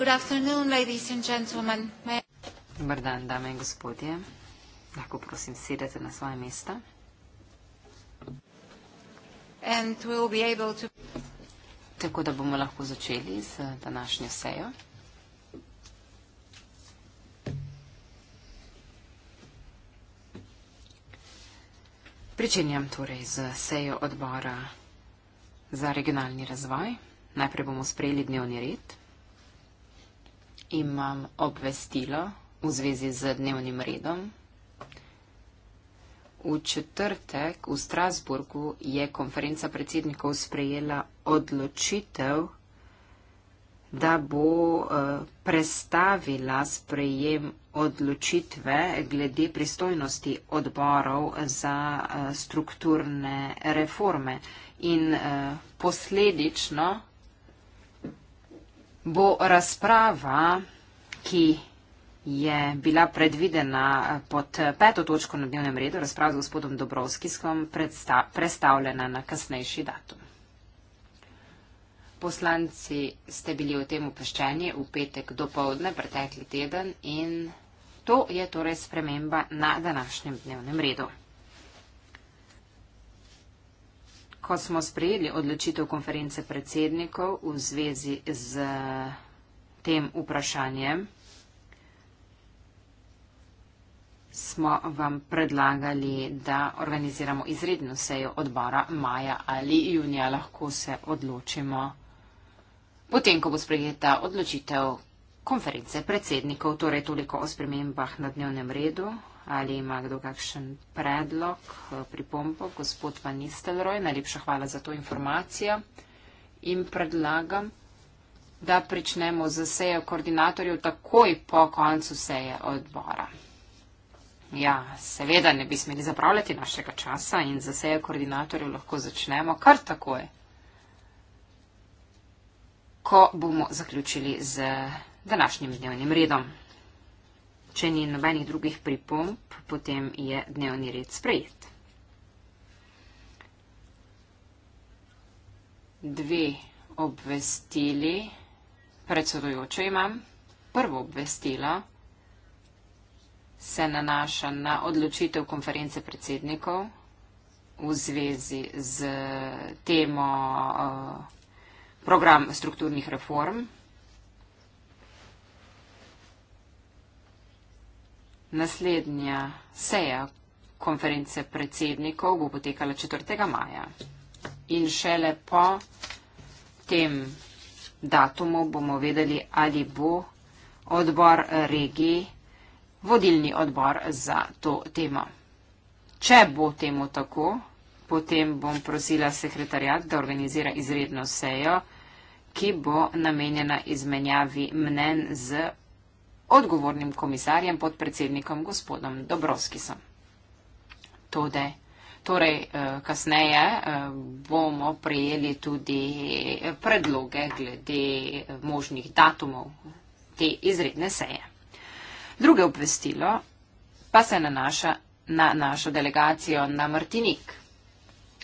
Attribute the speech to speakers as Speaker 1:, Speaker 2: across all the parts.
Speaker 1: Good afternoon, ladies and gentlemen. May... Dobar dan, dame in gospodje. Lahko prosim sedete na svoje mesta. And we'll be able to... Tako da bomo lahko začeli z današnjo sejo. Pričenjam torej z sejo odbora za regionalni razvoj. Najprej bomo sprejeli dnevni red imam obvestilo v zvezi z dnevnim redom. V četrtek v Strasburgu je konferenca predsednikov sprejela odločitev, da bo uh, prestavila sprejem odločitve glede pristojnosti odborov za uh, strukturne reforme in uh, posledično bo razprava, ki je bila predvidena pod peto točko na dnevnem redu, razprava z gospodom Dobrovskiskom, predstavljena na kasnejši datum. Poslanci ste bili o tem upeščeni v petek do povdne, pretekli teden in to je torej sprememba na današnjem dnevnem redu. Ko smo sprejeli odločitev konference predsednikov v zvezi z tem vprašanjem, smo vam predlagali, da organiziramo izredno sejo odbora maja ali junija. Lahko se odločimo potem, ko bo sprejeta odločitev konference predsednikov. Torej toliko o spremembah na dnevnem redu ali ima kdo kakšen predlog, eh, pripombo. Gospod Van Nistelroj, najlepša hvala za to informacijo in predlagam, da pričnemo z sejo koordinatorjev takoj po koncu seje odbora. Ja, seveda ne bi smeli zapravljati našega časa in za sejo koordinatorjev lahko začnemo kar takoj, ko bomo zaključili z današnjim dnevnim redom. Če ni nobenih drugih pripomb, potem je dnevni red sprejet. Dve obvestili. Predsedujočo imam. Prvo obvestilo se nanaša na odločitev konference predsednikov v zvezi z temo eh, program strukturnih reform, Naslednja seja konference predsednikov bo potekala 4. maja in šele po tem datumu bomo vedeli, ali bo odbor regiji vodilni odbor za to temo. Če bo temu tako, potem bom prosila sekretarjat, da organizira izredno sejo, ki bo namenjena izmenjavi mnen z odgovornim komisarjem pod predsednikom gospodom Dobrovskisom. Tode. Torej, eh, kasneje eh, bomo prejeli tudi predloge glede eh, možnih datumov te izredne seje. Druge obvestilo pa se nanaša na našo delegacijo na Martinik.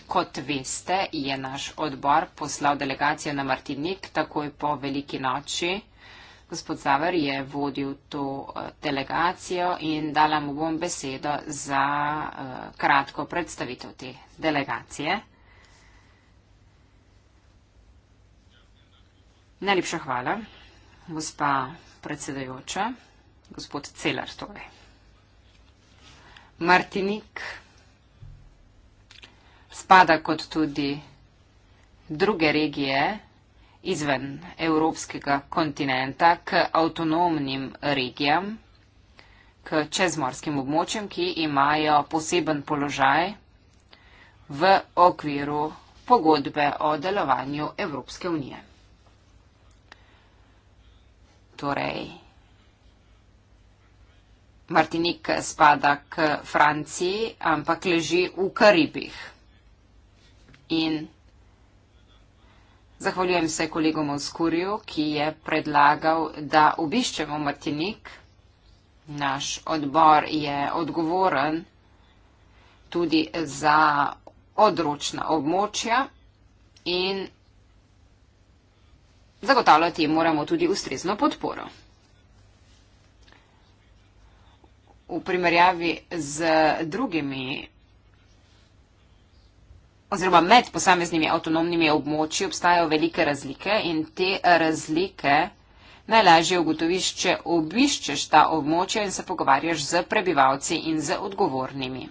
Speaker 1: Kot veste, je naš odbor poslal delegacijo na Martinik takoj po veliki noči Gospod Zaver je vodil to eh, delegacijo in dala mu bom besedo za eh, kratko predstavitev te delegacije. Najlepša hvala, gospa predsedajoča, gospod Celar torej. Martinik spada kot tudi druge regije, izven evropskega kontinenta k avtonomnim regijam, k čezmorskim območjem, ki imajo poseben položaj v okviru pogodbe o delovanju Evropske unije. Torej, Martinik spada k Franciji, ampak leži v Karibih. In Zahvaljujem se kolegu Monskurju, ki je predlagal, da obiščemo Martinik. Naš odbor je odgovoren tudi za odročna območja in zagotavljati moramo tudi ustrezno podporo. V primerjavi z drugimi oziroma med posameznimi avtonomnimi območji obstajajo velike razlike in te razlike najlažje ugotoviš, če obiščeš ta območja in se pogovarjaš z prebivalci in z odgovornimi.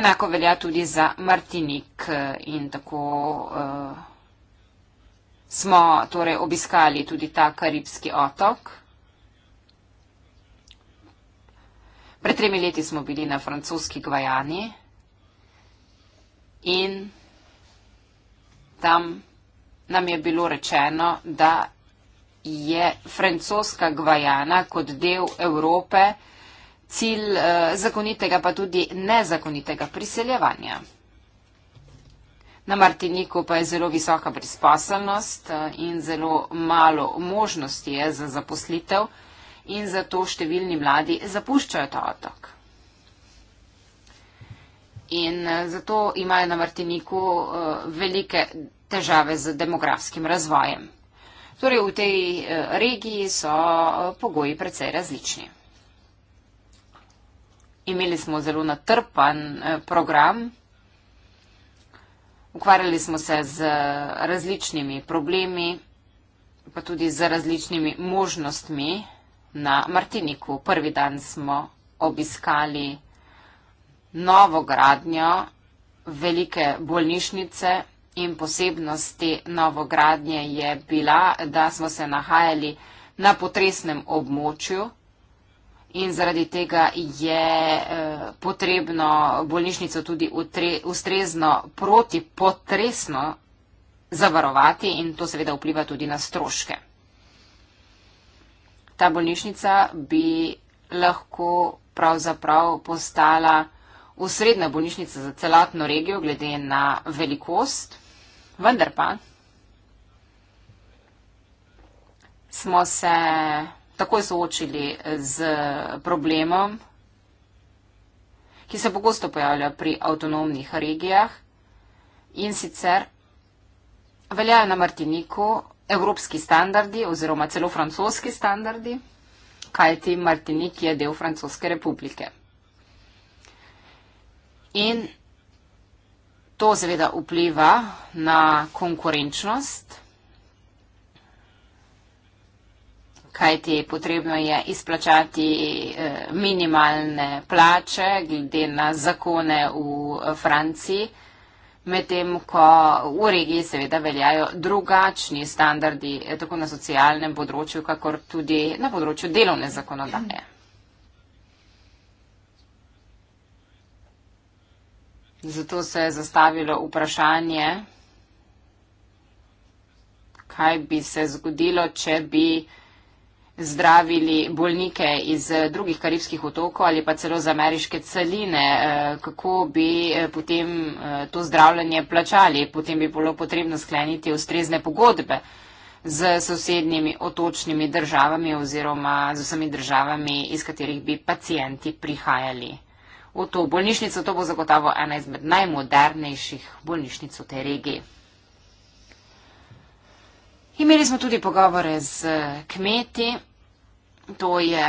Speaker 1: Enako velja tudi za Martinik eh, in tako uh, smo torej obiskali tudi ta karibski otok. Pred tremi leti smo bili na francoski Gvajani in tam nam je bilo rečeno, da je francoska Gvajana kot del Evrope cilj eh, zakonitega pa tudi nezakonitega priseljevanja. Na Martiniku pa je zelo visoka brezposelnost eh, in zelo malo možnosti je za zaposlitev in zato številni mladi zapuščajo ta otok. In eh, zato imajo na Martiniku eh, velike težave z demografskim razvojem. Torej v tej eh, regiji so pogoji precej različni. Imeli smo zelo natrpan program. Ukvarjali smo se z različnimi problemi, pa tudi z različnimi možnostmi na Martiniku. Prvi dan smo obiskali novo gradnjo velike bolnišnice in posebnost te novogradnje je bila, da smo se nahajali na potresnem območju in zaradi tega je eh, potrebno bolnišnico tudi ustrezno protipotresno zavarovati in to seveda vpliva tudi na stroške. Ta bolnišnica bi lahko pravzaprav postala osrednja bolnišnica za celotno regijo glede na velikost, vendar pa smo se takoj soočili z problemom, ki se pogosto pojavlja pri avtonomnih regijah in sicer veljajo na Martiniku evropski standardi oziroma celo francoski standardi, kajti Martinik je del Francoske republike. In to seveda vpliva na konkurenčnost, kajti potrebno je izplačati eh, minimalne plače glede na zakone v eh, Franciji, medtem ko v regiji seveda veljajo drugačni standardi eh, tako na socialnem področju, kakor tudi na področju delovne zakonodaje. Hmm. Zato se je zastavilo vprašanje, kaj bi se zgodilo, če bi zdravili bolnike iz drugih karibskih otokov ali pa celo z ameriške celine, eh, kako bi eh, potem eh, to zdravljanje plačali. Potem bi bilo potrebno skleniti ustrezne pogodbe z sosednjimi otočnimi državami oziroma z vsemi državami, iz katerih bi pacijenti prihajali v to bolnišnico. To bo zagotovo ena izmed najmodernejših bolnišnic v tej regiji. Imeli smo tudi pogovore z eh, kmeti. To je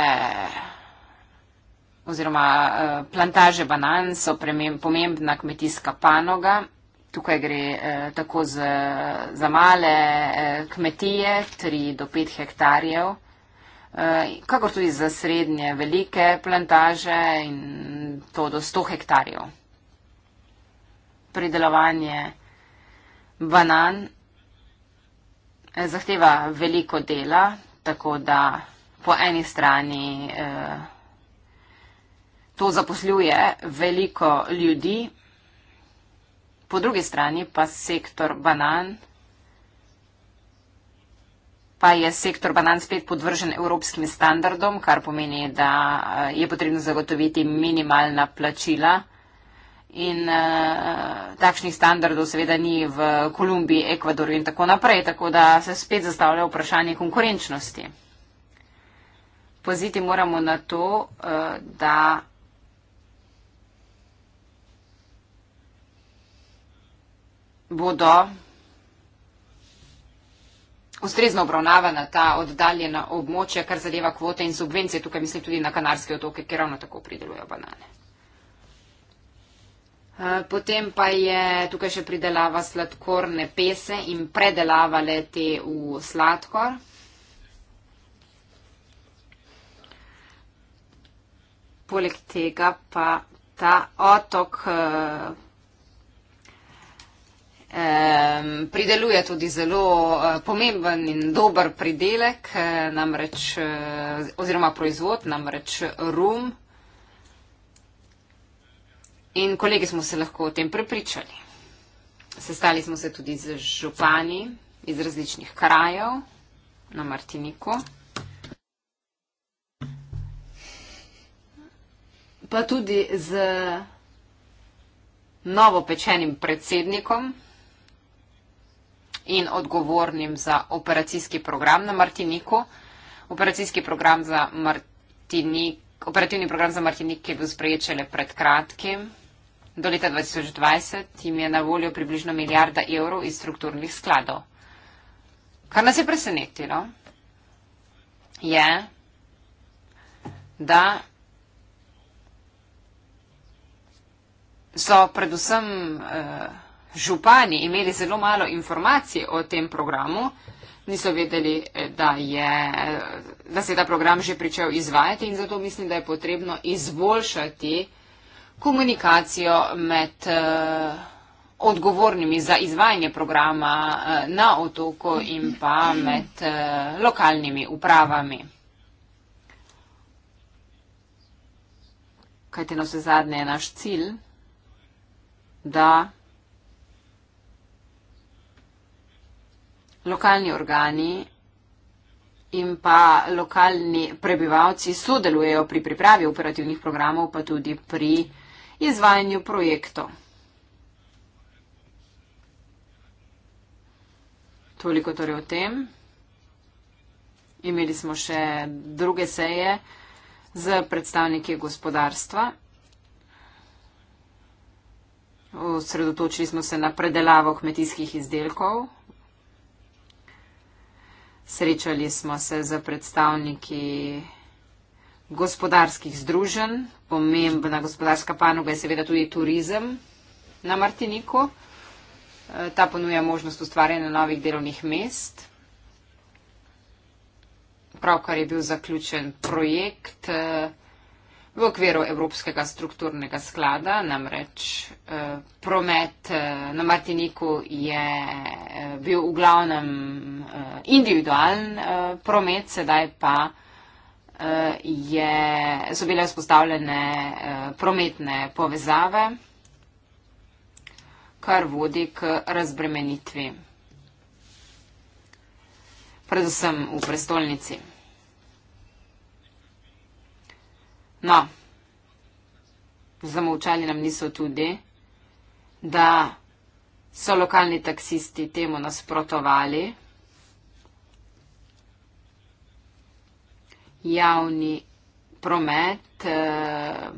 Speaker 1: oziroma eh, plantaže banan so pomembna kmetijska panoga. Tukaj gre eh, tako z, za male eh, kmetije, 3 do 5 hektarjev. Eh, kakor tudi za srednje velike plantaže in to do 100 hektarjev. Pridelovanje banan eh, zahteva veliko dela, tako da po eni strani eh, to zaposluje veliko ljudi, po drugi strani pa sektor banan pa je sektor banan spet podvržen evropskim standardom, kar pomeni, da eh, je potrebno zagotoviti minimalna plačila. In uh, takšnih standardov seveda ni v Kolumbiji, Ekvadoru in tako naprej, tako da se spet zastavlja vprašanje konkurenčnosti. Poziti moramo na to, uh, da bodo ustrezno obravnavana ta oddaljena območja, kar zadeva kvote in subvencije, tukaj mislim tudi na Kanarske otoke, ker ravno tako pridelujejo banane. Eh, potem pa je tukaj še pridelava sladkorne pese in predelava le te v sladkor. Poleg tega pa ta otok eh, prideluje tudi zelo eh, pomemben in dober pridelek, eh, namreč, eh, oziroma proizvod, namreč rum. In kolegi smo se lahko o tem prepričali. Sestali smo se tudi z župani iz različnih krajev na Martiniku. Pa tudi z novopečenim predsednikom in odgovornim za operacijski program na Martiniku. Operacijski program za Martinik, operativni program za Martinik je bil sprejet šele pred kratkim. Do leta 2020 jim je na voljo približno milijarda evrov iz strukturnih skladov. Kar nas je presenetilo, je, da so predvsem eh, župani imeli zelo malo informacij o tem programu, niso vedeli, eh, da, je, eh, da se je ta program že pričel izvajati in zato mislim, da je potrebno izboljšati komunikacijo med eh, odgovornimi za izvajanje programa na otoku in pa med lokalnimi upravami. Kaj te nose zadnje je naš cilj, da lokalni organi in pa lokalni prebivalci sodelujejo pri pripravi operativnih programov, pa tudi pri izvajanju projektov. Toliko torej o tem. Imeli smo še druge seje z predstavniki gospodarstva. Osredotočili smo se na predelavo kmetijskih izdelkov, Srečali smo se z predstavniki gospodarskih združenj. Pomembna gospodarska panoga je seveda tudi turizem na Martiniku. E, ta ponuja možnost ustvarjanja novih delovnih mest. Pravkar je bil zaključen projekt e, v okviru Evropskega strukturnega sklada, namreč eh, promet eh, na Martiniku je eh, bil v glavnem individualen promet, sedaj pa je, so bile vzpostavljene prometne povezave, kar vodi k razbremenitvi, predvsem v prestolnici. No, zamovčali nam niso tudi, da so lokalni taksisti temu nasprotovali. Javni promet eh,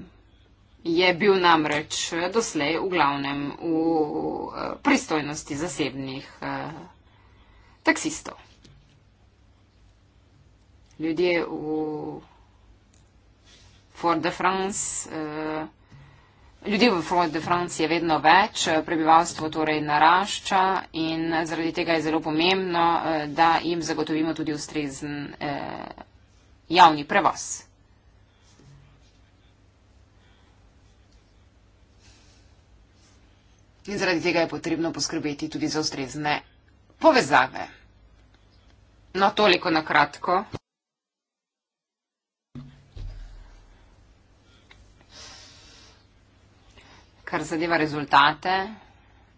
Speaker 1: je bil namreč doslej v glavnem v eh, pristojnosti zasebnih eh, taksistov. Ljudje v For the France, uh, ljudi v Fort de France je vedno več, eh, prebivalstvo torej narašča in zaradi tega je zelo pomembno, uh, da jim zagotovimo tudi ustrezen uh, javni prevoz. In zaradi tega je potrebno poskrbeti tudi za ustrezne povezave. No, toliko na kratko. kar zadeva rezultate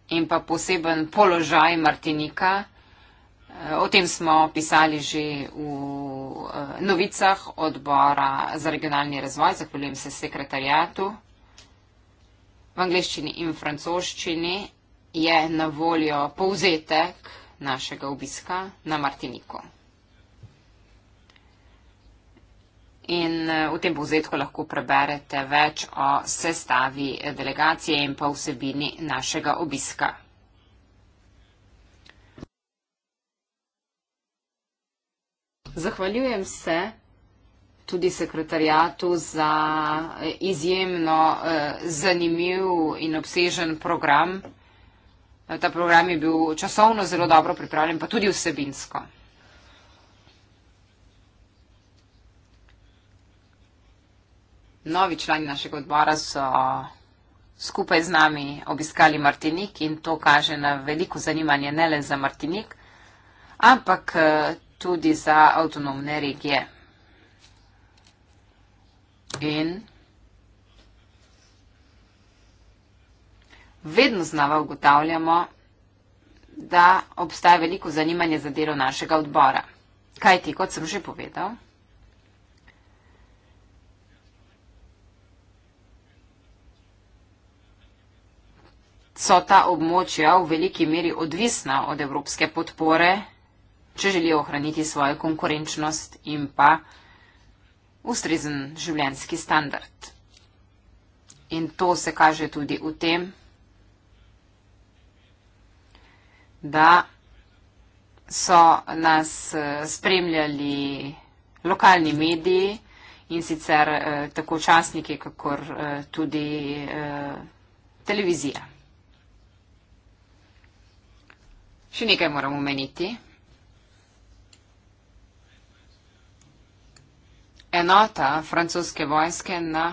Speaker 1: in pa poseben položaj Martinika. Eh, o tem smo pisali že v eh, novicah odbora za regionalni razvoj, zahvaljujem se sekretarijatu. V angliščini in francoščini je na voljo povzetek našega obiska na Martiniku. in eh, v tem povzetku lahko preberete več o sestavi eh, delegacije in pa vsebini našega obiska. Zahvaljujem se tudi sekretarjatu za eh, izjemno zanimiv in obsežen program. Ta program je bil časovno zelo dobro pripravljen, pa tudi vsebinsko. Novi člani našega odbora so skupaj z nami obiskali Martinik in to kaže na veliko zanimanje ne le za Martinik, ampak eh, tudi za avtonomne regije. In vedno znova ugotavljamo, da obstaja veliko zanimanje za delo našega odbora. Kaj ti, kot sem že povedal? so ta območja v veliki meri odvisna od evropske podpore, če želijo ohraniti svojo konkurenčnost in pa ustrezen življenski standard. In to se kaže tudi v tem, da so nas eh, spremljali lokalni mediji in sicer eh, tako časniki, kakor eh, tudi eh, televizija. Še nekaj moramo omeniti. Enota francoske vojske na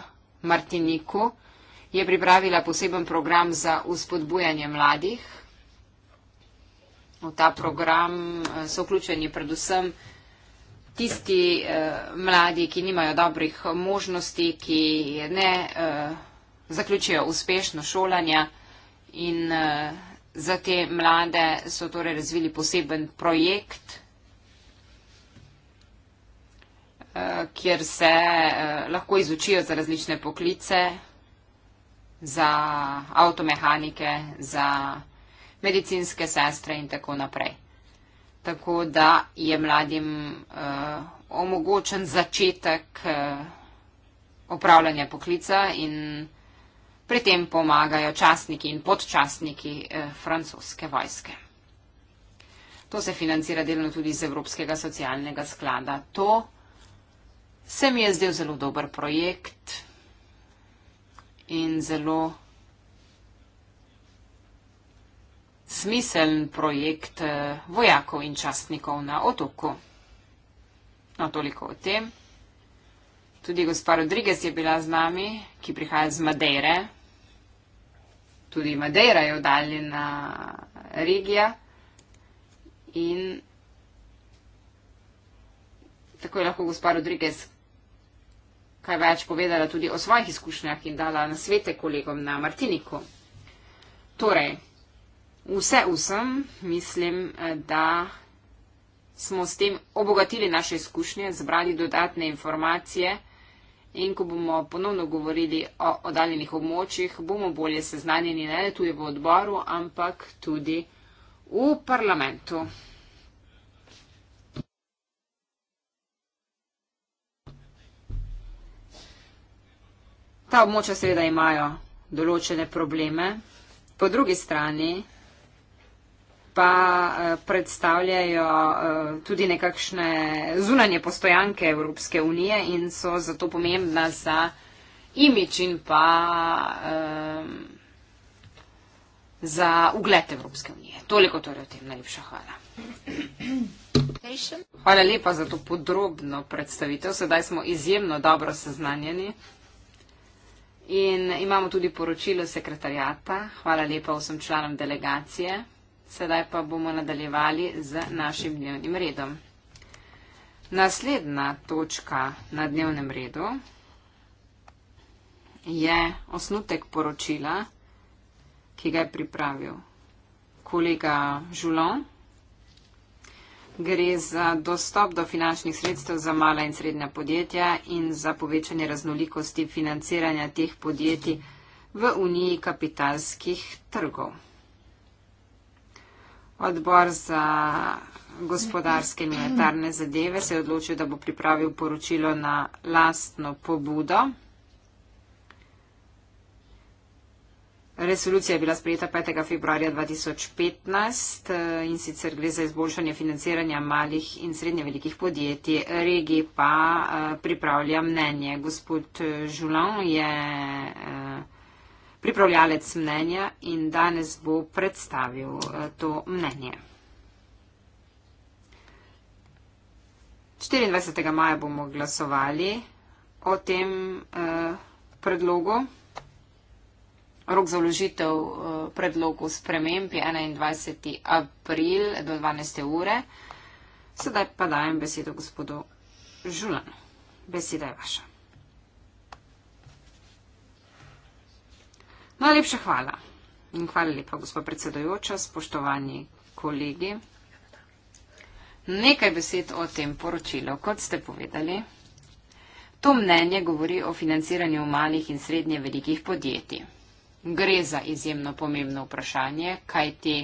Speaker 1: Martiniku je pripravila poseben program za uspodbujanje mladih. V ta program eh, so vključeni predvsem tisti eh, mladi, ki nimajo dobrih možnosti, ki ne eh, zaključijo uspešno šolanja in eh, Za te mlade so torej razvili poseben projekt, eh, kjer se eh, lahko izučijo za različne poklice, za avtomehanike, za medicinske sestre in tako naprej. Tako da je mladim eh, omogočen začetek opravljanja poklica in začetek. Pri tem pomagajo častniki in podčastniki eh, francoske vojske. To se financira delno tudi z Evropskega socialnega sklada. To se mi je zdel zelo dober projekt in zelo smiseln projekt eh, vojakov in častnikov na otoku. No, toliko o tem. Tudi gospa Rodriguez je bila z nami, ki prihaja z Madeire tudi Madeira je oddaljena regija. In tako je lahko gospod Rodriguez kaj več povedala tudi o svojih izkušnjah in dala na svete kolegom na Martiniku. Torej, vse vsem mislim, da smo s tem obogatili naše izkušnje, zbrali dodatne informacije. In ko bomo ponovno govorili o oddaljenih območjih, bomo bolje seznanjeni ne le tudi v odboru, ampak tudi v parlamentu. Ta območja seveda imajo določene probleme. Po drugi strani pa eh, predstavljajo eh, tudi nekakšne zunanje postojanke Evropske unije in so zato pomembna za imič in pa um, za ugled Evropske unije. Toliko torej o tem. Najlepša hvala. Hvala lepa za to podrobno predstavitev. Sedaj smo izjemno dobro seznanjeni. In imamo tudi poročilo sekretarjata. Hvala lepa vsem članom delegacije. Sedaj pa bomo nadaljevali z našim dnevnim redom. Naslednja točka na dnevnem redu je osnutek poročila, ki ga je pripravil kolega Žulon. Gre za dostop do finančnih sredstev za mala in srednja podjetja in za povečanje raznolikosti financiranja teh podjetij v Uniji kapitalskih trgov. Odbor za gospodarske in monetarne zadeve se je odločil, da bo pripravil poročilo na lastno pobudo. Resolucija je bila sprejeta 5. februarja 2015 eh, in sicer gre za izboljšanje financiranja malih in srednje velikih podjetij. Regi pa eh, pripravlja mnenje. Gospod eh, Žulon je pripravljalec mnenja in danes bo predstavil eh, to mnenje. 24. maja bomo glasovali o tem eh, predlogu. Rok za vložitev eh, predlogu sprememb je 21. april do 12. ure. Sedaj pa dajem besedo gospodu Žulanu. Beseda je vaša. Najlepša hvala. In hvala lepa, gospod predsedojoča, spoštovani kolegi. Nekaj besed o tem poročilu. Kot ste povedali, to mnenje govori o financiranju malih in srednje velikih podjetij. Gre za izjemno pomembno vprašanje, kajti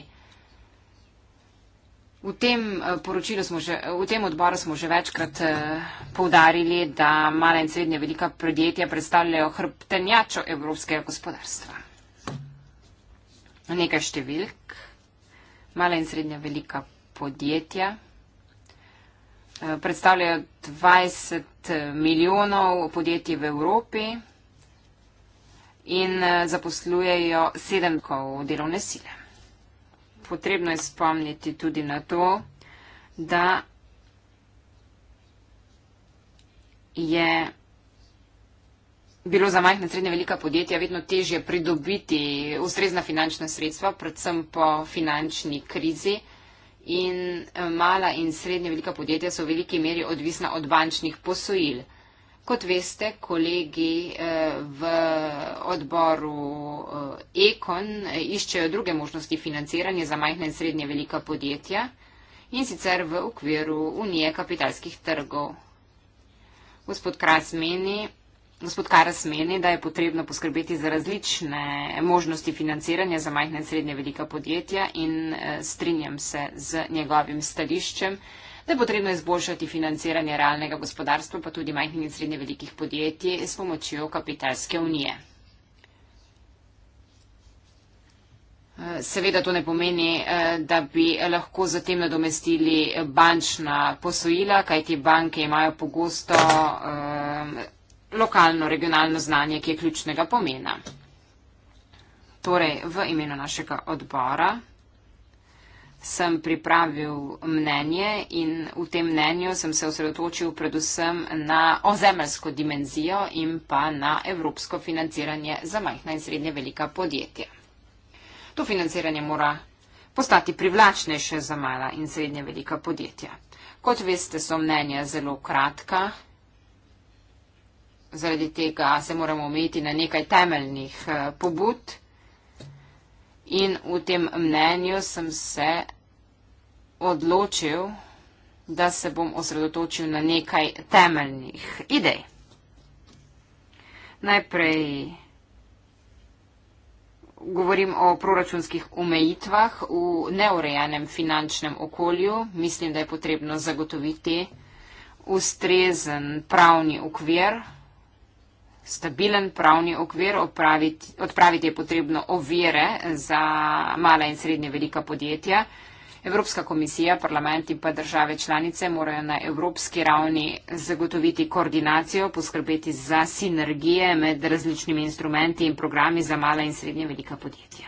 Speaker 1: v tem, eh, poročilu smo že, v tem odboru smo že večkrat eh, poudarili, da mala in srednje velika podjetja predstavljajo hrbtenjačo evropskega gospodarstva na nekaj številk, mala in srednja velika podjetja. Eh, predstavljajo 20 eh, milijonov podjetij v Evropi in eh, zaposlujejo sedemkov delovne sile. Potrebno je spomniti tudi na to, da je bilo za majhna srednja velika podjetja vedno težje pridobiti ustrezna finančna sredstva, predvsem po finančni krizi. In eh, mala in srednja velika podjetja so v veliki meri odvisna od bančnih posojil. Kot veste, kolegi eh, v odboru eh, Ekon iščejo druge možnosti financiranja za majhna in srednja velika podjetja in sicer v okviru Unije kapitalskih trgov. Gospod Kras meni, Gospod Karas meni, da je potrebno poskrbeti za različne možnosti financiranja za majhne in srednje velika podjetja in eh, strinjam se z njegovim stališčem, da je potrebno izboljšati financiranje realnega gospodarstva pa tudi majhnih in srednje velikih podjetij s pomočjo kapitalske unije. Eh, seveda to ne pomeni, eh, da bi lahko zatem nadomestili bančna posojila, kajti banke imajo pogosto lokalno, regionalno znanje, ki je ključnega pomena. Torej, v imenu našega odbora sem pripravil mnenje in v tem mnenju sem se osredotočil predvsem na ozemelsko dimenzijo in pa na evropsko financiranje za majhna in srednje velika podjetja. To financiranje mora postati privlačnejše za mala in srednje velika podjetja. Kot veste, so mnenja zelo kratka zaradi tega se moramo omejiti na nekaj temeljnih eh, pobud. In v tem mnenju sem se odločil, da se bom osredotočil na nekaj temeljnih idej. Najprej govorim o proračunskih omejitvah v neurejenem finančnem okolju. Mislim, da je potrebno zagotoviti ustrezen pravni ukvir stabilen pravni okvir, opraviti, odpraviti je potrebno ovire za mala in srednje velika podjetja. Evropska komisija, parlament in pa države članice morajo na evropski ravni zagotoviti koordinacijo, poskrbeti za sinergije med različnimi instrumenti in programi za mala in srednje velika podjetja.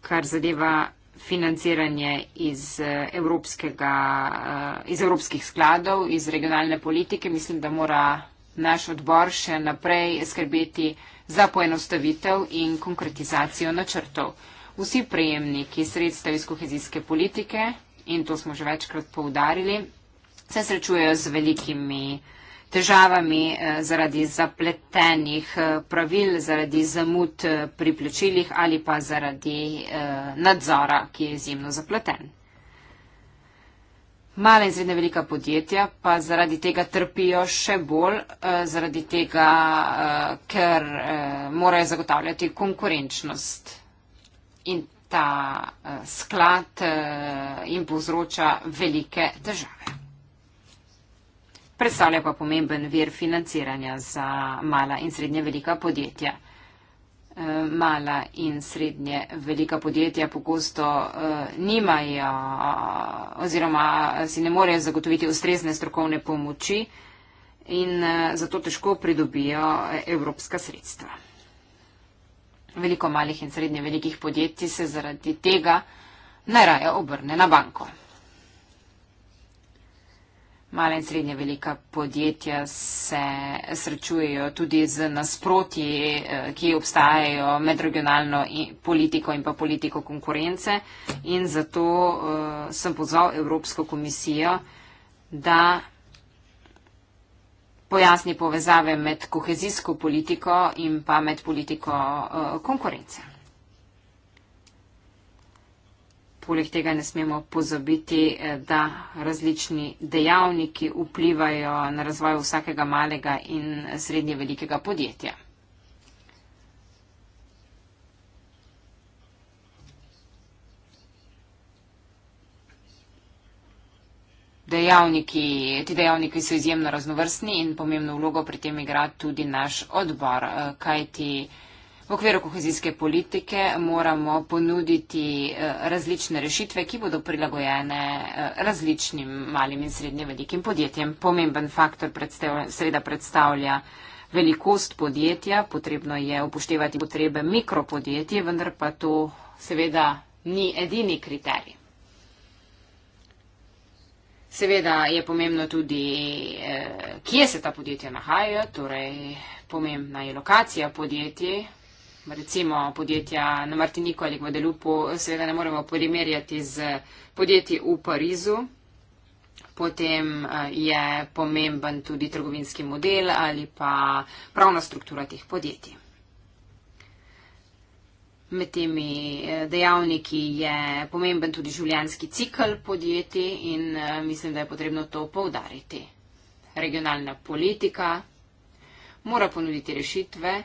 Speaker 1: Kar zadeva financiranje iz, eh, eh, iz evropskih skladov, iz regionalne politike. Mislim, da mora naš odbor še naprej skrbeti za poenostavitev in konkretizacijo načrtov. Vsi prejemniki sredstev iz kohezijske politike, in to smo že večkrat poudarili, se srečujejo z velikimi uh, težavami eh, zaradi zapletenih eh, pravil, zaradi zamud eh, pri plačilih ali pa zaradi nadzora, ki je izjemno zapleten. Mala in zredne velika podjetja pa zaradi tega trpijo še bolj, zaradi tega, ker morajo zagotavljati konkurenčnost. In ta sklad jim povzroča velike države predstavlja pa pomemben vir financiranja za mala in srednje velika podjetja. Eh, mala in srednje velika podjetja pogosto eh, nimajo eh, oziroma si ne morejo zagotoviti ustrezne strokovne pomoči in zato težko pridobijo evropska sredstva. Veliko malih in srednje velikih podjetij se zaradi tega najraje obrne na banko. Male in srednje velika podjetja se srečujejo tudi z nasproti, eh, ki obstajajo med regionalno politiko in pa politiko konkurence. In zato uh, sem pozval Evropsko komisijo, da pojasni povezave med kohezijsko politiko in pa med politiko uh, konkurence. Poleg tega ne smemo pozabiti, eh, da različni dejavniki vplivajo na razvoj vsakega malega in srednje velikega podjetja. Dejavniki, ti dejavniki so izjemno raznovrstni in pomembno vlogo pri tem igra tudi naš odbor, eh, kajti. V okviru kohezijske politike moramo ponuditi eh, različne rešitve, ki bodo prilagojene eh, različnim malim in srednje velikim podjetjem. Pomemben faktor sreda predstavlja velikost podjetja, potrebno je upoštevati potrebe mikropodjetij, vendar pa to seveda ni edini kriterij. Seveda je pomembno tudi, eh, kje se ta podjetja nahajajo, torej pomembna je lokacija podjetij recimo podjetja na Martiniku ali Guadalupu, seveda ne moremo primerjati z podjetji v Parizu. Potem eh, je pomemben tudi trgovinski model ali pa pravna struktura teh podjetij. Med temi eh, dejavniki je pomemben tudi življanski cikl podjetij in eh, mislim, da je potrebno to poudariti. Regionalna politika mora ponuditi rešitve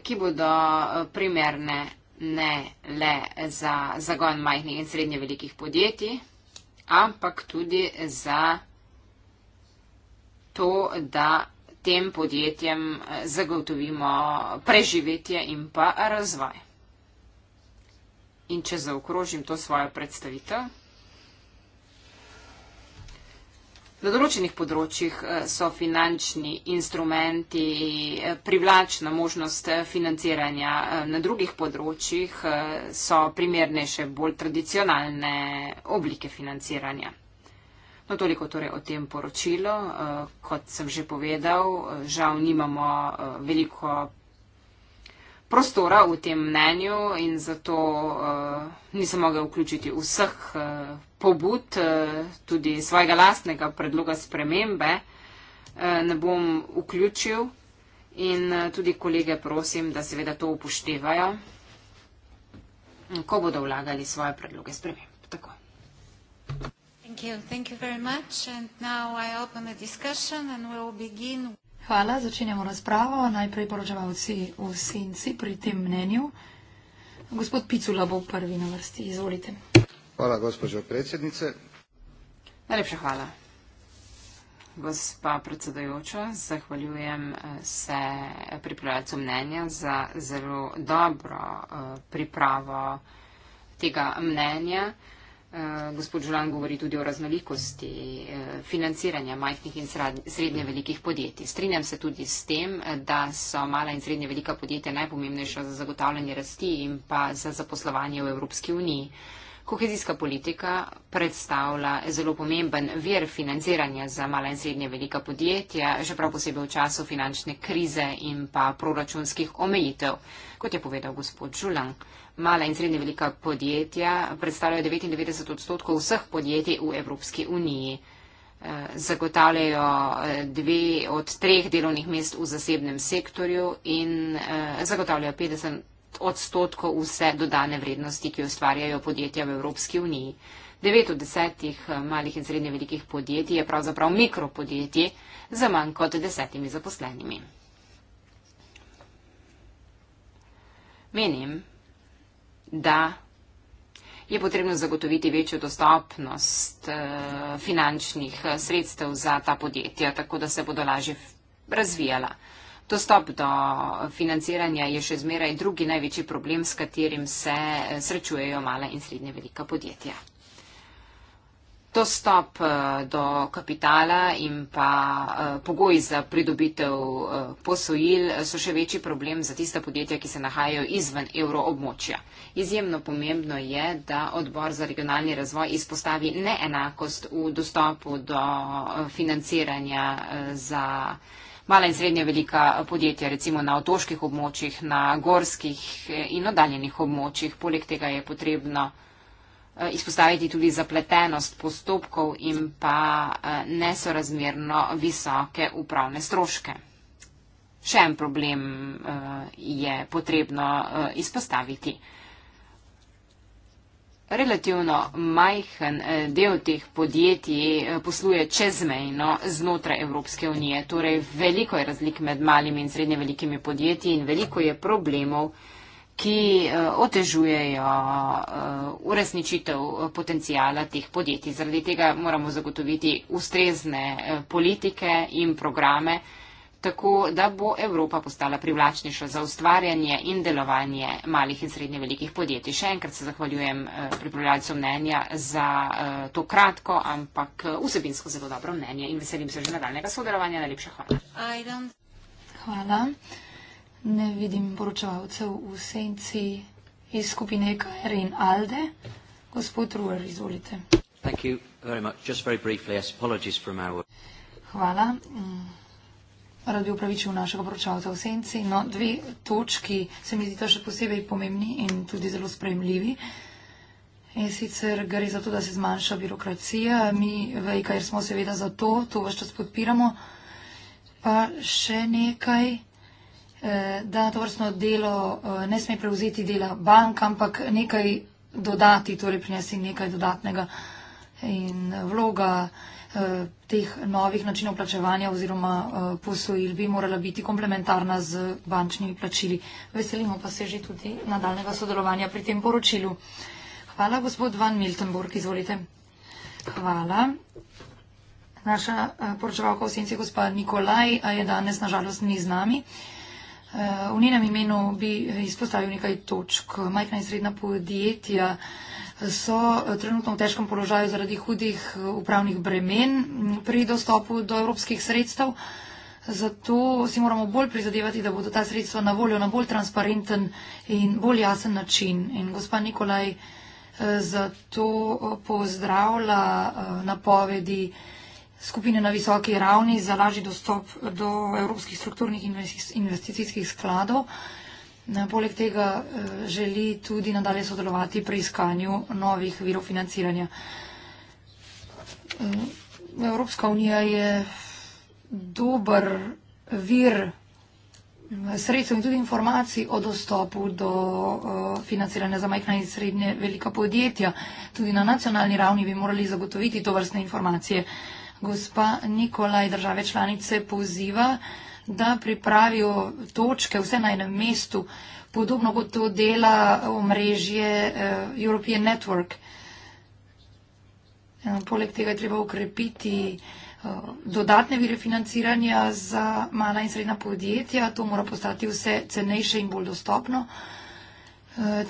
Speaker 1: ki bodo eh, primerne ne le za zagon majhnih in srednje velikih podjetij, ampak tudi za to, da tem podjetjem eh, zagotovimo preživetje in pa razvoj. In če zaokrožim to svojo predstavitev. Na določenih področjih eh, so finančni instrumenti eh, privlačna možnost eh, financiranja, na drugih področjih so primernejše bolj tradicionalne oblike financiranja. No, toliko torej o tem poročilu. Kot sem že povedal, žal nimamo veliko prostora v tem mnenju in zato uh, nisem mogel vključiti vseh uh, pobud, uh, tudi svojega lastnega predloga spremembe uh, ne bom vključil in uh, tudi kolege prosim, da seveda to upoštevajo, ko bodo vlagali svoje predloge
Speaker 2: sprememb. Tako. Thank you. Thank you very much. And now I open the discussion and we will begin. Hvala. Začenjamo razpravo. Najprej poročevalci v senci pri tem mnenju. Gospod Picula bo prvi na vrsti. Izvolite. Hvala, gospođo predsjednice.
Speaker 1: Najlepša hvala. Gospa predsedujoča, zahvaljujem eh, se pripravljalcu mnenja za zelo dobro eh, pripravo tega mnenja. Eh, gospod Žulan govori tudi o raznolikosti eh, financiranja majhnih in srednje velikih podjetij. Strinjam se tudi s tem, eh, da so mala in srednje velika podjetja najpomembnejša za zagotavljanje rasti in pa za zaposlovanje v Evropski uniji. Kohezijska politika predstavlja zelo pomemben vir financiranja za mala in srednje velika podjetja, še prav posebej v času finančne krize in pa proračunskih omejitev. Kot je povedal gospod Žulan, mala in srednje velika podjetja predstavljajo 99 odstotkov vseh podjetij v Evropski uniji. Eh, zagotavljajo eh, dve od treh delovnih mest v zasebnem sektorju in eh, zagotavljajo 50 odstotkov vse dodane vrednosti, ki ustvarjajo podjetja v Evropski uniji. 9 od 10 eh, malih in srednje velikih podjetij je pravzaprav mikropodjetji za manj kot desetimi zaposlenimi. Menim, da je potrebno zagotoviti večjo dostopnost eh, finančnih eh, sredstev za ta podjetja, tako da se bodo lažje razvijala. Dostop do financiranja je še zmeraj drugi največji problem, s katerim se eh, srečujejo mala in srednje velika podjetja. Dostop eh, do kapitala in pa eh, pogoji za pridobitev posojil so še večji problem za tista podjetja, ki se nahajajo izven evroobmočja. Izjemno pomembno je, da odbor za regionalni razvoj izpostavi neenakost v dostopu do financiranja za mala in srednja velika podjetja, recimo na otoških območjih, na gorskih eh, in oddaljenih območjih. Poleg tega je potrebno eh, izpostaviti tudi zapletenost postopkov in pa eh, nesorazmerno visoke upravne stroške. Še en problem je potrebno izpostaviti relativno majhen eh, del teh podjetij eh, posluje čezmejno znotraj Evropske unije. Torej, veliko je razlik med malimi in srednje velikimi podjetji in veliko je problemov, ki eh, otežujejo uresničitev potencijala teh podjetij. Zaradi tega moramo zagotoviti ustrezne politike in programe, tako da bo Evropa postala privlačnejša za ustvarjanje in delovanje malih in srednje velikih podjetij. Še enkrat se zahvaljujem eh, pripravljalcu mnenja za eh, to kratko, ampak eh, vsebinsko zelo dobro mnenje in veselim se že nadaljnega sodelovanja. Najlepša
Speaker 2: hvala. Hvala. Ne vidim poročevalcev v senci iz skupine KR in ALDE. Gospod Ruer, izvolite.
Speaker 3: Hvala.
Speaker 2: Hvala. Mm. Radi upravičil našega poročalca v senci. No, dve točki se mi zdita še posebej pomembni in tudi zelo sprejemljivi. In sicer gre za to, da se zmanjša birokracija. Mi v IKR e smo seveda za to, to vse čas podpiramo. Pa še nekaj, eh, da to vrstno delo eh, ne sme prevzeti dela bank, ampak nekaj dodati, torej prinesti nekaj dodatnega. In eh, vloga Eh, teh novih načinov plačevanja oziroma eh, posojil bi morala biti komplementarna z bančnimi plačili. Veselimo pa se že tudi nadaljnega sodelovanja pri tem poročilu. Hvala, gospod Van Miltenburg, izvolite. Hvala. Naša eh, poročevalka v senci, gospa Nikolaj, je danes nažalost ni z nami. V njenem imenu bi izpostavil nekaj točk. Majhna in srednja podjetja so eh, trenutno v težkem položaju zaradi hudih eh, upravnih bremen mm, pri dostopu do evropskih sredstev. Zato si moramo bolj prizadevati, da bodo ta sredstva na voljo na bolj transparenten in bolj jasen način. In gospa Nikolaj eh, zato pozdravlja napovedi skupine na visoki ravni za lažji dostop do evropskih strukturnih investicijskih skladov. Poleg tega eh, želi tudi nadalje sodelovati pri iskanju novih virov financiranja. Eh, Evropska unija je dober vir eh, sredstev in tudi informacij o dostopu do financiranja za majhna in srednje velika podjetja. Tudi na nacionalni ravni bi morali zagotoviti to vrstne informacije. Gospa Nikolaj države članice poziva, da pripravijo točke, vse na enem mestu, podobno kot to dela omrežje eh, European Network. Eh, poleg tega je treba ukrepiti eh, dodatne vire financiranja za mala in srednja podjetja. To mora postati vse cenejše in bolj dostopno.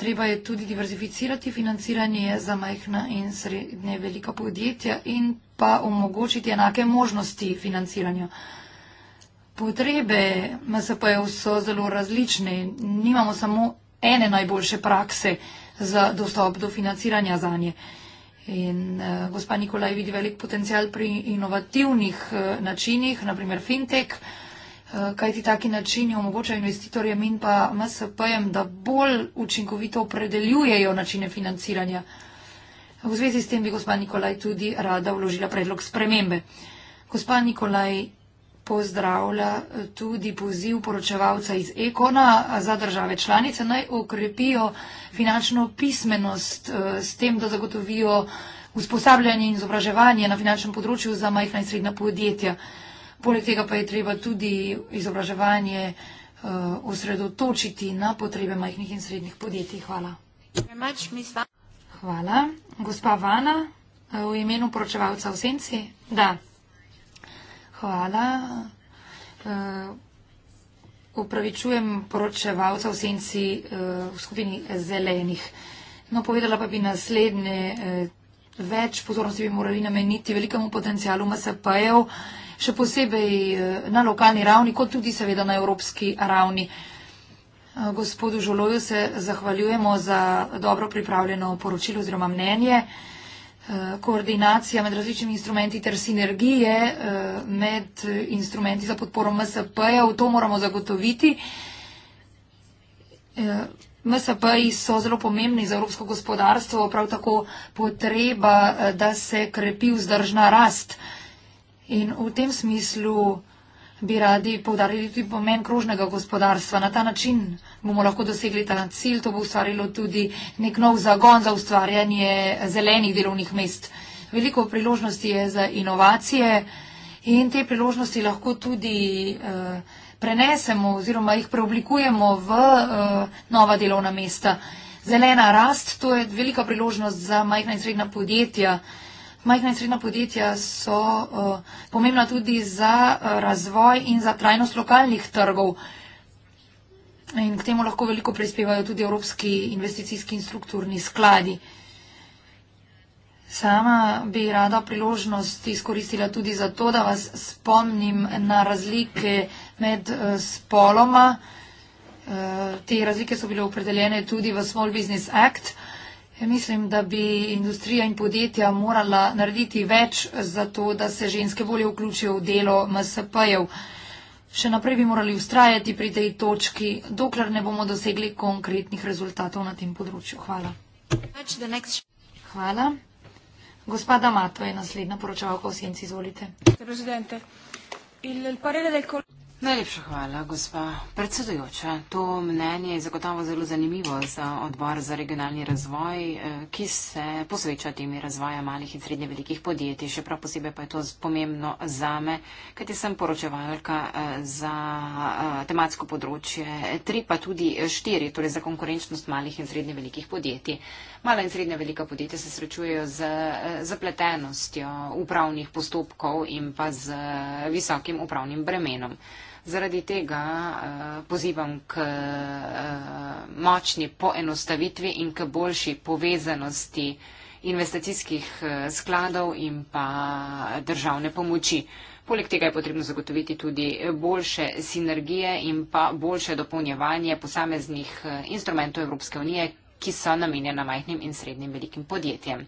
Speaker 2: Treba je tudi diverzificirati financiranje za majhna in srednje velika podjetja in pa omogočiti enake možnosti financiranja. Potrebe MSP-jev so zelo različne. Nimamo samo ene najboljše prakse za dostop do financiranja za nje. In uh, gospa Nikolaj vidi velik potencial pri inovativnih uh, načinih, naprimer fintech, uh, kajti taki načini omogočajo investitorjem in pa MSP-jem, da bolj učinkovito opredeljujejo načine financiranja. V zvezi s tem bi gospa Nikolaj tudi rada vložila predlog spremembe. Gospa Nikolaj, pozdravlja eh, tudi poziv poročevalca iz Ekona eh, za države članice naj okrepijo finančno pismenost eh, s tem, da zagotovijo usposabljanje in izobraževanje na finančnem področju za majhna in srednja podjetja. Poleg tega pa je treba tudi izobraževanje osredotočiti na potrebe majhnih in srednjih podjetij. Hvala. Hvala. Gospa Vana, v imenu poročevalca v Senci. Da. Hvala. Upravičujem eh, poročevalca v senci eh, v skupini zelenih. No, povedala pa bi naslednje. Eh, več pozornosti bi morali nameniti velikemu potencialu MSP-jev, še posebej na lokalni ravni, kot tudi seveda na evropski ravni. Gospodu Žoloju se zahvaljujemo za dobro pripravljeno poročilo oziroma mnenje. Eh, koordinacija med različnimi instrumenti ter sinergije eh, med instrumenti za podporo MSP-jev, to moramo zagotoviti. Eh, MSP-ji so zelo pomembni za evropsko gospodarstvo, prav tako potreba, da se krepi vzdržna rast. In v tem smislu bi radi povdarili tudi pomen krožnega gospodarstva. Na ta način bomo lahko dosegli ta cilj, to bo ustvarilo tudi nek nov zagon za ustvarjanje zelenih delovnih mest. Veliko priložnosti je za inovacije in te priložnosti lahko tudi eh, prenesemo oziroma jih preoblikujemo v eh, nova delovna mesta. Zelena rast, to je velika priložnost za majhna in srednja podjetja. Eh, Majhna in srednja podjetja so uh, pomembna tudi za eh, razvoj in za trajnost lokalnih trgov. In k temu lahko veliko prispevajo tudi evropski investicijski in strukturni skladi. Sama bi rada priložnost izkoristila tudi zato, da vas spomnim na razlike med eh, spoloma. Te razlike so bile opredeljene tudi v Small Business Act, Ja, mislim, da bi industrija in podjetja morala narediti več za to, da se ženske bolje vključijo v delo MSP-jev. Še naprej bi morali ustrajati pri tej točki, dokler ne bomo dosegli konkretnih rezultatov na tem področju. Hvala. Hvala. Gospa Damato je naslednja poročavka v senci, izvolite.
Speaker 1: Il del Najlepša hvala, gospa predsedujoča. To mnenje je zagotovo zelo zanimivo za odbor za regionalni razvoj, eh, ki se posveča temi razvoja malih in srednje velikih podjetij. Še prav posebej pa je to pomembno za me, kajti sem poročevalka eh, za eh, tematsko področje 3 pa tudi 4, torej za konkurenčnost malih in srednje velikih podjetij. Mala in srednja velika podjetja se srečujejo z eh, zapletenostjo upravnih postopkov in pa z eh, visokim upravnim bremenom. Zaradi tega eh, pozivam k močni poenostavitvi in k boljši povezanosti investicijskih skladov in pa državne pomoči. Poleg tega je potrebno zagotoviti tudi boljše sinergije in pa boljše dopolnjevanje posameznih instrumentov Evropske unije, ki so namenjena majhnim in srednjim velikim podjetjem.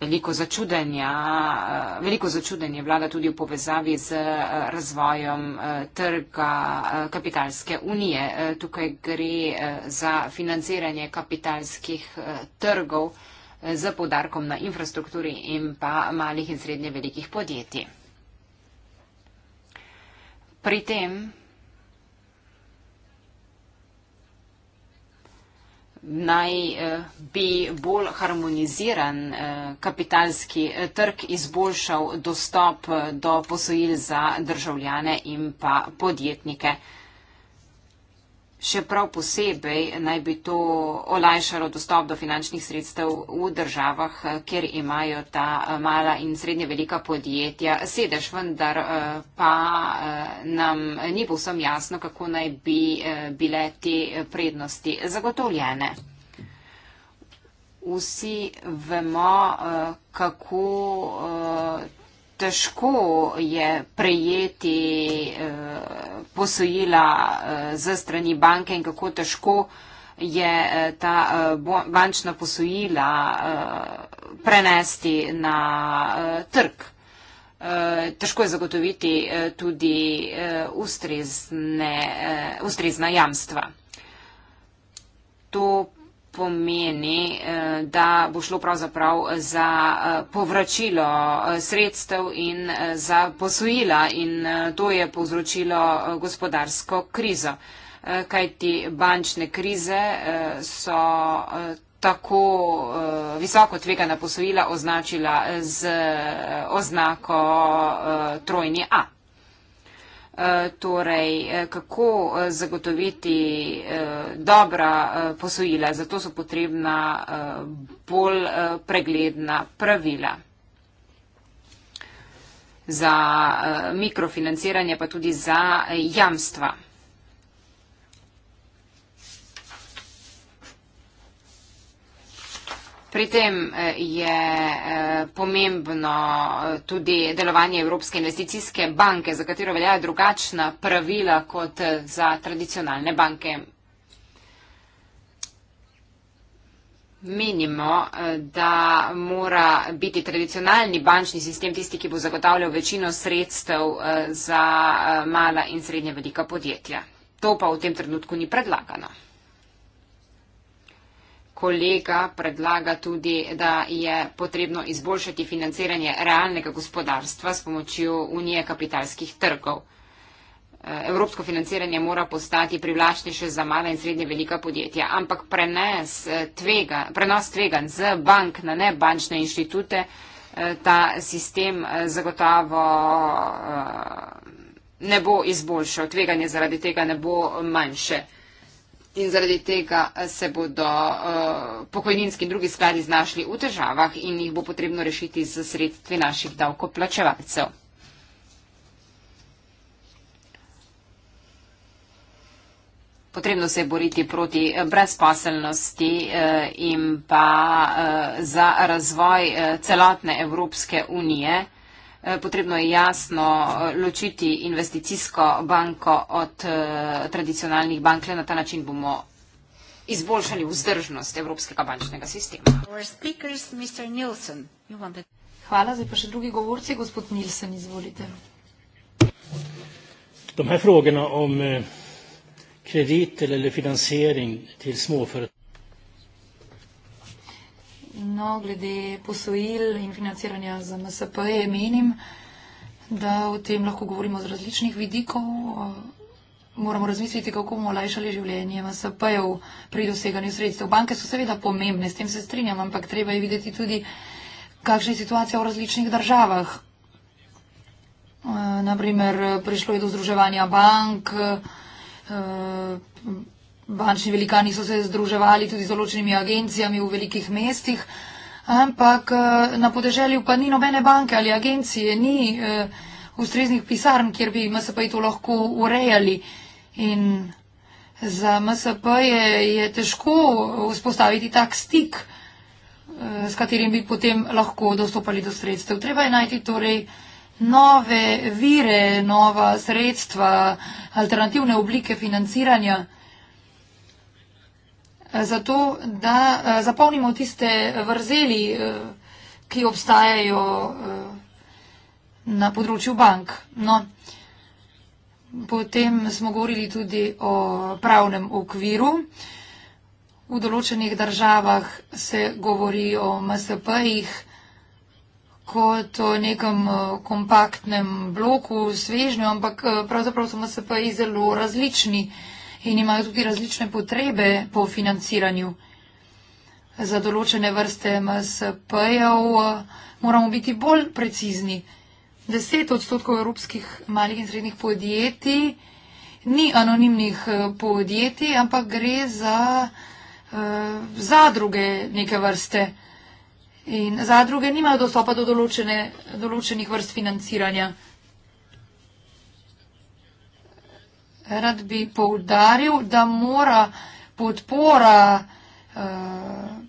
Speaker 1: Veliko začudenja, eh, veliko začudenja vlada tudi v povezavi z eh, razvojem eh, trga kapitalske unije. Tukaj gre za financiranje kapitalskih trgov z podarkom na infrastrukturi in pa malih in srednje velikih podjetij. Pri tem naj eh, bi bolj harmoniziran eh, kapitalski eh, trg izboljšal dostop do posojil za državljane in pa podjetnike. Še prav posebej naj bi to olajšalo dostop do finančnih sredstev v državah, kjer imajo ta eh, mala in srednje velika podjetja sedež, vendar eh, pa eh, nam ni povsem jasno, kako naj bi bile te prednosti zagotovljene. Vsi vemo, kako težko je prejeti eh, posojila eh, ze strani banke in kako težko je eh, ta bančna posojila prenesti na trg. Težko je zagotoviti tudi ustrezne, ustrezna jamstva. To pomeni, eh, da bo šlo pravzaprav za eh, povračilo eh, sredstev in za posojila in to je povzročilo gospodarsko krizo. Kajti bančne krize so tako visoko tvegana posojila označila z oznako trojni A. Eh, torej eh, kako eh, zagotoviti dobra posojila. Zato so potrebna bolj pregledna pravila za mikrofinanciranje, pa tudi za jamstva. Pri tem eh, je eh, pomembno eh, tudi delovanje Evropske investicijske banke, za katero veljajo drugačna pravila kot za tradicionalne banke. Menimo, da mora biti tradicionalni bančni sistem tisti, ki bo zagotavljal večino sredstev za mala in srednje velika podjetja. To pa v tem trenutku ni predlagano kolega predlaga tudi, da je potrebno izboljšati financiranje realnega gospodarstva s pomočjo Unije kapitalskih trgov. E, evropsko financiranje mora postati privlačnejše za mala in srednje velika podjetja, ampak prenes e, tvega, prenos tveganj z bank na nebančne inštitute e, ta sistem zagotavo ne bo izboljšal, tveganje zaradi tega ne bo manjše in zaradi tega eh, se bodo uh, pokojninski in drugi skladi znašli v težavah in jih bo potrebno rešiti z sredstvi naših davkoplačevalcev. Potrebno se je boriti proti eh, brezposelnosti in pa za razvoj celotne Evropske unije. Eh, potrebno je jasno eh, ločiti investicijsko banko od eh, tradicionalnih bank, le na ta način bomo izboljšali vzdržnost evropskega bančnega sistema.
Speaker 2: Hvala, zdaj pa še drugi govorci, gospod Nilsen, izvolite.
Speaker 3: De här frågorna om kredit eller finansiering till småföretag
Speaker 2: No, glede posojil in financiranja za MSP-je menim, da o tem lahko govorimo z različnih vidikov. Moramo razmisliti, kako bomo olajšali življenje MSP-jev pri doseganju sredstev. Banke so seveda pomembne, s tem se strinjam, ampak treba je videti tudi, kakšna je situacija v različnih državah. Eh, Naprimer, prišlo je do združevanja bank. Eh, bančni velikani so se združevali tudi z določenimi agencijami v velikih mestih, ampak eh, na podeželju pa ni nobene banke ali agencije, ni eh, ustreznih pisarn, kjer bi MSP-ji to lahko urejali. In za MSP je, je težko vzpostaviti tak stik, eh, s katerim bi potem lahko dostopali do sredstev. Treba je najti torej nove vire, nova sredstva, alternativne oblike financiranja za to, da eh, zapolnimo tiste eh, vrzeli, eh, ki obstajajo na področju bank. No, potem smo govorili tudi o pravnem okviru. V določenih državah se govori o MSP-jih kot o nekem kompaktnem bloku, svežnju, ampak pravzaprav so MSP-ji zelo različni in imajo tudi različne potrebe po financiranju. Za določene vrste MSP-jev eh, moramo biti bolj precizni. 10 odstotkov evropskih malih in srednjih podjetij ni anonimnih eh, podjetij, ampak gre za uh, zadruge neke vrste. In zadruge nimajo dostopa do določene, določenih vrst financiranja. Rad bi poudaril, da mora podpora uh,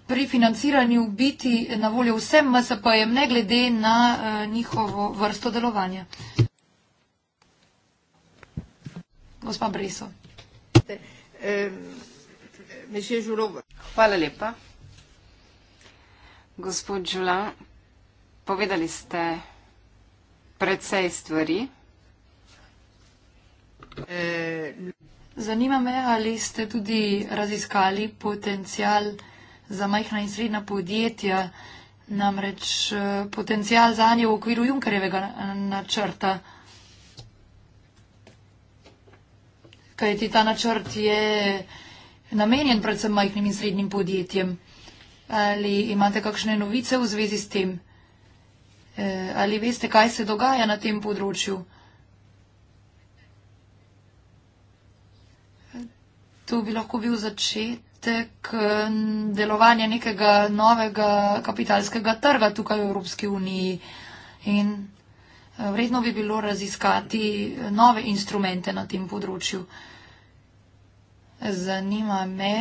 Speaker 2: pri financiranju biti na voljo vsem MSP-jem, ne glede na uh, njihovo vrsto delovanja. Gospa Briso.
Speaker 1: Hvala lepa. Gospod Žulan, povedali
Speaker 2: ste precej stvari. Zanima me, ali ste tudi raziskali potencial za majhna in srednja podjetja, namreč eh, potencial za nje v okviru Junkarjevega eh, načrta. Kaj ti ta načrt je namenjen predvsem majhnim in srednjim podjetjem? Ali imate kakšne novice v zvezi s tem? Eh, ali veste, kaj se dogaja na tem področju? To bi lahko bil začetek eh, delovanja nekega novega kapitalskega trga tukaj v Evropski uniji. In eh, vredno bi bilo raziskati eh, nove instrumente na tem področju. Zanima me,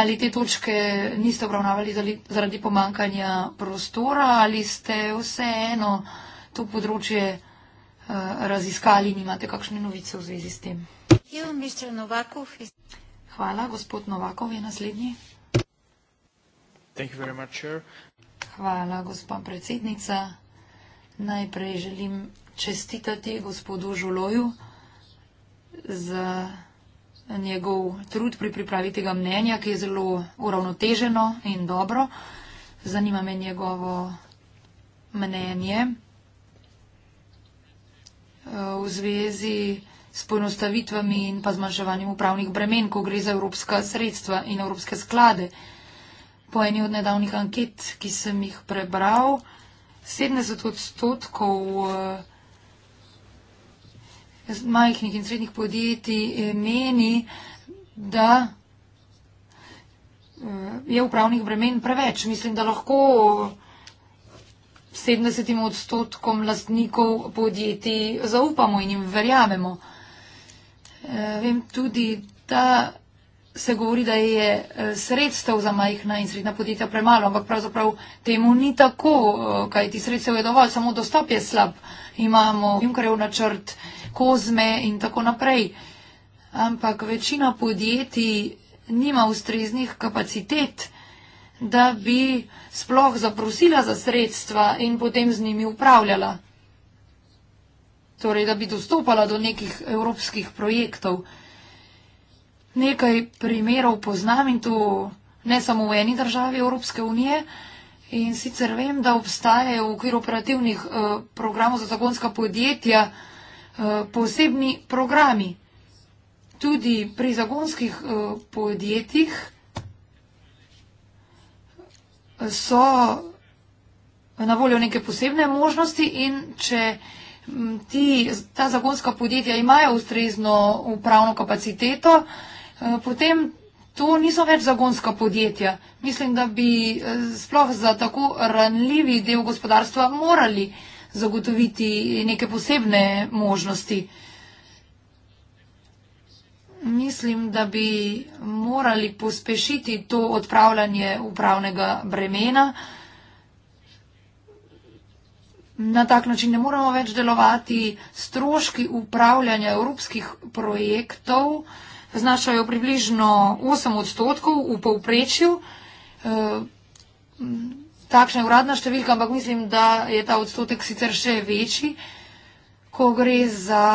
Speaker 2: ali te točke niste obravnavali zaradi pomankanja prostora ali ste vseeno to področje. Eh, raziskali in imate kakšne novice v zvezi s tem. Hvala, gospod Novakov je naslednji. Much, Hvala, gospod predsednica. Najprej želim čestitati gospodu Žuloju za njegov trud pri pripravi tega mnenja, ki je zelo uravnoteženo in dobro. Zanima me njegovo mnenje. Eh, v zvezi s ponostavitvami in pa zmanjševanjem upravnih bremen, ko gre za evropska sredstva in evropske sklade. Po eni od nedavnih anket, ki sem jih prebral, 70 odstotkov eh, majhnih in srednjih podjetij eh, meni, da je upravnih bremen preveč. Mislim, da lahko 70 odstotkom lastnikov podjetij zaupamo in jim verjamemo. Eh, vem tudi, da se govori, da je eh, sredstev za majhna in srednja podjetja premalo, ampak pravzaprav temu ni tako, eh, kajti sredstev je dovolj, samo dostop je slab. Imamo Junkarjev načrt, kozme in tako naprej. Ampak večina podjetij nima ustreznih kapacitet da bi sploh zaprosila za sredstva in potem z njimi upravljala. Torej, da bi dostopala do nekih evropskih projektov. Nekaj primerov poznam in to ne samo v eni državi Evropske unije. In sicer vem, da obstajajo v okviru operativnih uh, programov za zagonska podjetja uh, posebni programi. Tudi pri zagonskih uh, podjetjih so na voljo neke posebne možnosti in če ti, ta zagonska podjetja imajo ustrezno upravno kapaciteto, eh, potem to niso več zagonska podjetja. Mislim, da bi eh, sploh za tako ranljivi del gospodarstva morali zagotoviti neke posebne možnosti. Mislim, da bi morali pospešiti to odpravljanje upravnega bremena. Na tak način ne moramo več delovati. Stroški upravljanja evropskih projektov znašajo približno 8 odstotkov v povprečju. Eh, takšna je uradna številka, ampak mislim, da je ta odstotek sicer še večji, ko gre za.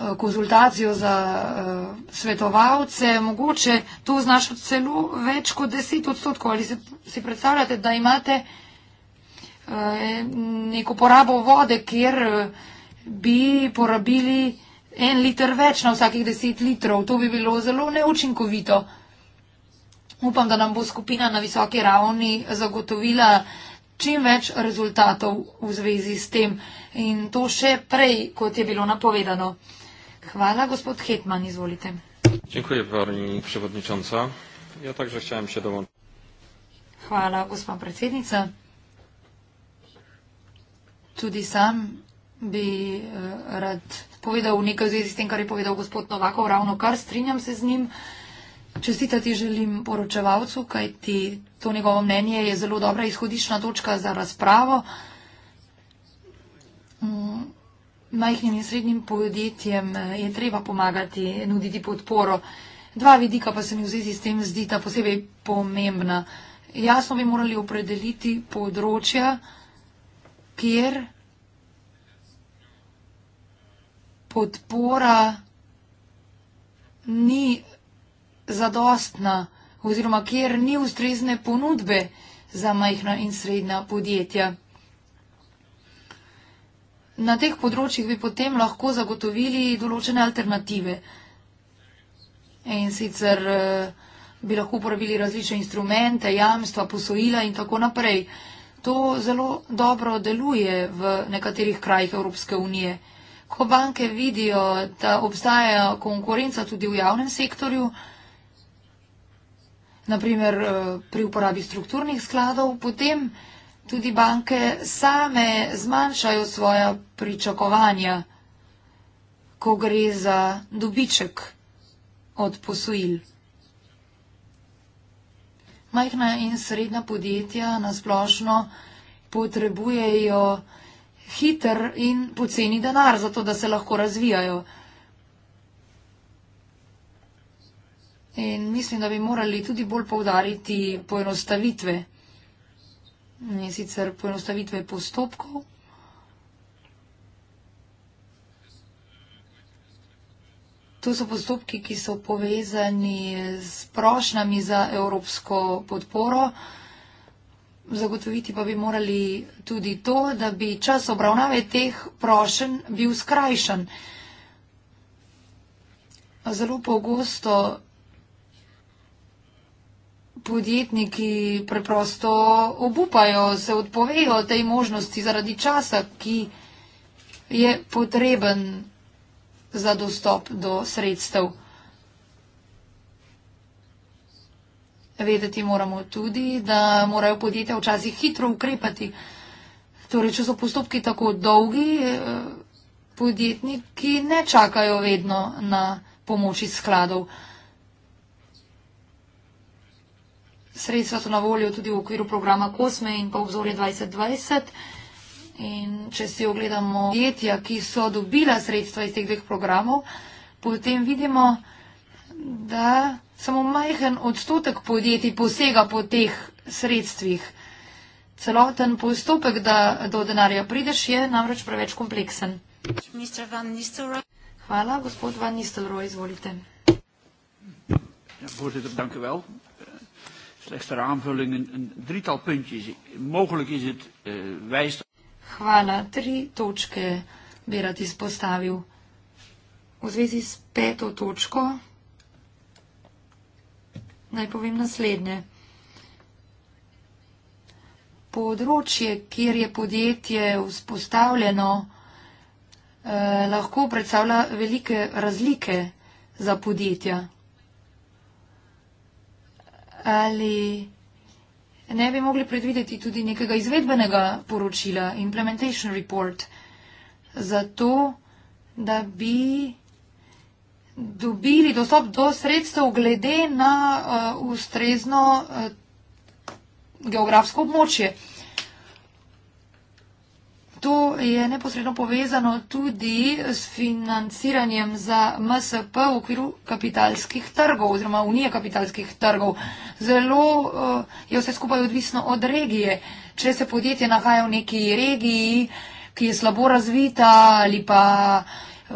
Speaker 2: Eh, konzultacijo za eh, svetovalce, mogoče to znašo celo več kot 10 odstotkov. Ali si, si predstavljate, da imate eh, neko porabo vode, kjer bi porabili en liter več na vsakih 10 litrov. To bi bilo zelo neučinkovito. Upam, da nam bo skupina na visoki ravni zagotovila čim več rezultatov v zvezi s tem in to še prej, kot je bilo napovedano. Hvala. Gospod Hetman, izvolite.
Speaker 3: Dziękuję pani przewodnicząca. Ja także chciałem się dołączyć.
Speaker 2: Hvala, gospod predsednica. Tudi sam bi e, rad povedal nekaj v zvezi s tem, kar je povedal gospod Novakov, ravno kar strinjam se z njim. Čestitati želim poročevalcu, kajti to njegovo mnenje je zelo dobra izhodišna točka za razpravo. Mm, majhnim in srednjim podjetjem eh, je treba pomagati, nuditi podporo. Dva vidika pa se mi v zvezi s tem zdita posebej pomembna. Jasno bi morali opredeliti področja, kjer podpora ni zadostna oziroma kjer ni ustrezne ponudbe za majhna in srednja podjetja na teh področjih bi potem lahko zagotovili določene alternative. In sicer eh, bi lahko uporabili različne instrumente, jamstva, posojila in tako naprej. To zelo dobro deluje v nekaterih krajih Evropske unije. Ko banke vidijo, da obstaja konkurenca tudi v javnem sektorju, naprimer eh, pri uporabi strukturnih skladov, potem tudi banke same zmanjšajo svoja pričakovanja, ko gre za dobiček od posojil. Majhna in srednja podjetja nasplošno potrebujejo hiter in poceni denar, zato da se lahko razvijajo. In mislim, da bi morali tudi bolj povdariti poenostavitve in sicer poenostavitve postopkov. To so postopki, ki so povezani s prošnjami za evropsko podporo. Zagotoviti pa bi morali tudi to, da bi čas obravnave teh prošen bil skrajšan. Zelo pogosto podjetniki preprosto obupajo, se odpovejo tej možnosti zaradi časa, ki je potreben za dostop do sredstev. Vedeti moramo tudi, da morajo podjetja včasih hitro ukrepati. Torej, če so postopki tako dolgi, eh, podjetniki ne čakajo vedno na pomoč iz skladov. sredstva so na voljo tudi v okviru programa Kosme in pa obzorje 2020. In če si ogledamo podjetja, ki so dobila sredstva iz teh dveh programov, potem vidimo, da samo majhen odstotek podjetij posega po teh sredstvih. Celoten postopek, da do denarja prideš, je namreč preveč kompleksen. Hvala, gospod Van Nistelrooy, izvolite.
Speaker 3: Ja, voorzitter, dank u wel slechts ter aanvulling een, een drietal puntjes. Mogelijk is het uh, wijs.
Speaker 2: Hvala, tri točke bi rad izpostavil. V zvezi s peto točko naj povem naslednje. Področje, kjer je podjetje vzpostavljeno, eh, lahko predstavlja velike razlike za podjetja ali ne bi mogli predvideti tudi nekega izvedbenega poročila, implementation report, zato, da bi dobili dostop do sredstev glede na uh, ustrezno uh, geografsko območje. To je neposredno povezano tudi s financiranjem za MSP v okviru kapitalskih trgov oziroma unije kapitalskih trgov. Zelo eh, je vse skupaj odvisno od regije. Če se podjetje nahaja v neki regiji, ki je slabo razvita ali pa eh,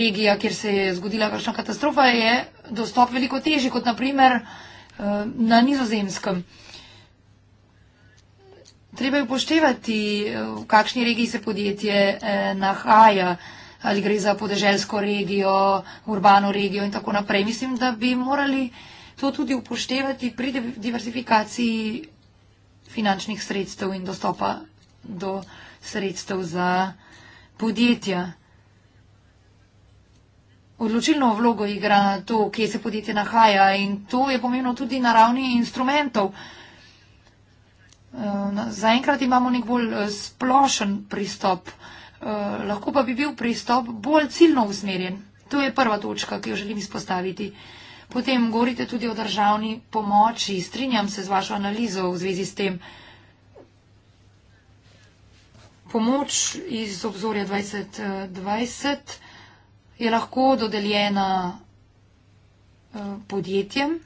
Speaker 2: regija, kjer se je zgodila kakšna katastrofa, je dostop veliko težji kot naprimer eh, na nizozemskem. Treba je upoštevati, v kakšni regiji se podjetje eh, nahaja, ali gre za podeželsko regijo, urbano regijo in tako naprej. Mislim, da bi morali to tudi upoštevati pri diversifikaciji finančnih sredstev in dostopa do sredstev za podjetja. Odločilno vlogo igra to, kje se podjetje nahaja in to je pomembno tudi na ravni instrumentov. Eh, zaenkrat imamo nek bolj eh, splošen pristop, eh, lahko pa bi bil pristop bolj ciljno usmerjen. To je prva točka, ki jo želim izpostaviti. Potem govorite tudi o državni pomoči. Strinjam se z vašo analizo v zvezi s tem. Pomoč iz obzorja 2020 je lahko dodeljena podjetjem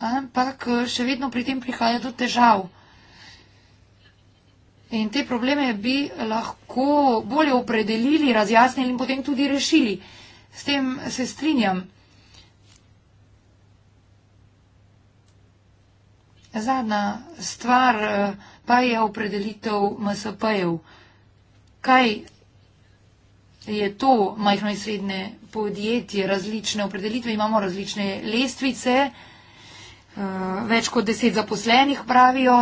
Speaker 2: ampak eh, še vedno pri tem prihaja do težav. In te probleme bi lahko bolje opredelili, razjasnili in potem tudi rešili. S tem se strinjam. Zadnja stvar eh, pa je opredelitev MSP-jev. Kaj je to majhno in srednje podjetje, različne opredelitve, imamo različne lestvice. Eh, več kot deset zaposlenih, pravijo.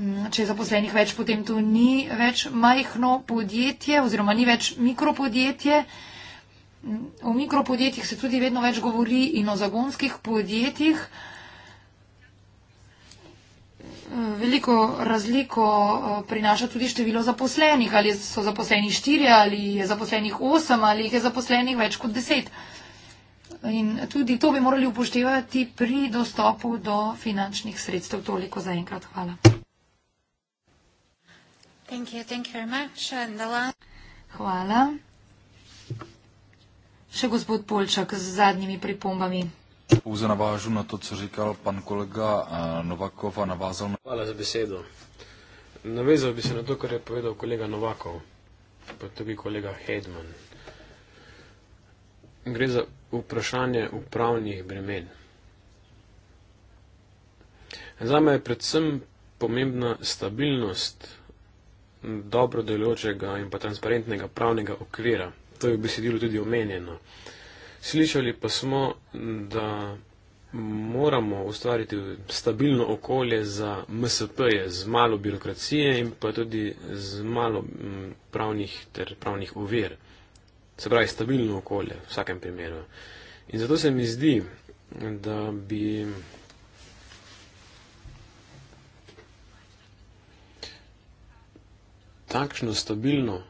Speaker 2: Mm, če je zaposlenih več, potem to ni več majhno podjetje oziroma ni več mikropodjetje. Mm, o mikropodjetjih se tudi vedno več govori in o zagonskih podjetjih. Eh, veliko razliko eh, prinaša tudi število zaposlenih, ali so zaposleni štiri, ali je zaposlenih osem, ali jih je zaposlenih več kot deset in tudi to bi morali upoštevati pri dostopu do finančnih sredstev. Toliko za enkrat. Hvala. Thank you. Thank you very much. Hvala. Še gospod Polčak z zadnjimi pripombami.
Speaker 3: Pouze navážu na to, co říkal pan kolega eh, Novakov a navázal na... Hvala za besedo. Navezal bi se na to, kar je povedal kolega Novakov, pa tudi kolega Hedman gre za vprašanje upravnih bremen. Zame je predvsem pomembna stabilnost dobro delujočega in pa transparentnega pravnega okvira. To je v besedilu tudi omenjeno. Slišali pa smo, da moramo ustvariti stabilno okolje za MSP-je z malo birokracije in pa tudi z malo pravnih ter pravnih uver se pravi stabilno okolje v vsakem primeru. In zato se mi zdi, da bi. Takšno stabilno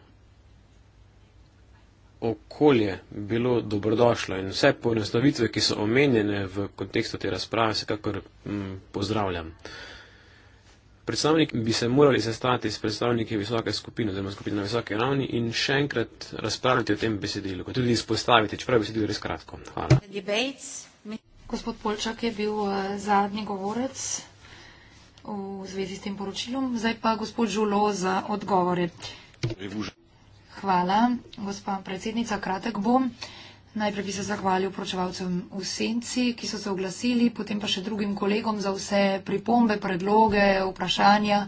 Speaker 3: okolje bilo dobrodošlo in vse poenostavitve, ki so omenjene v kontekstu te razprave, vsekakor mm, pozdravljam. Predstavniki bi se morali sestati s predstavniki visoke skupine, oziroma skupine na visoke ravni in še enkrat razpravljati o tem besedilu, kot tudi izpostaviti, čeprav bi se tudi res kratko. Hvala.
Speaker 2: Debates. Gospod Polčak je bil eh, zadnji govorec v zvezi s tem poročilom. Zdaj pa gospod Žulo za odgovore. Hvala, gospa predsednica, kratek bom. Najprej bi se zahvalil pročevalcem v senci, ki so se oglasili, potem pa še drugim kolegom za vse pripombe, predloge, vprašanja.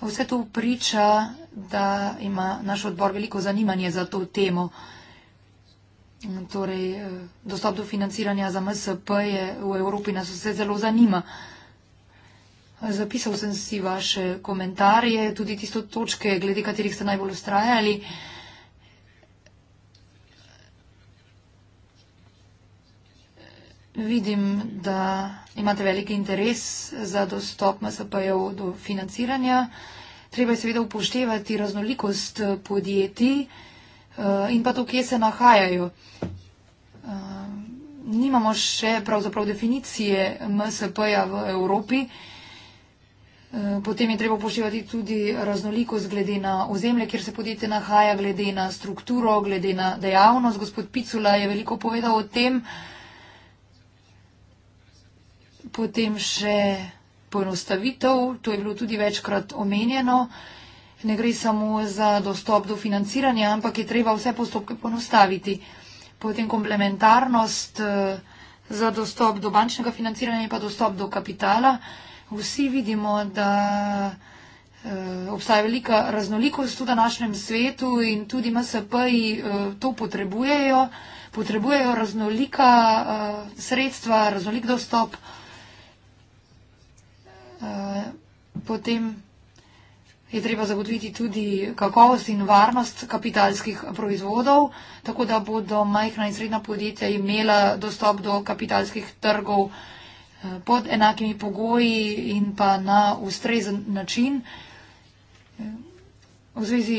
Speaker 2: Vse to priča, da ima naš odbor veliko zanimanje za to temo. Torej, eh, dostop do financiranja za MSP je v Evropi nas vse zelo zanima. Zapisal sem si vaše komentarje, tudi tisto točke, glede katerih ste najbolj ustrajali. Vidim, da imate veliki interes za dostop MSP-jev do financiranja. Treba je seveda upoštevati raznolikost eh, podjetij eh, in pa to, kje se nahajajo. Eh, nimamo še pravzaprav definicije MSP-ja v Evropi. Potem je treba upoštevati tudi raznolikost glede na ozemlje, kjer se podjetje nahaja, glede na strukturo, glede na dejavnost. Gospod Picula je veliko povedal o tem. Potem še ponostavitev, to je bilo tudi večkrat omenjeno. Ne gre samo za dostop do financiranja, ampak je treba vse postopke ponostaviti. Potem komplementarnost eh, za dostop do bančnega financiranja in pa dostop do kapitala. Vsi vidimo, da eh, obstaja velika raznolikost v današnjem svetu in tudi MSP-ji eh, to potrebujejo. Potrebujejo raznolika sredstva, raznolik dostop. Eh, potem je treba zagotoviti tudi kakovost in varnost kapitalskih proizvodov, tako da bodo majhna in srednja podjetja imela dostop do kapitalskih trgov eh, pod enakimi pogoji in pa na ustrezen način. Eh, v zvezi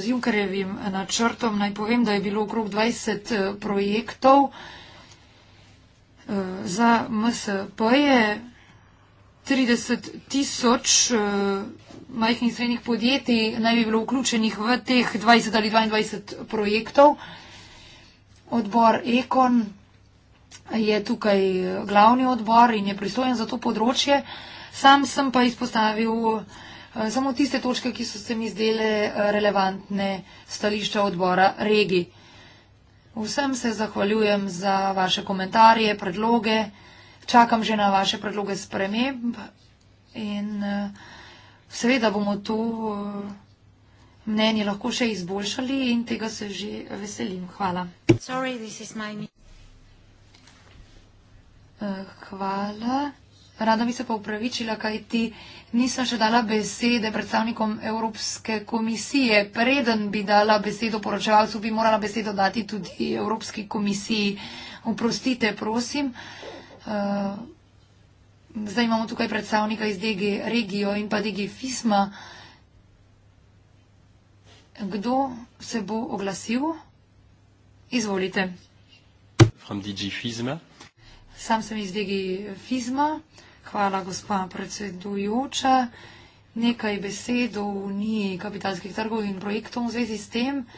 Speaker 2: z Junkerjevim načrtom naj povem, da je bilo okrog 20 projektov za MSP-je. 30 tisoč eh, majhnih in srednjih podjetij naj bi bilo vključenih v teh 20 ali 22 projektov. Odbor Ekon je tukaj eh, glavni odbor in je pristojen za to področje. Sam sem pa izpostavil eh, samo tiste točke, ki so se mi zdele relevantne stališča odbora regi. Vsem se zahvaljujem za vaše komentarje, predloge čakam že na vaše predloge sprememb in eh, seveda bomo to eh, mnenje lahko še izboljšali in tega se že veselim. Hvala. Sorry, eh, Hvala. Rada bi se pa upravičila, kaj ti nisem še dala besede predstavnikom Evropske komisije. Preden bi dala besedo poročevalcu, bi morala besedo dati tudi Evropski komisiji. Uprostite, prosim. Eh, zdaj imamo tukaj predstavnika iz DG Regijo in pa DG Fisma. Kdo se bo oglasil? Izvolite.
Speaker 3: From DG Fisma.
Speaker 2: Sam sem iz DG Fisma. Hvala, gospa predsedujoča. Nekaj besed o uniji kapitalskih trgov in projektov v zvezi s tem. Uh,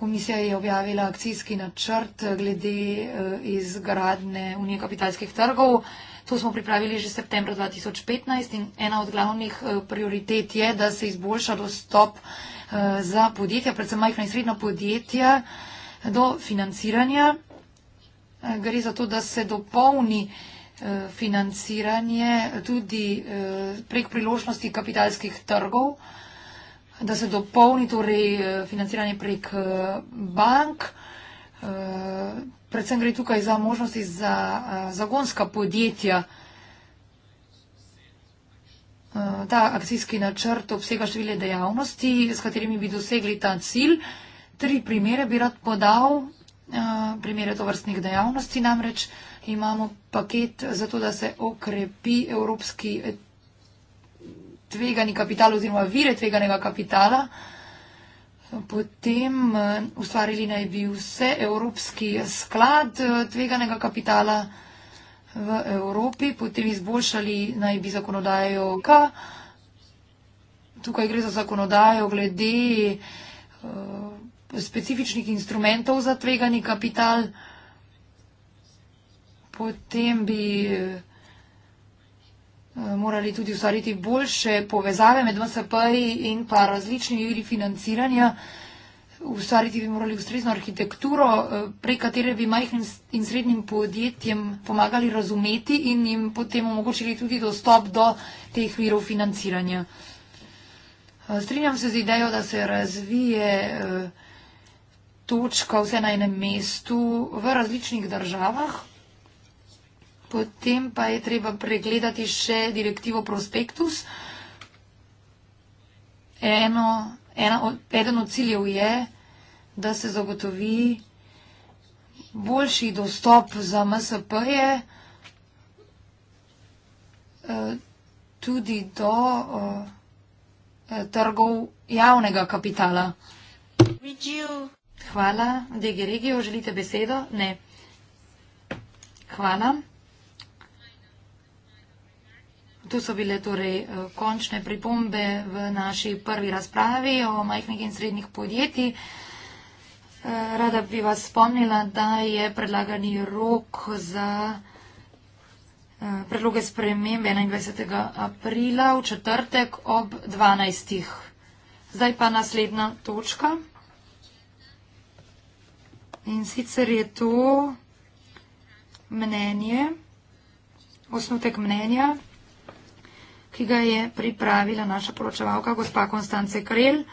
Speaker 2: Komisija je objavila akcijski načrt glede eh, izgradne unije kapitalskih trgov. To smo pripravili že v septembru 2015 in ena od glavnih eh, prioritet je, da se izboljša dostop eh, za podjetja, predvsem majhna in srednja podjetja, do financiranja. Gre za to, da se dopolni financiranje tudi prek priložnosti kapitalskih trgov da se dopolni torej, eh, financiranje prek eh, bank. Eh, predvsem gre tukaj za možnosti za zagonska podjetja. Ta akcijski načrt obsega številne dejavnosti, s katerimi bi dosegli ta cilj. Tri primere bi rad podal, primere tovrstnih dejavnosti namreč. Imamo paket za to, da se okrepi evropski tvegani kapital oziroma vire tveganega kapitala. Potem eh, ustvarili naj bi vse Evropski sklad eh, tveganega kapitala v Evropi, potem izboljšali naj bi zakonodajo K. Tukaj gre za zakonodajo glede eh, specifičnih instrumentov za tvegani kapital. Potem bi Eh, morali tudi ustvariti boljše povezave med MSP-ji in pa različnimi viri financiranja. Ustvariti bi morali ustrezno arhitekturo, eh, prek katere bi majhnim in srednjim podjetjem pomagali razumeti in jim potem omogočili tudi dostop do teh virov financiranja. Eh, strinjam se z idejo, da se razvije točka vse na enem mestu v različnih državah. Potem pa je treba pregledati še direktivo Prospektus. Eno, ena, eden od ciljev je, da se zagotovi boljši dostop za MSP-je eh, tudi do eh, trgov javnega kapitala. Hvala. DG Regio, želite besedo? Ne. Hvala. Tu so bile torej eh, končne pripombe v naši prvi razpravi o majhnih in srednjih podjetij. Eh, rada bi vas spomnila, da je predlagani rok za eh, predloge spremembe 21. aprila v četrtek ob 12. Zdaj pa naslednja točka. In sicer je to mnenje, osnutek mnenja ki ga je pripravila naša poročevalka gospa Konstance Krel.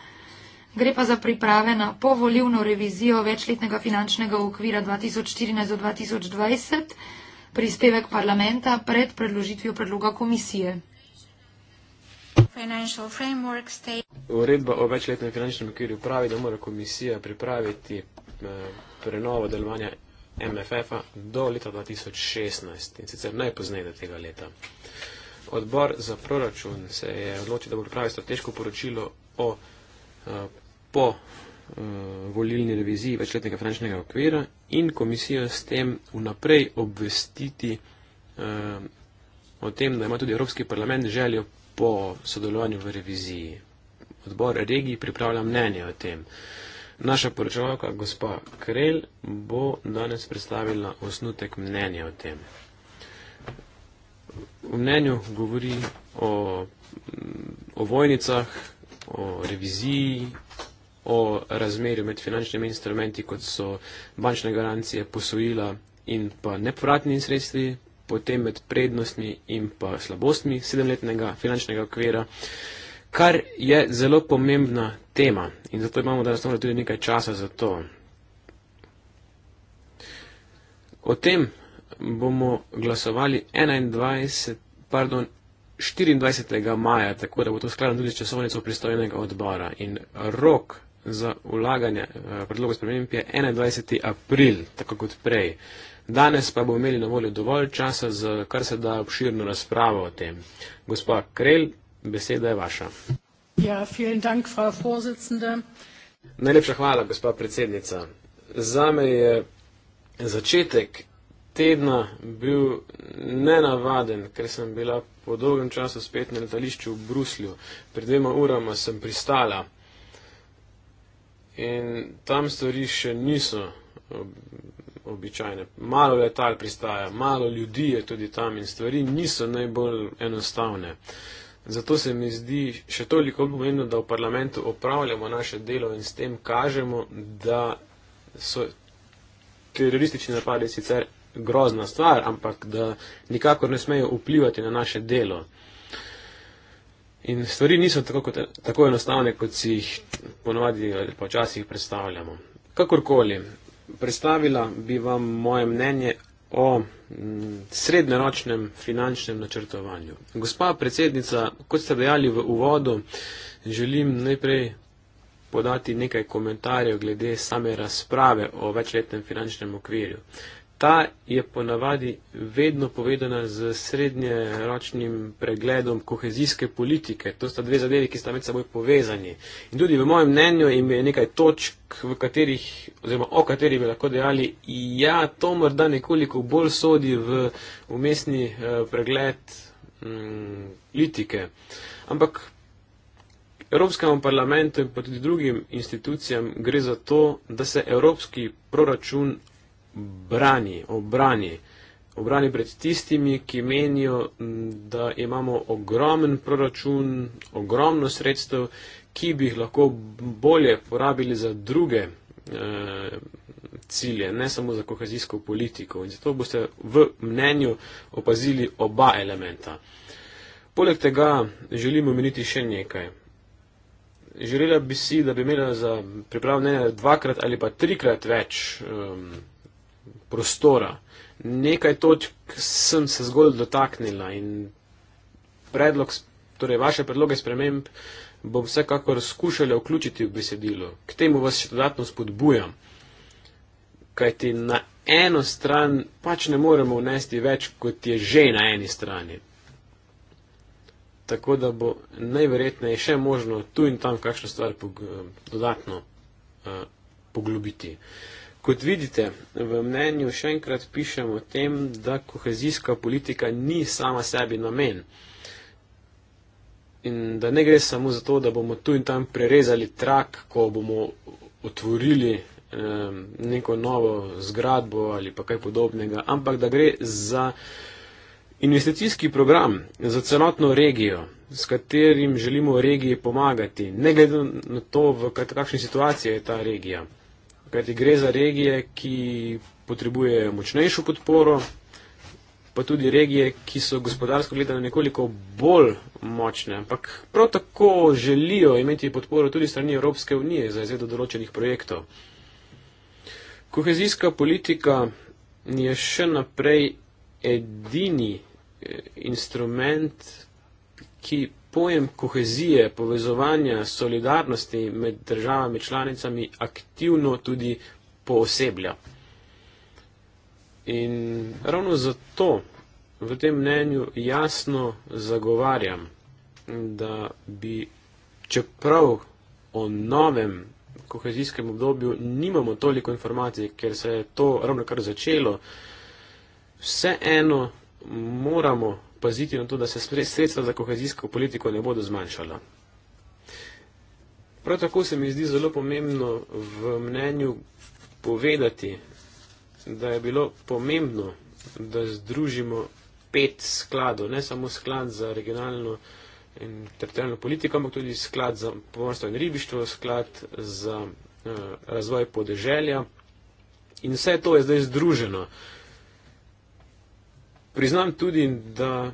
Speaker 2: Gre pa za priprave na povoljivno revizijo večletnega finančnega okvira 2014-2020, prispevek parlamenta pred predložitvijo predloga komisije.
Speaker 3: Uredba o večletnem finančnem okvirju pravi, da mora komisija pripraviti eh, prenovo delovanja MFF-a do leta 2016 in sicer najpoznej do tega leta. Odbor za proračun se je odločil, da bo pripravil strateško poročilo o eh, po eh, volilni reviziji večletnega finančnega okvira in komisijo s tem vnaprej obvestiti eh, o tem, da ima tudi Evropski parlament željo po sodelovanju v reviziji. Odbor regij pripravlja mnenje o tem. Naša poročevalka, gospa Krel, bo danes predstavila osnutek mnenja o tem v mnenju govori o, o vojnicah, o reviziji, o razmerju med finančnimi instrumenti, kot so bančne garancije, posojila in pa nepovratnimi sredstvi, potem med prednostmi in pa slabostmi sedemletnega finančnega okvira, kar je zelo pomembna tema in zato imamo danes tudi nekaj časa za to. O tem, bomo glasovali 21, pardon, 24. maja, tako da bo to skladno tudi s časovnico pristojnega odbora. In rok za ulaganje eh, predlogov sprememb je 21. april, tako kot prej. Danes pa bomo imeli na voljo dovolj časa za kar se da obširno razpravo o tem. Gospod Krelj, beseda je vaša.
Speaker 2: Ja, dank,
Speaker 3: Najlepša hvala, gospod predsednica. Za me je začetek tedna bil nenavaden, ker sem bila po dolgem času spet na letališču v Bruslju. Pred dvema urama sem pristala in tam stvari še niso običajne. Malo letal pristaja, malo ljudi je tudi tam in stvari niso najbolj enostavne. Zato se mi zdi še toliko pomembno, da v parlamentu opravljamo naše delo in s tem kažemo, da so teroristični napadi sicer grozna stvar, ampak da nikakor ne smejo vplivati na naše delo. In stvari niso tako, kot, tako enostavne, kot si jih ponovadi ali počasih predstavljamo. Kakorkoli, predstavila bi vam moje mnenje o mm, srednjeročnem finančnem načrtovanju. Gospa predsednica, kot ste dejali v uvodu, želim najprej podati nekaj komentarjev glede same razprave o večletnem finančnem okvirju. Ta je ponavadi vedno povedana z srednjeročnim pregledom kohezijske politike. To sta dve zadevi, ki sta med seboj povezani. In tudi v mojem mnenju im je nekaj točk, v katerih, oziroma o katerih bi lahko dejali, ja, to morda nekoliko bolj sodi v umestni eh, pregled mm, politike. Ampak Evropskemu parlamentu in pa tudi drugim institucijam gre za to, da se evropski proračun brani, obrani. Obrani pred tistimi, ki menijo, da imamo ogromen proračun, ogromno sredstev, ki bi jih lahko bolje porabili za druge eh, cilje, ne samo za kohezijsko politiko. In zato boste v mnenju opazili oba elementa. Poleg tega želim omeniti še nekaj. Želela bi si, da bi imela za pripravljanje dvakrat ali pa trikrat več. Eh, prostora. Nekaj točk sem se zgolj dotaknila in predlog, torej vaše predloge sprememb bom vsekakor skušala vključiti v besedilo. K temu vas še dodatno spodbujam, kajti na eno stran pač ne moremo vnesti več, kot je že na eni strani. Tako da bo najverjetneje še možno tu in tam kakšno stvar dodatno eh, poglobiti. Uh, Kot vidite, v mnenju še enkrat pišem o tem, da kohezijska politika ni sama sebi namen. In da ne gre samo za to, da bomo tu in tam prerezali trak, ko bomo otvorili eh, neko novo zgradbo ali pa kaj podobnega, ampak da gre za investicijski program, za celotno regijo, s katerim želimo regiji pomagati, ne glede na to, v kakšni situaciji je ta regija kajti gre za regije, ki potrebujejo močnejšo podporo, pa tudi regije, ki so gospodarsko gledano nekoliko bolj močne, ampak prav tako želijo imeti podporo tudi strani Evropske unije za izvedo določenih projektov. Kohezijska politika je še naprej edini eh, instrument, ki pojem kohezije, povezovanja, solidarnosti med državami članicami aktivno tudi pooseblja. In ravno zato v tem mnenju jasno zagovarjam, da bi, čeprav o novem kohezijskem obdobju nimamo toliko informacij, ker se je to ravno kar začelo, vseeno moramo paziti na to, da se sredstva za kohezijsko politiko ne bodo zmanjšala. Prav tako se mi zdi zelo pomembno v mnenju povedati, da je bilo pomembno, da združimo pet skladov, ne samo sklad za regionalno in teritorijalno politiko, ampak tudi sklad za pomorstvo in ribištvo, sklad za eh, razvoj podeželja. In vse to je zdaj združeno. Eh, Priznam tudi, da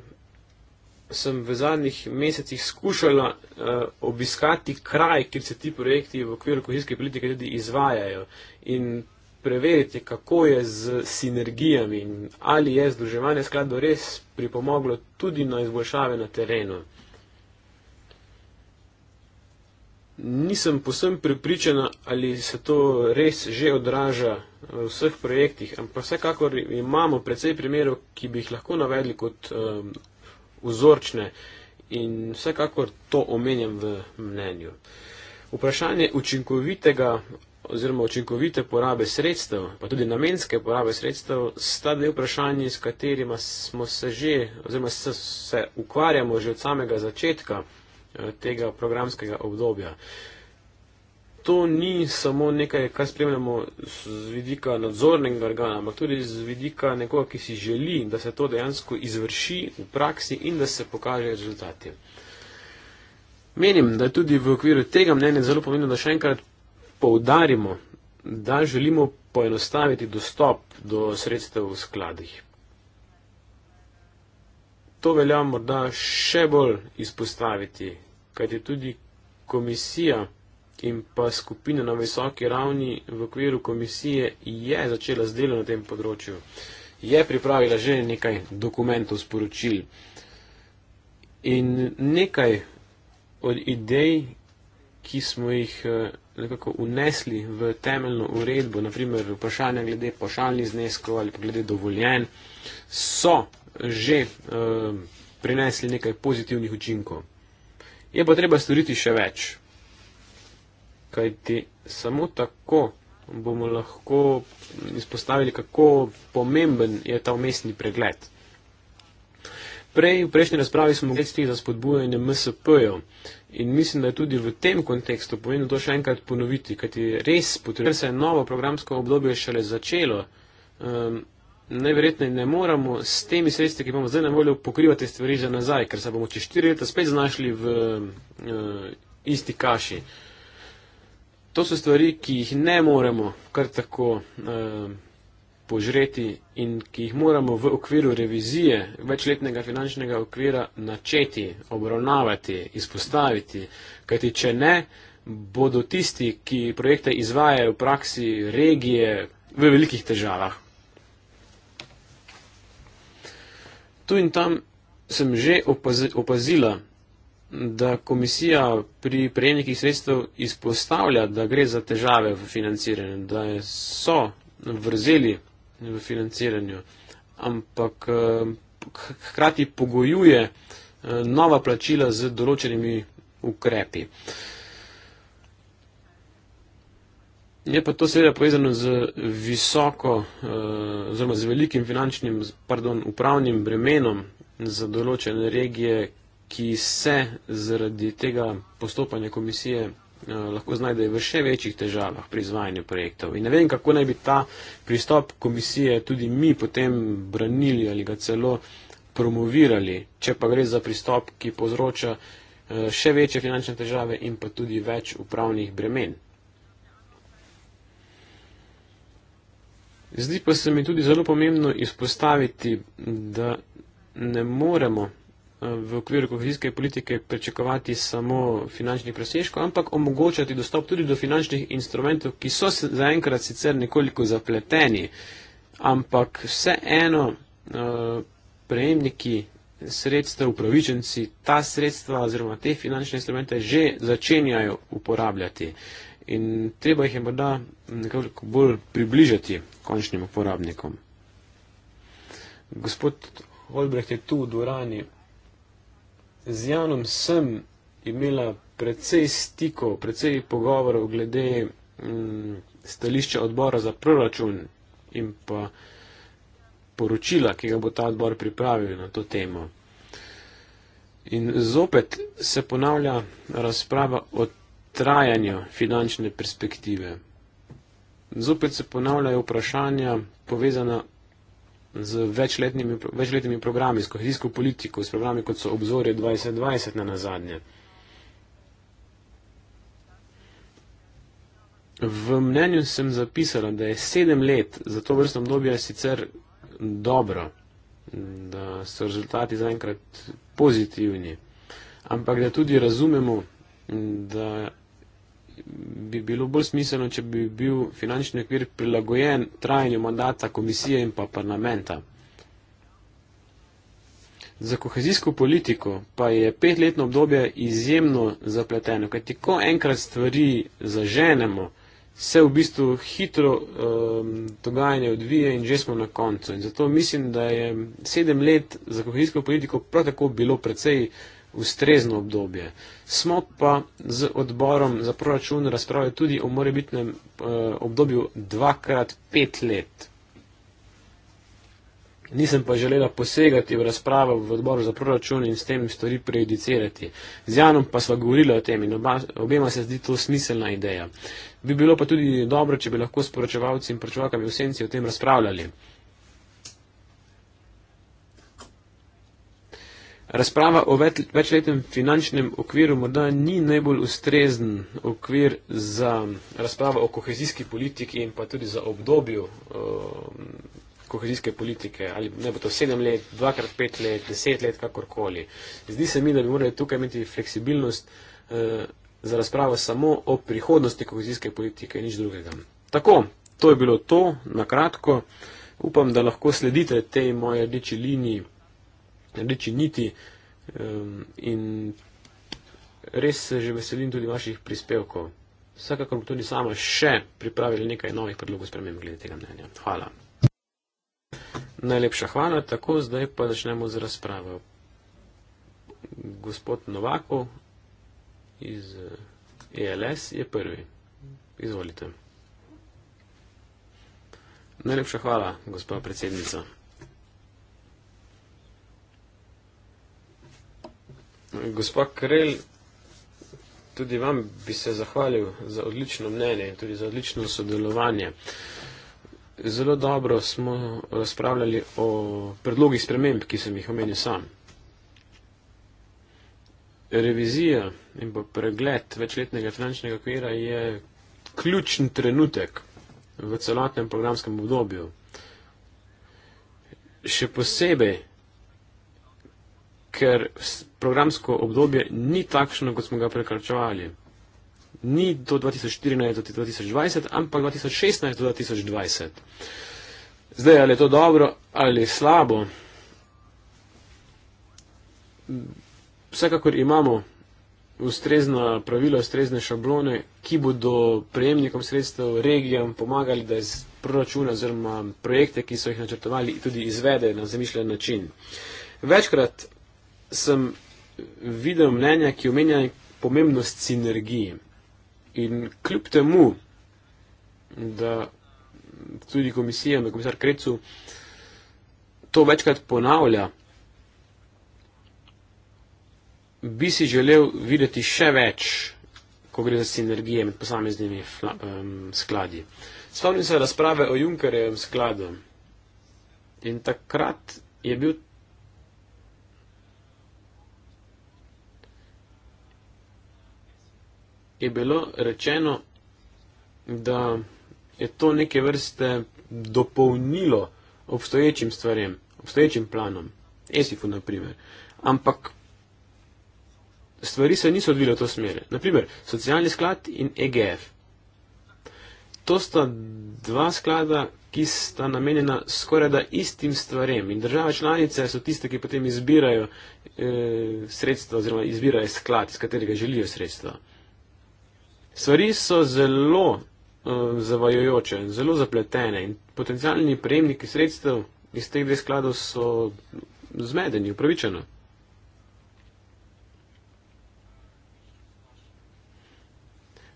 Speaker 3: sem v zadnjih mesecih skušala uh, obiskati kraj, kjer se ti projekti v okviru kohezijske politike tudi izvajajo in preveriti, kako je z sinergijami in ali je združevanje skladov res pripomoglo tudi na izboljšave na terenu. Nisem posem pripričana, ali se to res že odraža v vseh projektih, ampak vsekakor imamo precej primerov, ki bi jih lahko navedli kot um, vzorčne in vsekakor to omenjam v mnenju. Vprašanje učinkovitega oziroma učinkovite porabe sredstev, pa tudi namenske porabe sredstev, sta dve vprašanje, s katerima smo se že oziroma se, se ukvarjamo že od samega začetka. Eh, tega programskega obdobja. To ni samo nekaj, kar spremljamo z vidika nadzornega organa, ampak tudi z vidika nekoga, ki si želi, da se to dejansko izvrši v praksi in da se pokaže rezultati. Menim, da je tudi v okviru tega mnenja zelo pomembno, da še enkrat poudarimo, da želimo poenostaviti dostop do sredstev v skladih. To velja morda še bolj izpostaviti, kaj je tudi komisija in pa skupina na visoki ravni v okviru komisije je začela z delom na tem področju. Je pripravila že nekaj dokumentov, sporočil. In nekaj od idej, ki smo jih eh, nekako unesli v temeljno uredbo, naprimer vprašanje glede pošaljnih zneskov ali glede dovoljen, so že um, prinesli nekaj pozitivnih učinkov. Je pa treba storiti še več, kajti samo tako bomo lahko izpostavili, kako pomemben je ta umestni pregled. Prej v prejšnji razpravi smo govorili za spodbujanje MSP-jev in mislim, da je tudi v tem kontekstu pomembno to še enkrat ponoviti, kajti res potrebno se je novo programsko obdobje šele začelo. Um, najverjetneje ne moremo s temi sredstvi, ki bomo zdaj na voljo, pokrivati stvari za nazaj, ker se bomo čez štiri leta spet znašli v uh, isti kaši. To so stvari, ki jih ne moremo kar tako uh, požreti in ki jih moramo v okviru revizije večletnega finančnega okvira načeti, obravnavati, izpostaviti, kajti če ne, bodo tisti, ki projekte izvajajo v praksi regije v velikih težavah. tu in tam sem že opazila, da komisija pri prejemnikih sredstev izpostavlja, da gre za težave v financiranju, da so vrzeli v financiranju, ampak eh, hkrati pogojuje eh, nova plačila z določenimi ukrepi. Uh, Je pa to seveda povezano z visoko, eh, zelo z velikim finančnim, pardon, upravnim bremenom za določene regije, ki se zaradi tega postopanja komisije eh, lahko znajdejo v še večjih težavah pri izvajanju projektov. In ne vem, kako naj bi ta pristop komisije tudi mi potem branili ali ga celo promovirali, če pa gre za pristop, ki povzroča eh, še večje finančne težave in pa tudi več upravnih bremen. Zdi pa se mi tudi zelo pomembno izpostaviti, da ne moremo eh, v okviru kohezijske politike pričakovati samo finančnih presežkov, ampak omogočati dostop tudi do finančnih instrumentov, ki so zaenkrat sicer nekoliko zapleteni, ampak vseeno eh, prejemniki sredstev, upravičenci ta sredstva oziroma te finančne instrumente že začenjajo uporabljati in treba jih je morda nekoliko bolj približati končnim uporabnikom. Gospod Holbrecht je tu v dvorani. Z Janom sem imela precej stikov, precej pogovorov glede m, mm, stališča odbora za proračun in pa poročila, ki ga bo ta odbor pripravil na to temo. In zopet se ponavlja razprava o trajanja finančne perspektive. Zopet se ponavljajo vprašanja povezana z večletnimi, večletnimi programi, s kohezijsko politiko, s programi kot so obzorje 2020 na nazadnje. V mnenju sem zapisala, da je sedem let za to vrstno obdobje sicer dobro, da so rezultati zaenkrat pozitivni,
Speaker 2: ampak da tudi
Speaker 3: razumemo, da bi bilo bolj smiselno, če bi bil finančni okvir prilagojen trajanju mandata komisije in pa parlamenta. Za kohezijsko politiko pa je petletno obdobje izjemno zapleteno, kaj ti ko enkrat stvari zaženemo, se v bistvu hitro um, dogajanje odvije in že smo na koncu. In zato mislim, da je sedem let za kohezijsko politiko prav tako bilo precej uh, ustrezno obdobje. Smo pa z odborom za proračun razpravljali tudi o morebitnem eh, obdobju dvakrat pet let. Nisem pa želela posegati v razpravo v odboru za proračun in s tem stvari prejudicirati. Z Janom pa sva govorila o tem in oba, obema se zdi to smiselna ideja. Bi bilo pa tudi dobro, če bi lahko s poročevalci in poročevalkami v senci o tem razpravljali. Razprava o večletnem finančnem okviru morda ni najbolj ustrezen okvir za razpravo o kohezijski politiki in pa tudi za obdobju uh, kohezijske politike. Ali ne bo to sedem let, dvakrat pet let, deset let, kakorkoli. Zdi se mi, da bi morali tukaj imeti fleksibilnost uh, za razpravo samo o prihodnosti kohezijske politike in nič drugega. Tako, to je bilo to, na kratko. Upam, da lahko sledite tej moje rdeči liniji reči niti in res se že veselim tudi vaših prispevkov. Vsekakor bom tudi sama še pripravila nekaj novih predlogov sprememb glede tega mnenja. Hvala. Najlepša hvala, tako zdaj pa začnemo z razpravo. Gospod Novakov iz ELS je prvi. Izvolite. Najlepša hvala, gospod predsednica. Gospod Karel, tudi vam bi se zahvalil za odlično mnenje in tudi za odlično sodelovanje. Zelo dobro smo razpravljali o predlogih sprememb, ki sem jih omenil sam. Revizija in pa pregled večletnega finančnega okvira je ključen trenutek v celotnem programskem obdobju. Še posebej ker programsko obdobje ni takšno, kot smo ga prekračevali. Ni do 2014 do 2020, ampak 2016 do 2020. Zdaj, ali je to dobro ali slabo, vsekakor imamo ustrezna pravila, ustrezne šablone, ki bodo prejemnikom sredstev, regijam pomagali, da iz proračuna oziroma projekte, ki so jih načrtovali, tudi izvede na zamišljen način. Večkrat sem videl mnenja, ki omenjajo pomembnost sinergije. In kljub temu, da tudi komisija, da komisar Krecu to večkrat ponavlja, bi si želel videti še več, ko gre za sinergije med posameznimi skladi. Spomnim se razprave o Junkerjevem skladu. In takrat je bil je bilo rečeno, da je to neke vrste dopolnilo obstoječim stvarem, obstoječim planom, Esifu naprimer. Ampak stvari se niso odvile v to smer. Naprimer, socialni sklad in EGF. To sta dva sklada, ki sta namenjena skoraj da istim stvarem in države članice so tiste, ki potem izbirajo e, sredstva oziroma izbirajo sklad, iz katerega želijo sredstva. Stvari so zelo uh, zavajojoče, zelo zapletene in potencijalni prejemniki sredstev iz teh dveh skladov so zmedeni, upravičeno.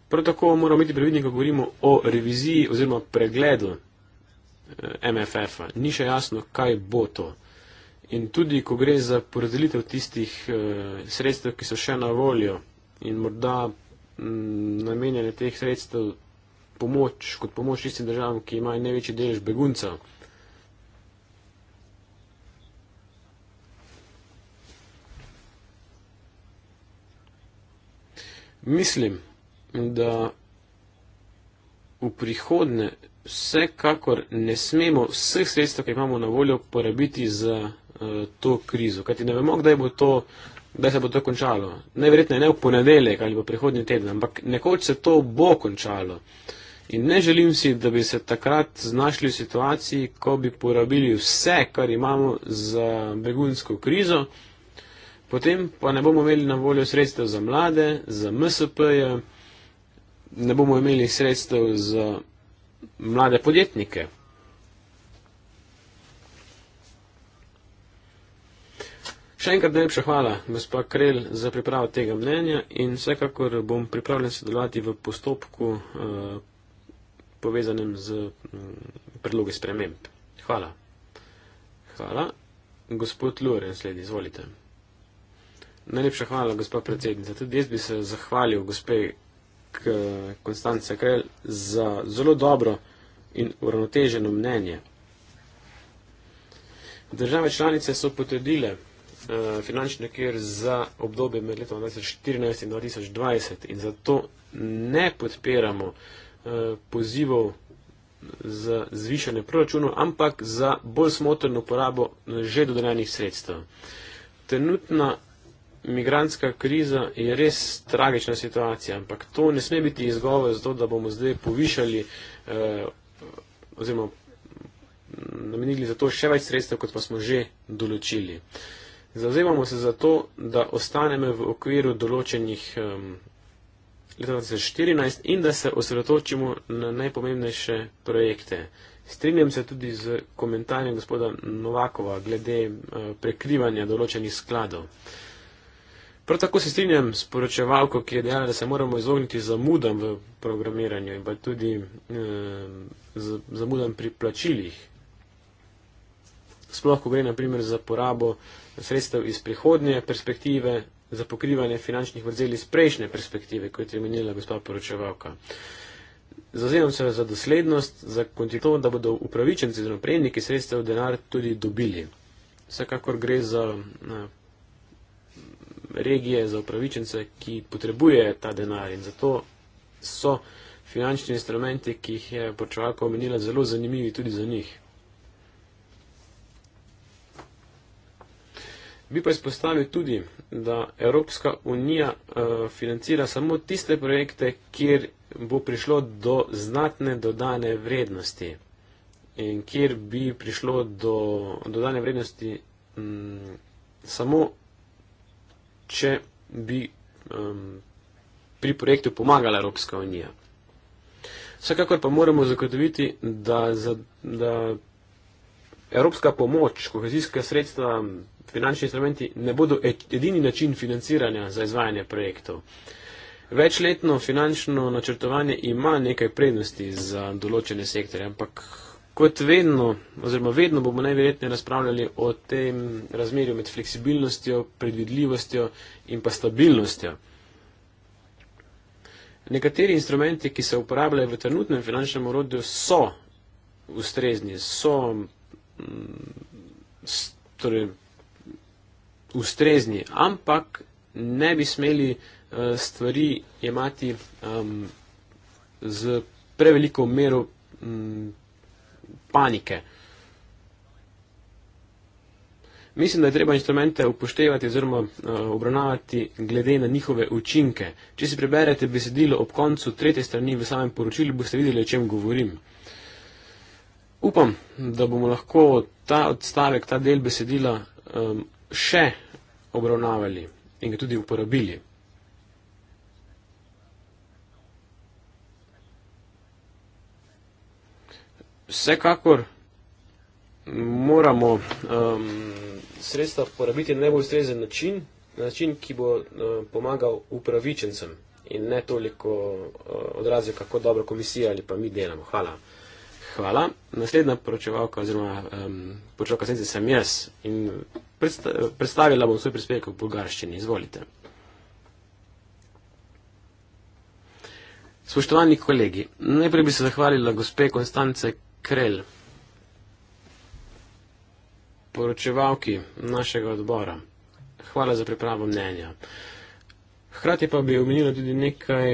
Speaker 3: Prav tako moramo biti previdni, ko govorimo o reviziji oziroma pregledu eh, MFF-a. Ni še jasno, kaj bo to. In tudi, ko gre za porazdelitev tistih eh, sredstev, ki so še na voljo in morda Mm, namenjanje teh sredstev pomoč, kot pomoč tistim državam, ki imajo največji delež beguncev. Mislim, da v prihodne vsekakor ne smemo vseh sredstev, ki imamo na voljo, porabiti za uh, to krizo. Kajti ne vemo, kdaj bo to uh, da se bo to končalo. Najverjetneje ne v ponedeljek ali v prihodnji teden, ampak nekoč se to bo končalo. In ne želim si, da bi se takrat znašli v situaciji, ko bi porabili vse, kar imamo za begunsko krizo, potem pa ne bomo imeli na voljo sredstev za mlade, za MSP-je, ne bomo imeli sredstev za mlade podjetnike. Še enkrat najlepša hvala, gospod Krel, za pripravo tega mnenja in vsekakor bom pripravljen sodelovati v postopku eh, povezanem z mm, predlogi sprememb. Hvala. Hvala. Gospod Luren sledi, izvolite. Najlepša hvala, gospod predsednica. Tudi jaz bi se zahvalil gospe Konstance Krel za zelo dobro in uravnoteženo mnenje. Države članice so potrdile Eh, finančni okvir za obdobje med letom 2014 in 2020 in zato ne podpiramo eh, pozivov za zvišanje proračunov, ampak za bolj smotrno uporabo eh, že dodeljenih sredstev. Trenutna migranska kriza je res tragična situacija, ampak to ne sme biti izgovor za to, da bomo zdaj povišali oziroma namenili za to še več sredstev, kot pa smo že določili. Uh, Zauzemamo se za to, da ostaneme v okviru določenih um, leta 2014 in da se osredotočimo na najpomembnejše projekte. Strinjam se tudi z komentarjem gospoda Novakova glede prekrivanja določenih skladov. Prav tako se strinjam s poročevalko, ki je dejala, da se moramo izogniti zamudam v programiranju in pa tudi eh, zamudam pri plačilih. Sploh, ko gre naprimer za porabo eh, sredstev iz prihodnje perspektive za pokrivanje finančnih vrzel iz prejšnje perspektive, kot je menila gospa poročevalka. Zazemam se za doslednost, za kontinuitet, da bodo upravičenci oziroma prejemniki sredstev denar tudi dobili. Vsekakor gre za na, eh, regije, za upravičence, ki potrebujejo ta denar in zato so finančni instrumenti, ki jih je poročevalka omenila, zelo zanimivi tudi za njih. Bi pa izpostavil tudi, da Evropska unija uh, financira samo tiste projekte, kjer bo prišlo do znatne dodane vrednosti in kjer bi prišlo do dodane vrednosti m, mm, samo, če bi um, pri projektu pomagala Evropska unija. Vsekakor pa moramo zagotoviti, da, za, da Evropska pomoč, kohezijska sredstva, finančni instrumenti ne bodo edini način financiranja za izvajanje projektov. Večletno finančno načrtovanje ima nekaj prednosti za določene sektorje, ampak kot vedno, oziroma vedno bomo najverjetneje razpravljali o tem razmerju med fleksibilnostjo, predvidljivostjo in pa stabilnostjo. Nekateri instrumenti, ki se uporabljajo v trenutnem finančnem urodju, so ustrezni, so, mm, torej, ustrezni, ampak ne bi smeli uh, stvari jemati um, z preveliko mero um, panike. Mislim, da je treba instrumente upoštevati oziroma uh, obravnavati glede na njihove učinke. Če si preberete besedilo ob koncu tretje strani v samem poročilu, boste videli, o čem govorim. Upam, da bomo lahko ta odstavek, ta del besedila um, še obravnavali in ga tudi uporabili. Vsekakor moramo um, sredstva uporabiti na najbolj ustrezen način, na način, ki bo uh, pomagal upravičencem in ne toliko uh, odrazil, kako dobro komisija ali pa mi delamo. Hvala. Hvala. Naslednja poročevalka oziroma um, poročevalka senci sem jaz in predsta predstavila bom svoj prispevek v bulgarščini. Izvolite. Spoštovani kolegi, najprej bi se zahvalila gospe Konstance Krel, poročevalki našega odbora. Hvala za pripravo mnenja. Hkrati pa bi omenila tudi nekaj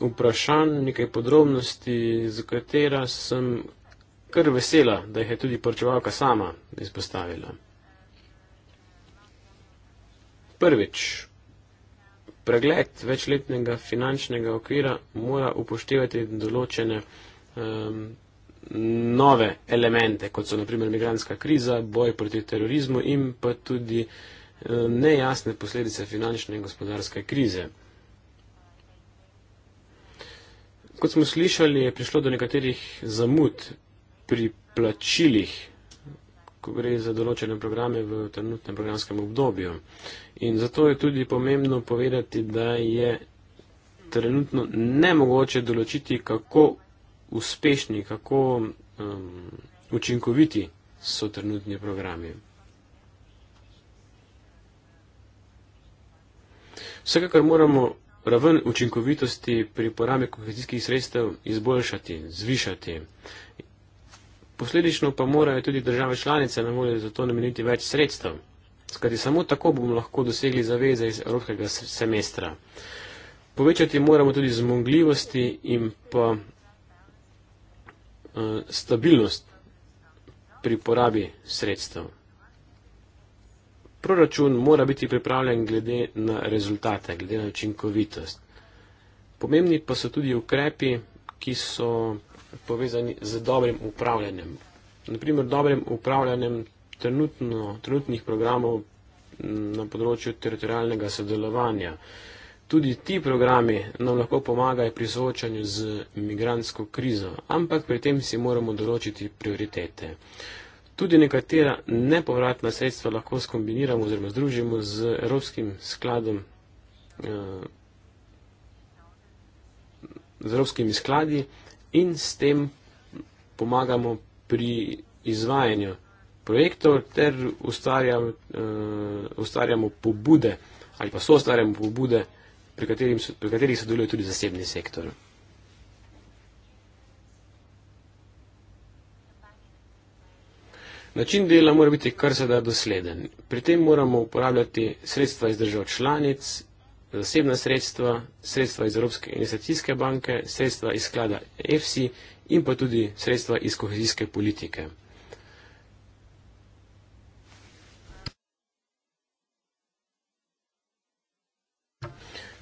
Speaker 3: vprašanj, nekaj podrobnosti, za katera sem kar vesela, da jih je tudi poročevalka sama izpostavila. Prvič, pregled večletnega finančnega okvira mora upoštevati določene um, nove elemente, kot so naprimer migranska kriza, boj proti terorizmu in pa tudi um, nejasne posledice finančne in gospodarske krize. Kot smo slišali, je prišlo do nekaterih zamud pri plačilih, ko gre za določene programe v trenutnem programskem obdobju. In zato je tudi pomembno povedati, da je trenutno nemogoče določiti, kako uspešni, kako um, učinkoviti so trenutni programi. Vsekakor moramo raven učinkovitosti pri porabi kohezijskih sredstev izboljšati, zvišati. Posledično pa morajo tudi države članice na voljo za to nameniti več sredstev. Skratki, samo tako bomo lahko dosegli zaveze iz evropskega semestra. Povečati moramo tudi zmogljivosti in pa uh, stabilnost pri porabi sredstev. Proračun mora biti pripravljen glede na rezultate, glede na učinkovitost. Pomembni pa so tudi ukrepi, ki so povezani z dobrim upravljanjem. Naprimer, dobrim upravljanjem trenutno, trenutnih programov na področju teritorijalnega sodelovanja. Tudi ti programi nam lahko pomagajo pri soočanju z migransko krizo, ampak pri tem si moramo določiti prioritete. Tudi nekatera nepovratna sredstva lahko skombiniramo oziroma združimo z Evropskim skladom, eh, z Evropskimi skladi in s tem pomagamo pri izvajanju projektov ter ustvarjamo, eh, ustvarjamo pobude ali pa so ustvarjamo pobude, pri katerih sodeluje tudi zasebni sektor. Način dela mora biti kar se da dosleden. Pri tem moramo uporabljati sredstva iz držav članic, zasebna sredstva, sredstva iz Evropske investicijske banke, sredstva iz sklada EFSI in pa tudi sredstva iz kohezijske politike.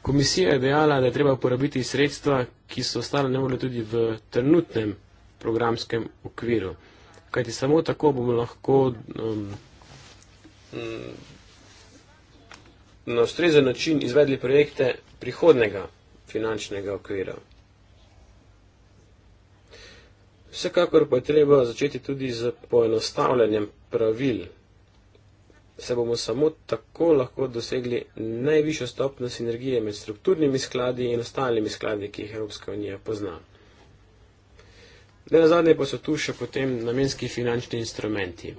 Speaker 3: Komisija je dejala, da je treba uporabiti sredstva, ki so ostale nevole tudi v trenutnem programskem okviru kajti samo tako bomo lahko um, mm, na ustrezen način izvedli projekte prihodnega finančnega okvira. Vsekakor pa je treba začeti tudi z poenostavljanjem pravil. Se bomo samo tako lahko dosegli najvišjo stopno sinergije med strukturnimi skladi in ostalimi skladi, ki jih Evropska unija pozna. Ne na zadnje pa so tu še potem namenski finančni instrumenti.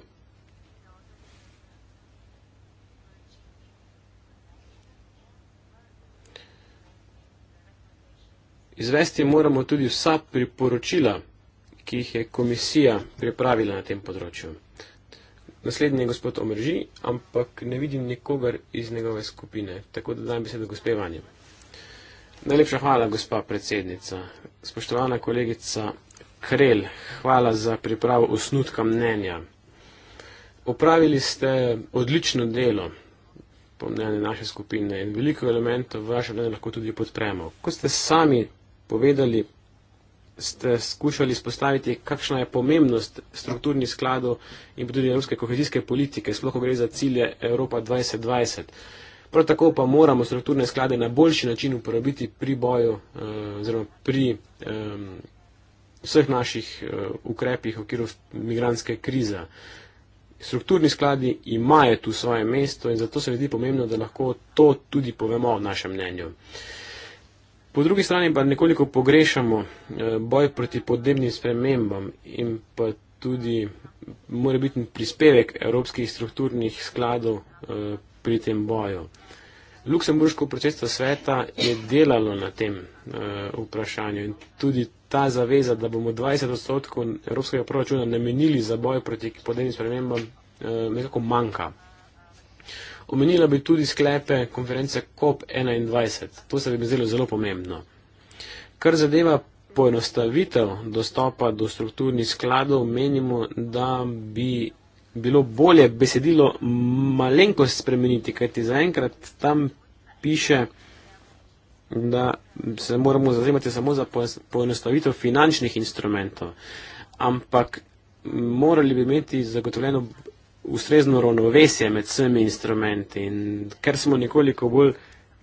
Speaker 3: Izvesti moramo tudi vsa priporočila, ki jih je komisija pripravila na tem področju. Naslednji je gospod Omrži, ampak ne vidim nikogar iz njegove skupine, tako da dam besedo gospevanjem. Najlepša hvala, gospa predsednica. Spoštovana kolegica Krel, hvala za pripravo osnutka mnenja. Opravili ste odlično delo, po mnenju naše skupine, in veliko elementov vaše mnenje lahko tudi podpremo. Kot ste sami povedali, ste skušali spostaviti, kakšna je pomembnost strukturnih skladov in tudi evropske kohezijske politike, sploh ko gre za cilje Evropa 2020. Prav tako pa moramo strukturne sklade na boljši način uporabiti pri boju, eh, oziroma pri. Eh, vseh naših eh, ukrepih v okviru migranske krize. Strukturni skladi imajo tu svoje mesto in zato se mi zdi pomembno, da lahko to tudi povemo v našem mnenju. Po drugi strani pa nekoliko pogrešamo eh, boj proti podnebnim spremembam in pa tudi mora biti prispevek evropskih strukturnih skladov eh, pri tem boju. Luksemburško predsedstvo sveta je delalo na tem vprašanju in tudi ta zaveza, da bomo 20 odstotkov evropskega proračuna namenili za boj proti podnebnim spremembam, eh, nekako manjka. Omenila bi tudi sklepe konference COP21. To se bi mi zdelo zelo pomembno. Kar zadeva poenostavitev dostopa do strukturnih skladov, menimo, da bi bilo bolje besedilo malenkost spremeniti, kajti zaenkrat tam piše, da se moramo zazemati samo za poenostavitev finančnih instrumentov, ampak morali bi imeti zagotovljeno ustrezno ravnovesje med vsemi instrumenti in ker smo nekoliko bolj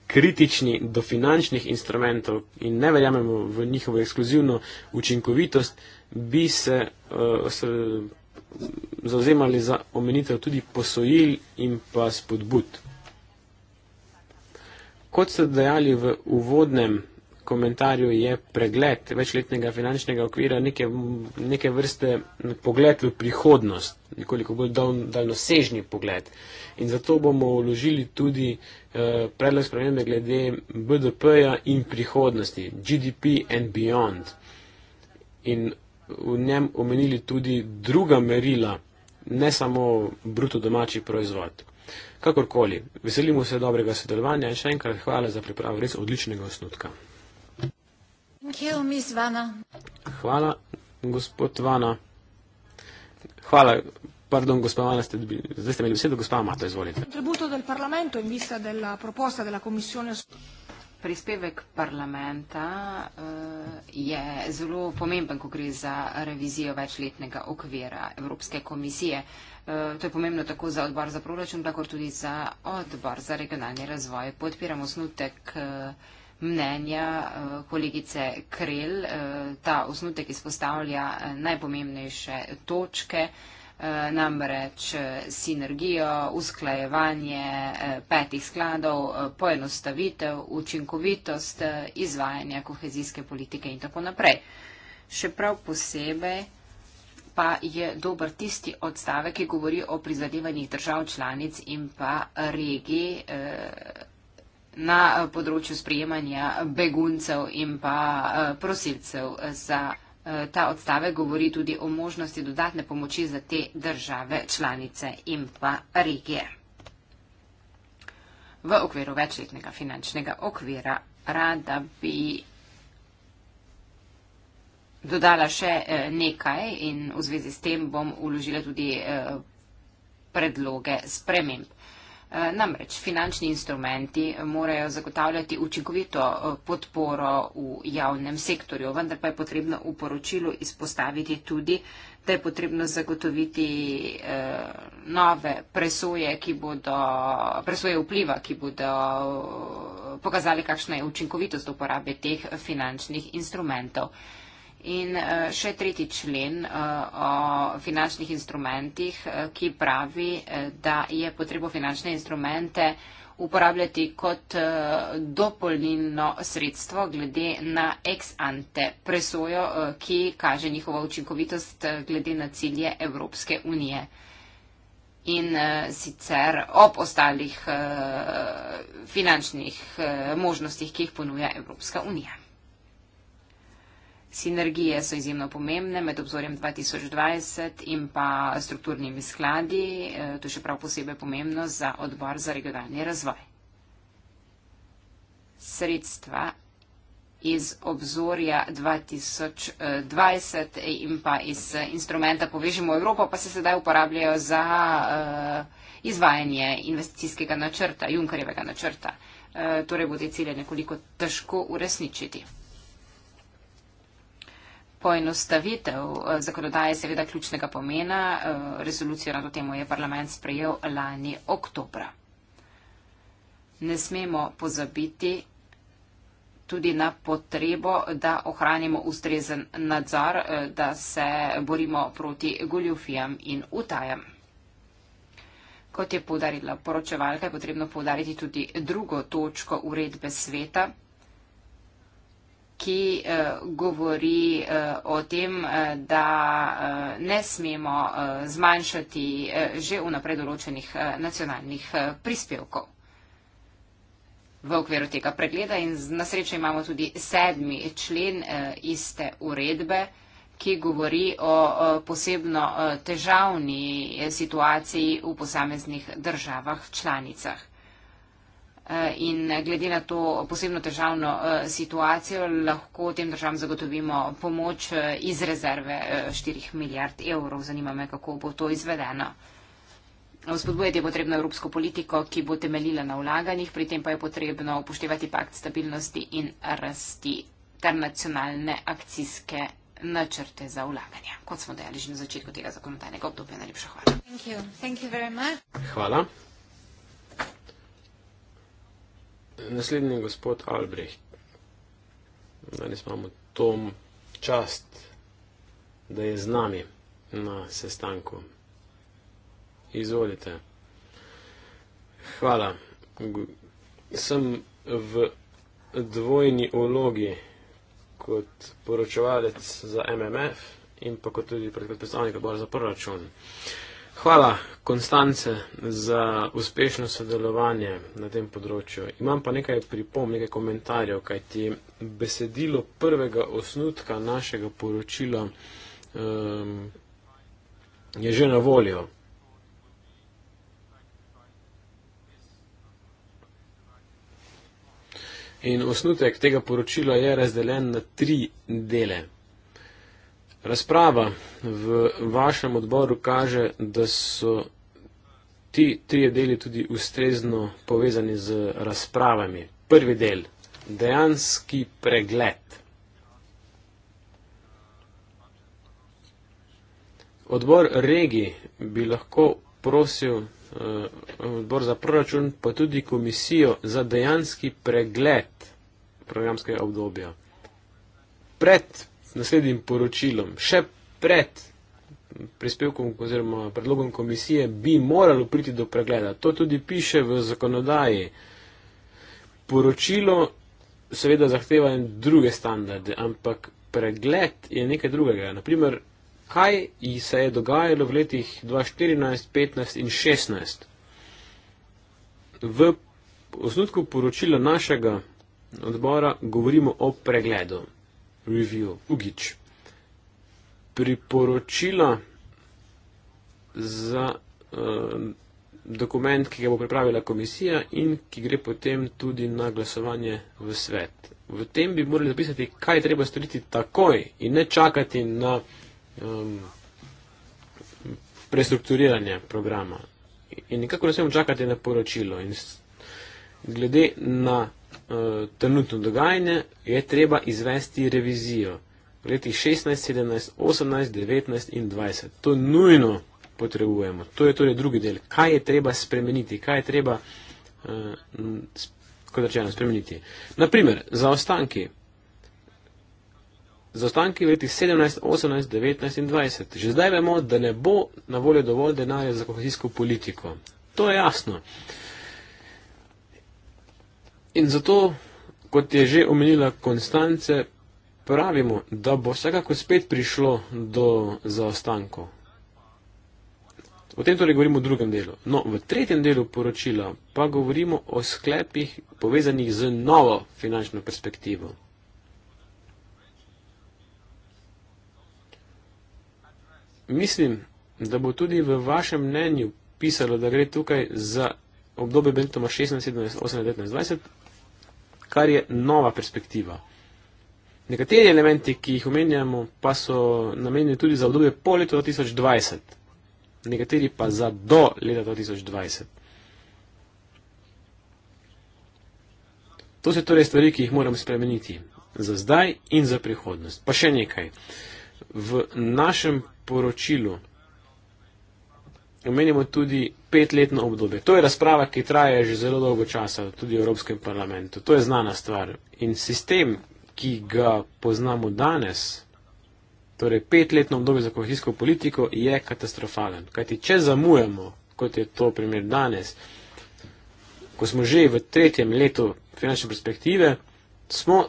Speaker 3: kritični do finančnih instrumentov in ne verjamemo v njihovo ekskluzivno učinkovitost, bi se, uh, se zauzemali za omenitev tudi posojil in pa spodbud. Kot ste dejali v uvodnem komentarju, je pregled večletnega finančnega okvira neke, neke vrste pogled v prihodnost, nekoliko bolj daljnosežni pogled. In zato bomo vložili tudi eh, predlog spremembe glede BDP-ja in prihodnosti, GDP and beyond. In v njem omenili tudi druga merila, ne samo bruto domači proizvod. Kakorkoli, veselimo se dobrega sodelovanja in še enkrat hvala za pripravo res odličnega osnutka.
Speaker 1: You,
Speaker 3: hvala, gospod Vana. Hvala, pardon, gospa Vana, ste, zdaj ste imeli besedo, gospa Mata, izvolite.
Speaker 1: Prispevek parlamenta eh, je zelo pomemben, ko gre za revizijo večletnega okvira Evropske komisije. Eh, to je pomembno tako za odbor za proračun, tako tudi za odbor za regionalni razvoj. Podpiramo osnutek eh, mnenja eh, kolegice Krel. Ta osnutek izpostavlja najpomembnejše točke, namreč sinergijo, usklajevanje petih skladov, poenostavitev, učinkovitost izvajanja kohezijske politike in tako naprej. Še prav posebej pa je dober tisti odstavek, ki govori o prizadevanjih držav članic in pa regij eh, na področju sprejemanja beguncev in pa eh, prosilcev za. Eh, ta odstave govori tudi o možnosti dodatne pomoči za te države, članice in pa regije v okviru večletnega finančnega okvira. Rada bi dodala še eh, nekaj in v zvezi s tem bom uložila tudi eh, predloge sprememb. Eh, namreč finančni instrumenti morajo zagotavljati učinkovito podporo v javnem sektorju, vendar pa je potrebno v poročilu izpostaviti tudi, da je potrebno zagotoviti nove presoje, bodo, presoje vpliva, ki bodo pokazali, kakšna je učinkovitost uporabe teh finančnih instrumentov. In eh, še tretji člen eh, o finančnih instrumentih, eh, ki pravi, da je potrebo finančne instrumente uporabljati kot dopolnilno sredstvo glede na ex ante presojo, ki kaže njihovo učinkovitost glede na cilje Evropske unije. In sicer ob ostalih finančnih možnostih, ki jih ponuja Evropska unija. Sinergije so izjemno pomembne med obzorjem 2020 in pa strukturnimi skladi. E, to je še prav posebej pomembno za odbor za regionalni razvoj. Sredstva iz obzorja 2020 in pa iz instrumenta Povežimo Evropo pa se sedaj uporabljajo za e, izvajanje investicijskega načrta, Junkarjevega načrta. E, torej bo te cilje nekoliko težko uresničiti poenostavitev eh, zakonodaje je seveda ključnega pomena. Eh, Rezolucijo na to temo je parlament sprejel lani oktobra. Ne smemo pozabiti tudi na potrebo, da ohranimo ustrezen nadzor, eh, da se borimo proti goljufijam in utajam. Kot je povdarila poročevalka, je potrebno povdariti tudi drugo točko uredbe sveta ki eh, govori eh, o tem, eh, da ne smemo zmanjšati že vnaprej določenih nacionalnih prispevkov v okviru tega pregleda in na srečo imamo tudi sedmi člen iste uredbe, ki govori o posebno težavni situaciji v posameznih državah članicah. Eh, in glede na to posebno državno eh, situacijo lahko tem državam zagotovimo pomoč eh, iz rezerve 4 milijard evrov. Zanima me, kako bo to izvedeno. Vzpodbujati je potrebno evropsko politiko, ki bo temeljila na vlaganjih, pri tem pa je potrebno upoštevati pakt stabilnosti in rasti ter nacionalne akcijske načrte za vlaganja, kot smo dejali že na začetku tega zakonodajnega obdobja. Najlepša hvala. Thank you. Thank you
Speaker 3: hvala. Naslednji je gospod Albrecht. Danes imamo to čast, da je z nami na sestanku. Izvolite. Hvala. Sem v dvojni ulogi kot poročevalec za MMF in pa kot tudi predstavnik odbora za proračun. Uh, Hvala, Konstance, za uspešno sodelovanje na tem področju. Imam pa nekaj pripom, nekaj komentarjev, kaj ti besedilo prvega osnutka našega poročila um, je že na voljo. In osnutek tega poročila je razdeljen na tri dele. Razprava v vašem odboru kaže, da so ti trije deli tudi ustrezno povezani z razpravami. Prvi del, dejanski pregled. Odbor regij bi lahko prosil eh, odbor za proračun, pa tudi komisijo za dejanski pregled programskega obdobja. Pred naslednjim poročilom, še pred prispevkom oziroma predlogom komisije, bi moralo priti do pregleda. To tudi piše v zakonodaji. Poročilo seveda zahteva in druge standarde, ampak pregled je nekaj drugega. Naprimer, kaj se je dogajalo v letih 2014, 2015 in 2016. V osnutku poročila našega odbora govorimo o pregledu review Ugič. Priporočila za uh, dokument, ki ga bo pripravila komisija in ki gre potem tudi na glasovanje v svet. V tem bi morali zapisati, kaj treba storiti takoj in ne čakati na um, prestrukturiranje programa. In nekako ne smemo čakati na poročilo. In glede na uh, trenutno dogajanje, je treba izvesti revizijo v letih 16, 17, 18, 19 in 20. To nujno potrebujemo. To je torej drugi del. Kaj je treba spremeniti? Kaj je treba, uh, kot rečeno, spremeniti? Naprimer, zaostanki. Zaostanki v letih 17, 18, 19 in 20. Že zdaj vemo, da ne bo na voljo dovolj denarja za kohezijsko politiko. To je jasno. Uh, In zato, kot je že omenila Konstance, pravimo, da bo vsekako spet prišlo do zaostankov. O tem torej govorimo v drugem delu. No, v tretjem delu poročila pa govorimo o sklepih povezanih z novo finančno perspektivo. Mislim, da bo tudi v vašem mnenju pisalo, da gre tukaj za obdobje Bentoma 16, 17, 18, 19, 20, kar je nova perspektiva. Nekateri elementi, ki jih omenjamo, pa so namenjeni tudi za obdobje po letu 2020, nekateri pa za do leta 2020. To so torej stvari, ki jih moramo spremeniti za zdaj in za prihodnost. Pa še nekaj. V našem poročilu omenimo tudi petletno obdobje. To je razprava, ki traja že zelo dolgo časa, tudi v Evropskem parlamentu. To je znana stvar. In sistem, ki ga poznamo danes, torej petletno obdobje za kohijsko politiko, je katastrofalen. Kajti, če zamujamo, kot je to primer danes, ko smo že v tretjem letu finančne perspektive, smo.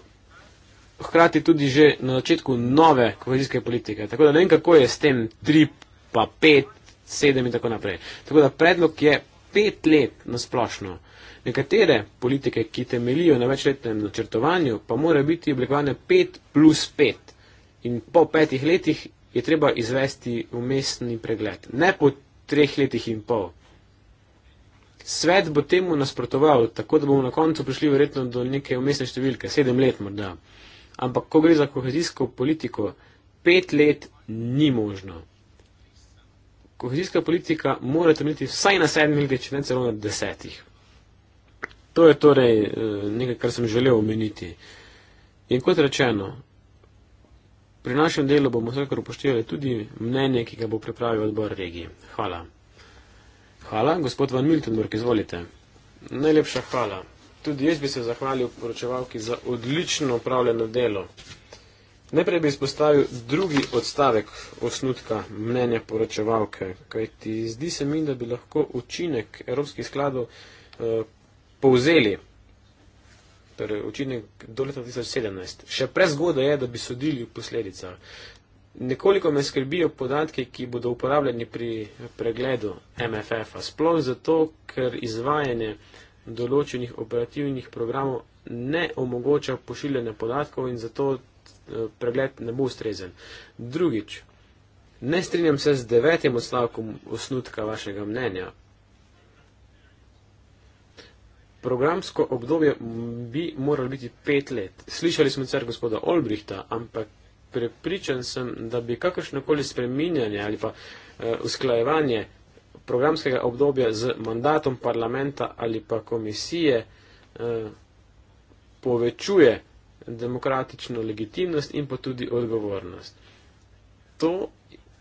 Speaker 3: Hkrati tudi že na začetku nove kohezijske politike. Tako da ne vem, kako je s tem 3 pa 5, sedem in tako naprej. Tako da predlog je pet let nasplošno. Nekatere politike, ki temelijo na večletnem načrtovanju, pa morajo biti oblikovane pet plus pet. In po petih letih je treba izvesti umestni pregled. Ne po treh letih in pol. Svet bo temu nasprotoval, tako da bomo na koncu prišli verjetno do neke umestne številke, sedem let morda. Ampak, ko gre za kohezijsko politiko, pet let ni možno kohezijska politika mora temeljiti vsaj na sedmih, če ne celo na desetih. To je torej eh, nekaj, kar sem želel omeniti. In kot rečeno, pri našem delu bomo vsekakor upoštevali tudi mnenje, ki ga bo pripravil odbor regije. Hvala. Hvala, gospod Van Miltenburg, izvolite. Najlepša hvala. Tudi jaz bi se zahvalil poročevalki za odlično upravljeno delo. Najprej bi izpostavil drugi odstavek osnutka mnenja poročevalke, kajti zdi se mi, da bi lahko učinek evropskih skladov eh, povzeli, torej učinek do leta 2017. Še prezgodaj je, da bi sodili posledica. Nekoliko me skrbijo podatke, ki bodo uporabljeni pri pregledu MFF-a, sploh zato, ker izvajanje določenih operativnih programov ne omogoča pošiljanje podatkov in zato Eh, pregled ne bo ustrezen. Drugič, ne strinjam se z devetim odstavkom osnutka vašega mnenja. Programsko obdobje bi moralo biti pet let. Slišali smo car gospoda Olbrihta, ampak prepričan sem, da bi kakršnokoli spreminjanje ali pa eh, usklajevanje programskega obdobja z mandatom parlamenta ali pa komisije eh, povečuje demokratično legitimnost in pa tudi odgovornost. To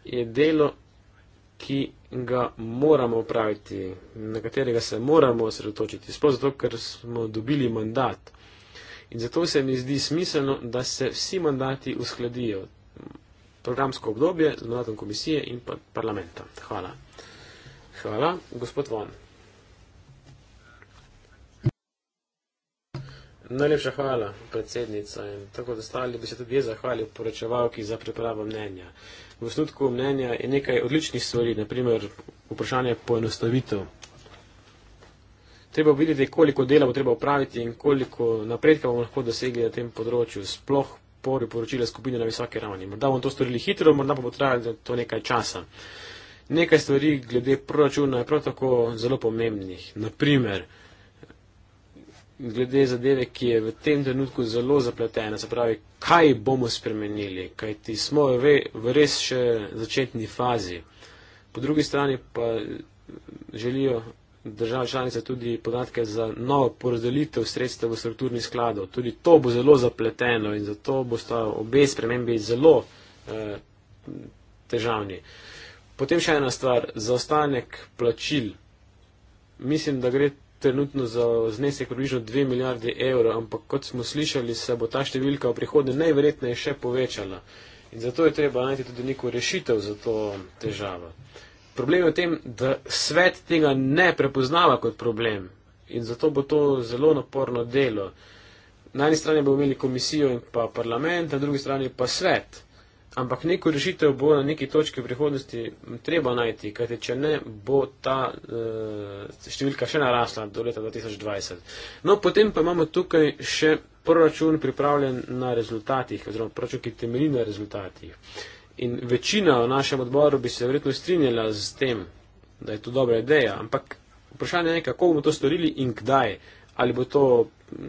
Speaker 3: je delo, ki ga moramo upraviti, na katerega se moramo osredotočiti, sploh zato, ker smo dobili mandat. In zato se mi zdi smiselno, da se vsi mandati uskladijo. Programsko obdobje z mandatom komisije in pa parlamenta. Hvala. Hvala, gospod Von. Najlepša hvala, predsednica. In tako da stali bi se tudi jaz zahvalil poročevalki za pripravo mnenja. V osnutku mnenja je nekaj odličnih stvari, naprimer vprašanje poenostavitev. Treba videti, koliko dela bo treba upraviti in koliko napredka bomo lahko dosegli na tem področju, sploh po priporočile skupine na visoke ravni. Morda bomo to storili hitro, morda pa bo trajalo to nekaj časa. Nekaj stvari glede proračuna je prav tako zelo pomembnih. Naprimer, glede zadeve, ki je v tem trenutku zelo zapletena, se pravi, kaj bomo spremenili, kaj ti smo v, v res še začetni fazi. Po drugi strani pa želijo države članice tudi podatke za novo porazdelitev sredstev v strukturni skladu. Tudi to bo zelo zapleteno in zato bosta obe spremembi zelo eh, težavni. Potem še ena stvar, zaostanek plačil. Mislim, da gre trenutno za znesek približno 2 milijarde evrov, ampak kot smo slišali, se bo ta številka v prihodnje najverjetneje še povečala. In zato je treba najti tudi neko rešitev za to težavo. Problem je v tem, da svet tega ne prepoznava kot problem in zato bo to zelo naporno delo. Na eni strani bomo imeli komisijo in pa parlament, na drugi strani pa svet ampak neko rešitev bo na neki točki v prihodnosti treba najti, kajte če ne, bo ta uh, številka še narasla do leta 2020. No, potem pa imamo tukaj še proračun pripravljen na rezultatih, oziroma proračun, ki temelji na rezultatih. In večina v našem odboru bi se verjetno strinjala z tem, da je to dobra ideja, ampak vprašanje je, kako bomo to storili in kdaj. Ali bo to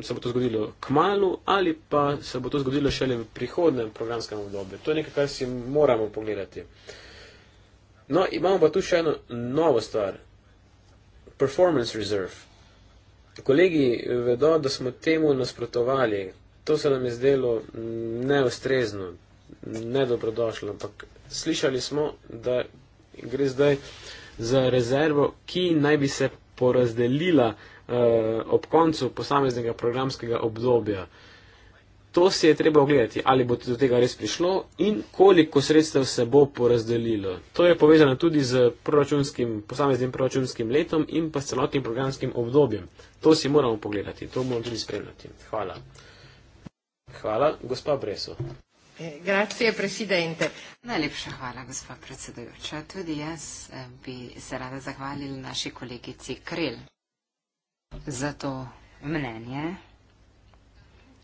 Speaker 3: se bo to zgodilo kmalu ali pa se bo to zgodilo šele v prihodnem programskem obdobju. To je nekaj, kar si moramo pogledati. No, imamo pa tu še eno novo stvar. Performance reserve. Kolegi vedo, da smo temu nasprotovali. To se nam je zdelo neustrezno, nedobrodošlo, ampak slišali smo, da gre zdaj za rezervo, ki naj bi se porazdelila Eh, ob koncu posameznega programskega obdobja. To si je treba ogledati, ali bo do tega res prišlo in koliko sredstev se bo porazdelilo. To je povezano tudi z proračunskim, posameznim proračunskim letom in pa s celotnim programskim obdobjem. To si moramo pogledati, to moramo tudi spremljati. Hvala. Hvala, gospa Breso.
Speaker 1: Eh, grazie, presidente. Najlepša hvala, gospa predsedujoča. Tudi jaz eh, bi se rada zahvalila naši kolegici Krel za to mnenje,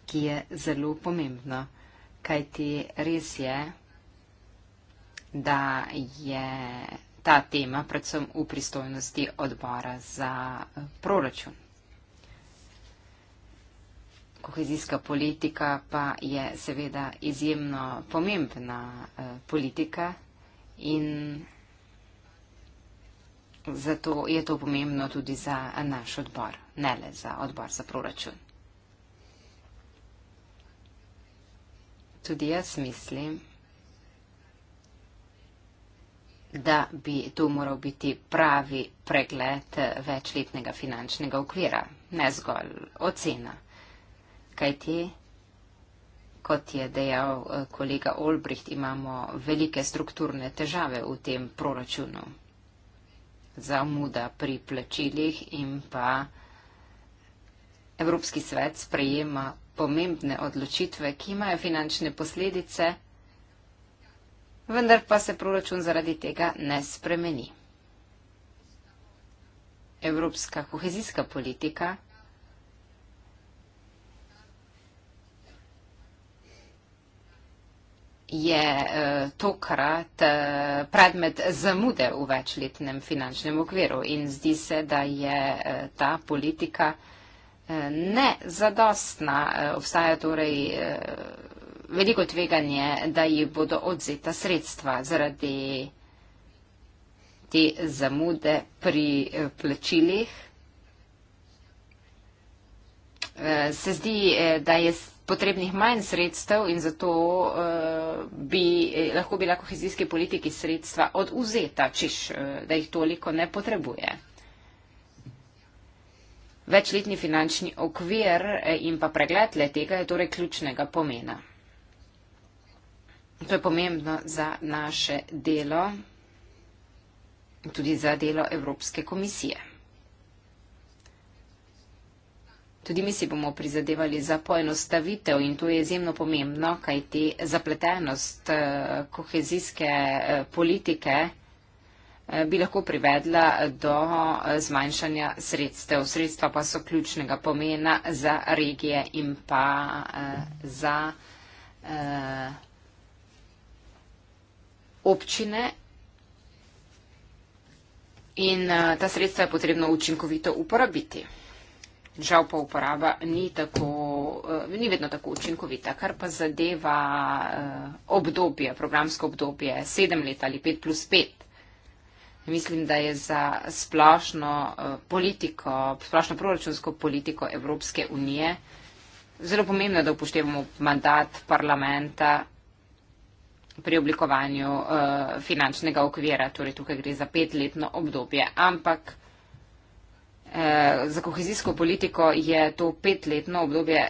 Speaker 1: ki je zelo pomembno, kaj ti res je, da je ta tema predvsem v pristojnosti odbora za eh, proračun. Kohezijska politika pa je seveda izjemno pomembna eh, politika in zato je to pomembno tudi za naš odbor ne le za odbor za proračun. Tudi jaz mislim, da bi tu moral biti pravi pregled večletnega finančnega okvira, ne zgolj ocena. Kaj ti, kot je dejal eh, kolega Olbricht, imamo velike strukturne težave v tem proračunu. Zamuda pri plačilih in pa Evropski svet sprejema pomembne odločitve, ki imajo finančne posledice, vendar pa se proračun zaradi tega ne spremeni. Evropska kohezijska politika je eh, tokrat eh, predmet zamude v večletnem finančnem okviru in zdi se, da je eh, ta politika ne zadostna. Eh, obstaja torej eh, veliko tveganje, da jih bodo odzeta sredstva zaradi te zamude pri eh, plačilih. Se zdi, da je potrebnih manj sredstev in zato bi lahko bila kohezijski politiki sredstva oduzeta, češ da jih toliko ne potrebuje. Večletni finančni okvir eh, in pa pregled le tega je torej ključnega pomena. To je pomembno za naše delo, tudi za delo Evropske komisije. Tudi mi si bomo prizadevali za poenostavitev in to je izjemno pomembno, kaj te zapletenost eh, kohezijske eh, politike Eh, bi lahko privedla eh, do eh, zmanjšanja sredstev. Sredstva pa so ključnega pomena za regije in pa eh, za eh, občine. In eh, ta sredstva je potrebno učinkovito uporabiti. Žal pa uporaba ni, tako, ni vedno tako učinkovita, kar pa zadeva obdobje, programsko obdobje sedem let ali pet plus pet mislim, da je za splošno eh, politiko, splošno proračunsko politiko Evropske unije zelo pomembno, da upoštevamo mandat parlamenta pri oblikovanju uh, finančnega okvira, torej tukaj gre za petletno obdobje. Ampak uh, za kohezijsko politiko je to petletno obdobje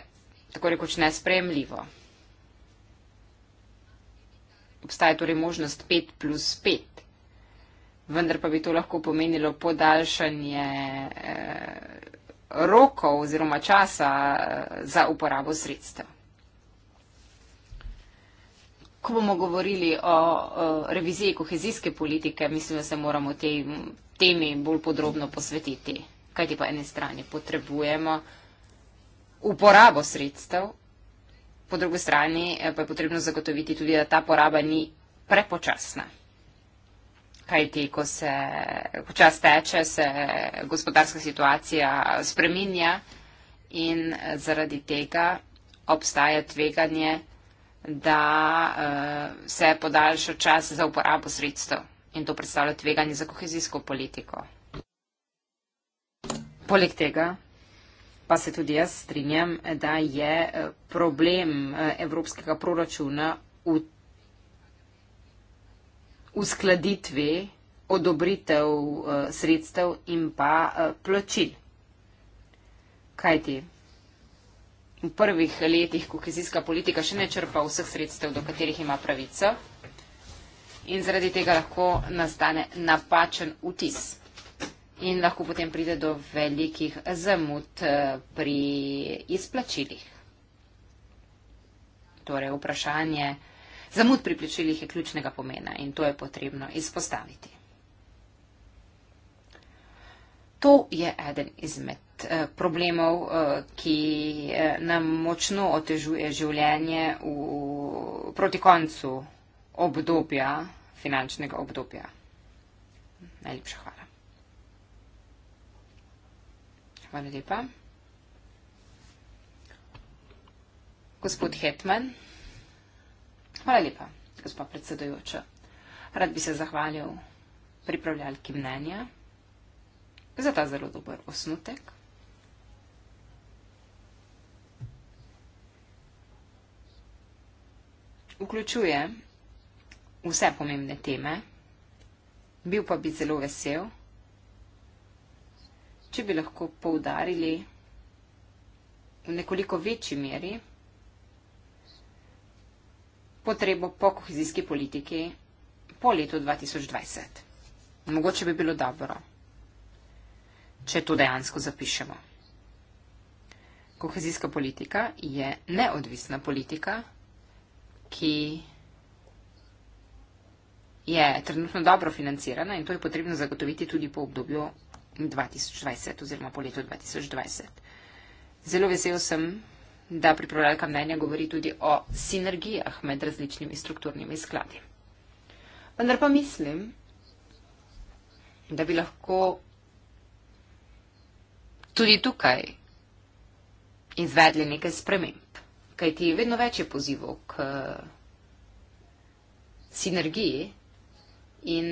Speaker 1: tako rekoč nespremljivo. Obstaja torej možnost 5 plus 5 vendar pa bi to lahko pomenilo podaljšanje eh, rokov oziroma časa eh, za uporabo sredstev. Ko bomo govorili o, o reviziji kohezijske politike, mislim, da se moramo tej temi bolj podrobno posvetiti. Kaj ti po eni strani potrebujemo uporabo sredstev, po drugi strani eh, pa je potrebno zagotoviti tudi, da ta poraba ni prepočasna kajti ko se čas teče, se gospodarska situacija spreminja in zaradi tega obstaja tveganje, da eh, se podaljša čas za uporabo sredstev in to predstavlja tveganje za kohezijsko politiko. Poleg tega pa se tudi jaz strinjam, da je eh, problem eh, evropskega proračuna v tem, uskladitvi odobritev eh, sredstev in pa eh, plačil. Kaj ti? V prvih letih kohezijska politika še ne črpa vseh sredstev, do katerih ima pravico in zaradi tega lahko nastane napačen vtis in lahko potem pride do velikih zamud eh, pri izplačilih. Torej, vprašanje je, Zamud pri plačilih je ključnega pomena in to je potrebno izpostaviti. To je eden izmed eh, problemov, eh, ki eh, nam močno otežuje življenje v, proti koncu obdobja, finančnega obdobja. Najlepša hvala. Hvala lepa. Gospod Hetman. Hvala lepa, gospod predsedujoča. Rad bi se zahvalil pripravljalki mnenja za ta zelo dober osnutek. Vključuje vse pomembne teme, bil pa bi zelo vesel, če bi lahko poudarili v nekoliko večji meri, potrebo po kohezijski politiki po letu 2020. Mogoče bi bilo dobro, če to dejansko zapišemo. Kohezijska politika je neodvisna politika, ki je trenutno dobro financirana in to je potrebno zagotoviti tudi po obdobju 2020 oziroma po letu 2020. Zelo vesel sem, da pripravljalka mnenja govori tudi o sinergijah med različnimi strukturnimi skladi. Vendar pa mislim, da bi lahko tudi tukaj izvedli nekaj sprememb, kajti vedno več je pozivov k sinergiji in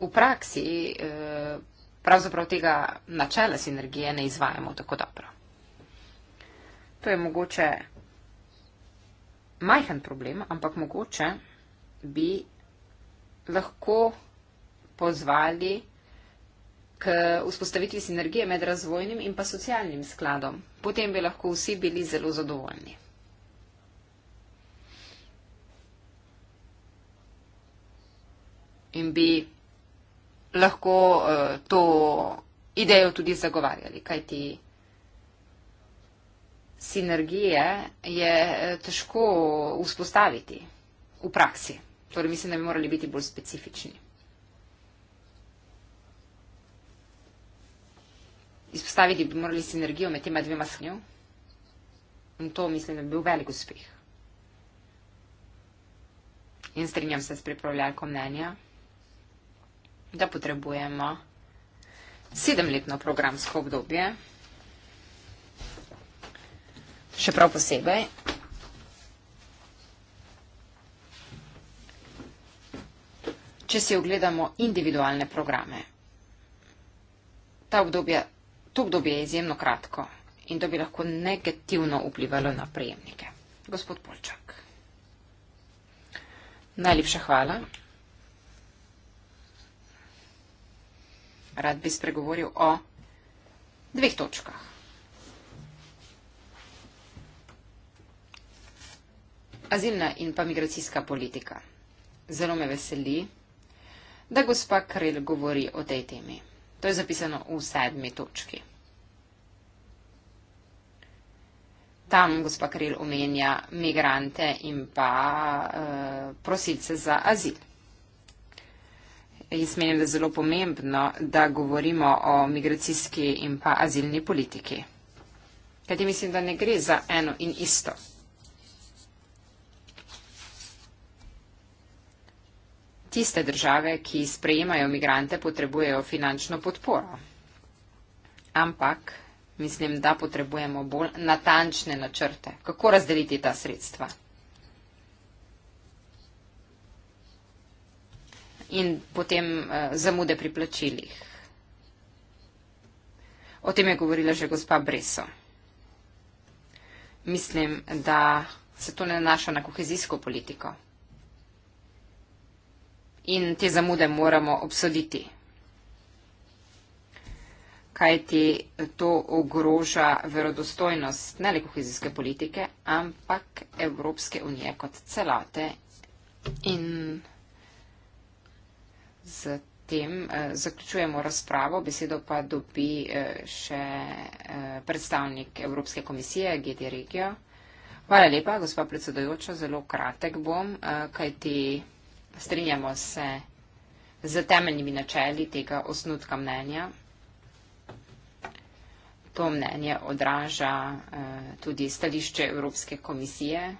Speaker 1: v praksi eh, pravzaprav tega načela sinergije ne izvajamo tako dobro. To je mogoče majhen problem, ampak mogoče bi lahko pozvali k vzpostavitvi sinergije med razvojnim in pa socialnim skladom. Potem bi lahko vsi bili zelo zadovoljni. In bi lahko uh, to idejo tudi zagovarjali, kajti sinergije je eh, težko vzpostaviti v praksi. Torej mislim, da bi morali biti bolj specifični. Izpostaviti bi morali sinergijo med tema dvema snjo in to mislim, da bi bil velik uspeh. In strinjam se s pripravljalko mnenja da potrebujemo sedemletno programsko obdobje. Še prav posebej. Če si ogledamo individualne programe, obdobje, to obdobje je izjemno kratko in to bi lahko negativno vplivalo na prejemnike. Gospod Polčak. Najlepša hvala. rad bi spregovoril o dveh točkah. Azilna in pa migracijska politika. Zelo me veseli, da gospa Krel govori o tej temi. To je zapisano v sedmi točki. Tam gospa Krel omenja migrante in pa uh, prosilce za azil. Jaz menim, da je zelo pomembno, da govorimo o migracijski in pa azilni politiki. Kajti mislim, da ne gre za eno in isto. Tiste države, ki sprejemajo migrante, potrebujejo finančno podporo. Ampak mislim, da potrebujemo bolj natančne načrte, kako razdeliti ta sredstva. in potem eh, zamude pri plačilih. O tem je govorila že gospa Breso. Mislim, da se to ne nanaša na kohezijsko politiko. In te zamude moramo obsoditi. Kaj ti to ogroža verodostojnost ne le kohezijske politike, ampak Evropske unije kot celote. In... Z tem eh, zaključujemo razpravo, besedo pa dobi eh, še eh, predstavnik Evropske komisije, GD Regio. Hvala lepa, gospa predsedojoča, zelo kratek bom, eh, kajti strinjamo se z temeljnimi načeli tega osnutka mnenja. To mnenje odraža eh, tudi stališče Evropske komisije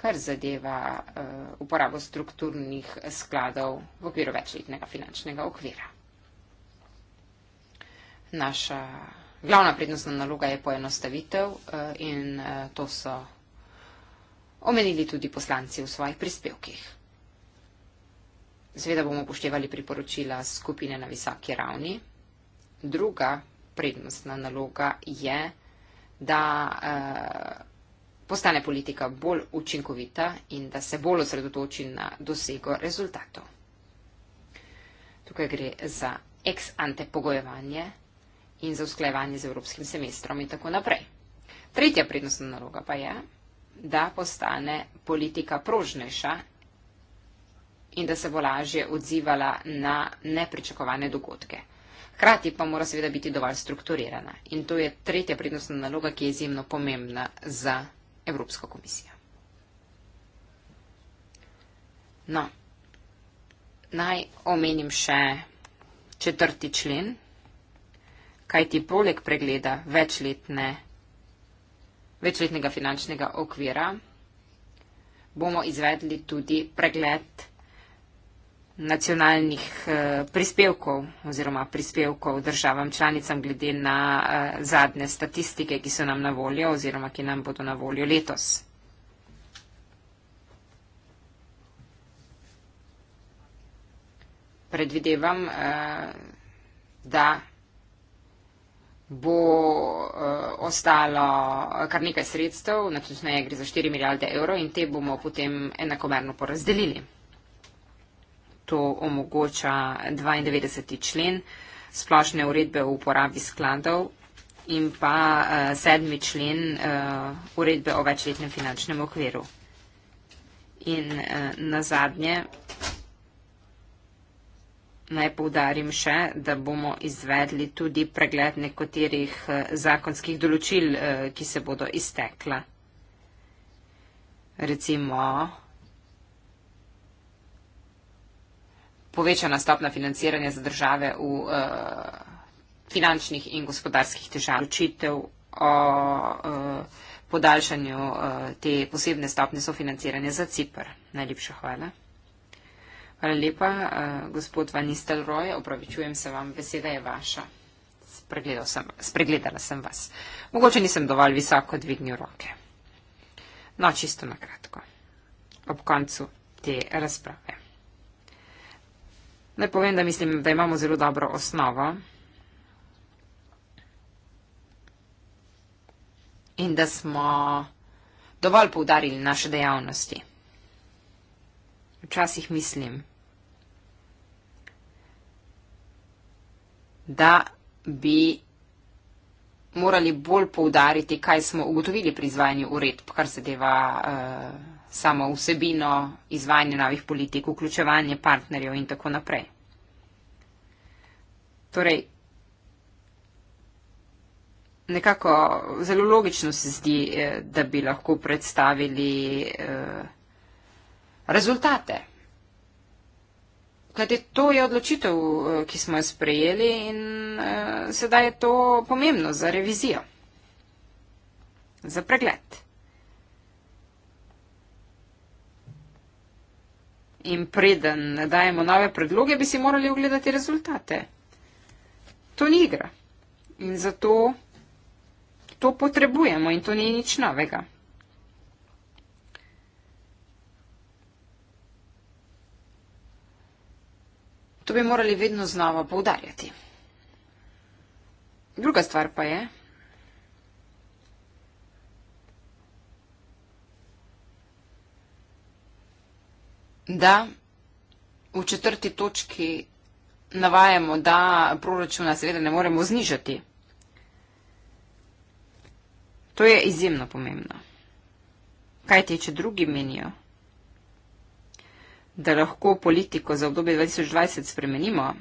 Speaker 1: kar zadeva eh, uporabo strukturnih skladov v okviru večletnega finančnega okvira. Naša glavna prednostna naloga je poenostavitev eh, in eh, to so omenili tudi poslanci v svojih prispevkih. Seveda bomo upoštevali priporočila skupine na visoki ravni. Druga prednostna naloga je, da eh, postane politika bolj učinkovita in da se bolj osredotoči na dosego rezultatov. Tukaj gre za ex ante pogojevanje in za usklajevanje z evropskim semestrom in tako naprej. Tretja prednostna naloga pa je, da postane politika prožnejša in da se bo lažje odzivala na nepričakovane dogodke. Hkrati pa mora seveda biti dovolj strukturirana. In to je tretja prednostna naloga, ki je izjemno pomembna za Evropska komisija. No, naj omenim še četrti člen, kaj ti poleg pregleda večletne, večletnega finančnega okvira bomo izvedli tudi pregled finančnega okvira nacionalnih eh, prispevkov oziroma prispevkov državam članicam glede na eh, zadnje statistike, ki so nam na voljo oziroma ki nam bodo na voljo letos. Predvidevam, eh, da bo ostalo kar nekaj sredstev, načinjeno je gre za 4 milijarde evrov in te bomo potem enakomerno porazdelili to omogoča 92. člen splošne uredbe o uporabi skladov in pa uh, sedmi člen uh, uredbe o večletnem finančnem okviru. In uh, na zadnje naj povdarim še, da bomo izvedli tudi pregled nekaterih uh, zakonskih določil, uh, ki se bodo iztekla. Recimo, povečana stopna financiranja za države v uh, finančnih in gospodarskih težavah. Učitev o uh, podaljšanju uh, te posebne stopne sofinanciranja za Cipr. Najlepša hvala. Hvala lepa, uh, gospod Van Nistelrooy. Opravičujem se vam, beseda je vaša. Sem, spregledala sem vas. Mogoče nisem dovolj visoko dvignil roke. No, čisto na kratko. Ob koncu te razprave. Naj povem, da mislim, da imamo zelo dobro osnovo in da smo dovolj poudarili naše dejavnosti. Včasih mislim, da bi morali bolj poudariti, kaj smo ugotovili pri izvajanju uredb, kar zadeva. Uh, samo vsebino, izvajanje novih politik, vključevanje partnerjev in tako naprej. Torej, nekako zelo logično se zdi, eh, da bi lahko predstavili eh, rezultate. Kajte, to je odločitev, eh, ki smo jo sprejeli in sedaj je to pomembno za revizijo, za pregled. In preden dajemo nove predloge, bi si morali ogledati rezultate. To ni igra. In zato to potrebujemo in to ni nič novega. To bi morali vedno znova poudarjati. Druga stvar pa je, Da, v četrti točki navajamo, da proračuna seveda ne moremo znižati. To je izjemno pomembno. Kaj ti, če drugi menijo, da lahko politiko za obdobje 2020 spremenimo,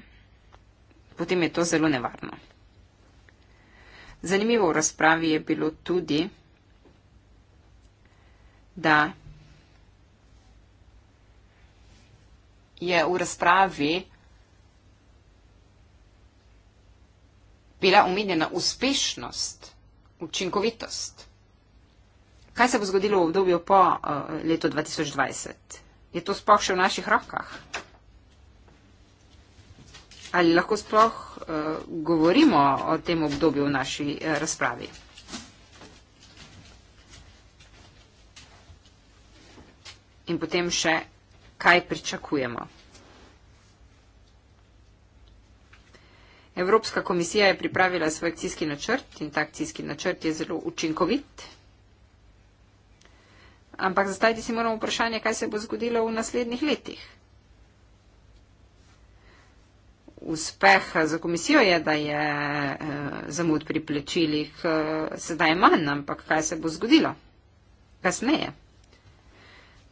Speaker 1: potem je to zelo nevarno. Zanimivo v razpravi je bilo tudi, da je v razpravi bila omenjena uspešnost, učinkovitost. Kaj se bo zgodilo v obdobju po uh, letu 2020? Je to sploh še v naših rokah? Ali lahko sploh uh, govorimo o tem obdobju v naši uh, razpravi? In potem še, kaj pričakujemo. Evropska komisija je pripravila svoj akcijski načrt in ta akcijski načrt je zelo učinkovit. Ampak zastaviti si moramo vprašanje, kaj se bo zgodilo v naslednjih letih. Uspeh za komisijo je, da je eh, zamud pri plečilih eh, sedaj manj, ampak kaj se bo zgodilo kasneje.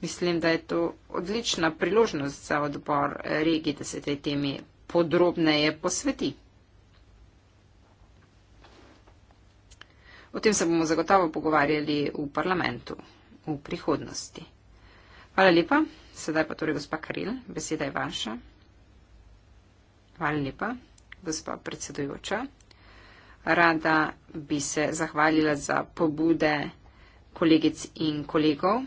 Speaker 1: Mislim, da je to odlična priložnost za odbor regij, da se tej temi podrobneje posveti. O tem se bomo zagotovo pogovarjali v parlamentu v prihodnosti. Hvala lepa. Sedaj pa torej gospa Karil, beseda je vaša. Hvala lepa, gospa predsedujoča. Rada bi se zahvalila za pobude kolegic in kolegov.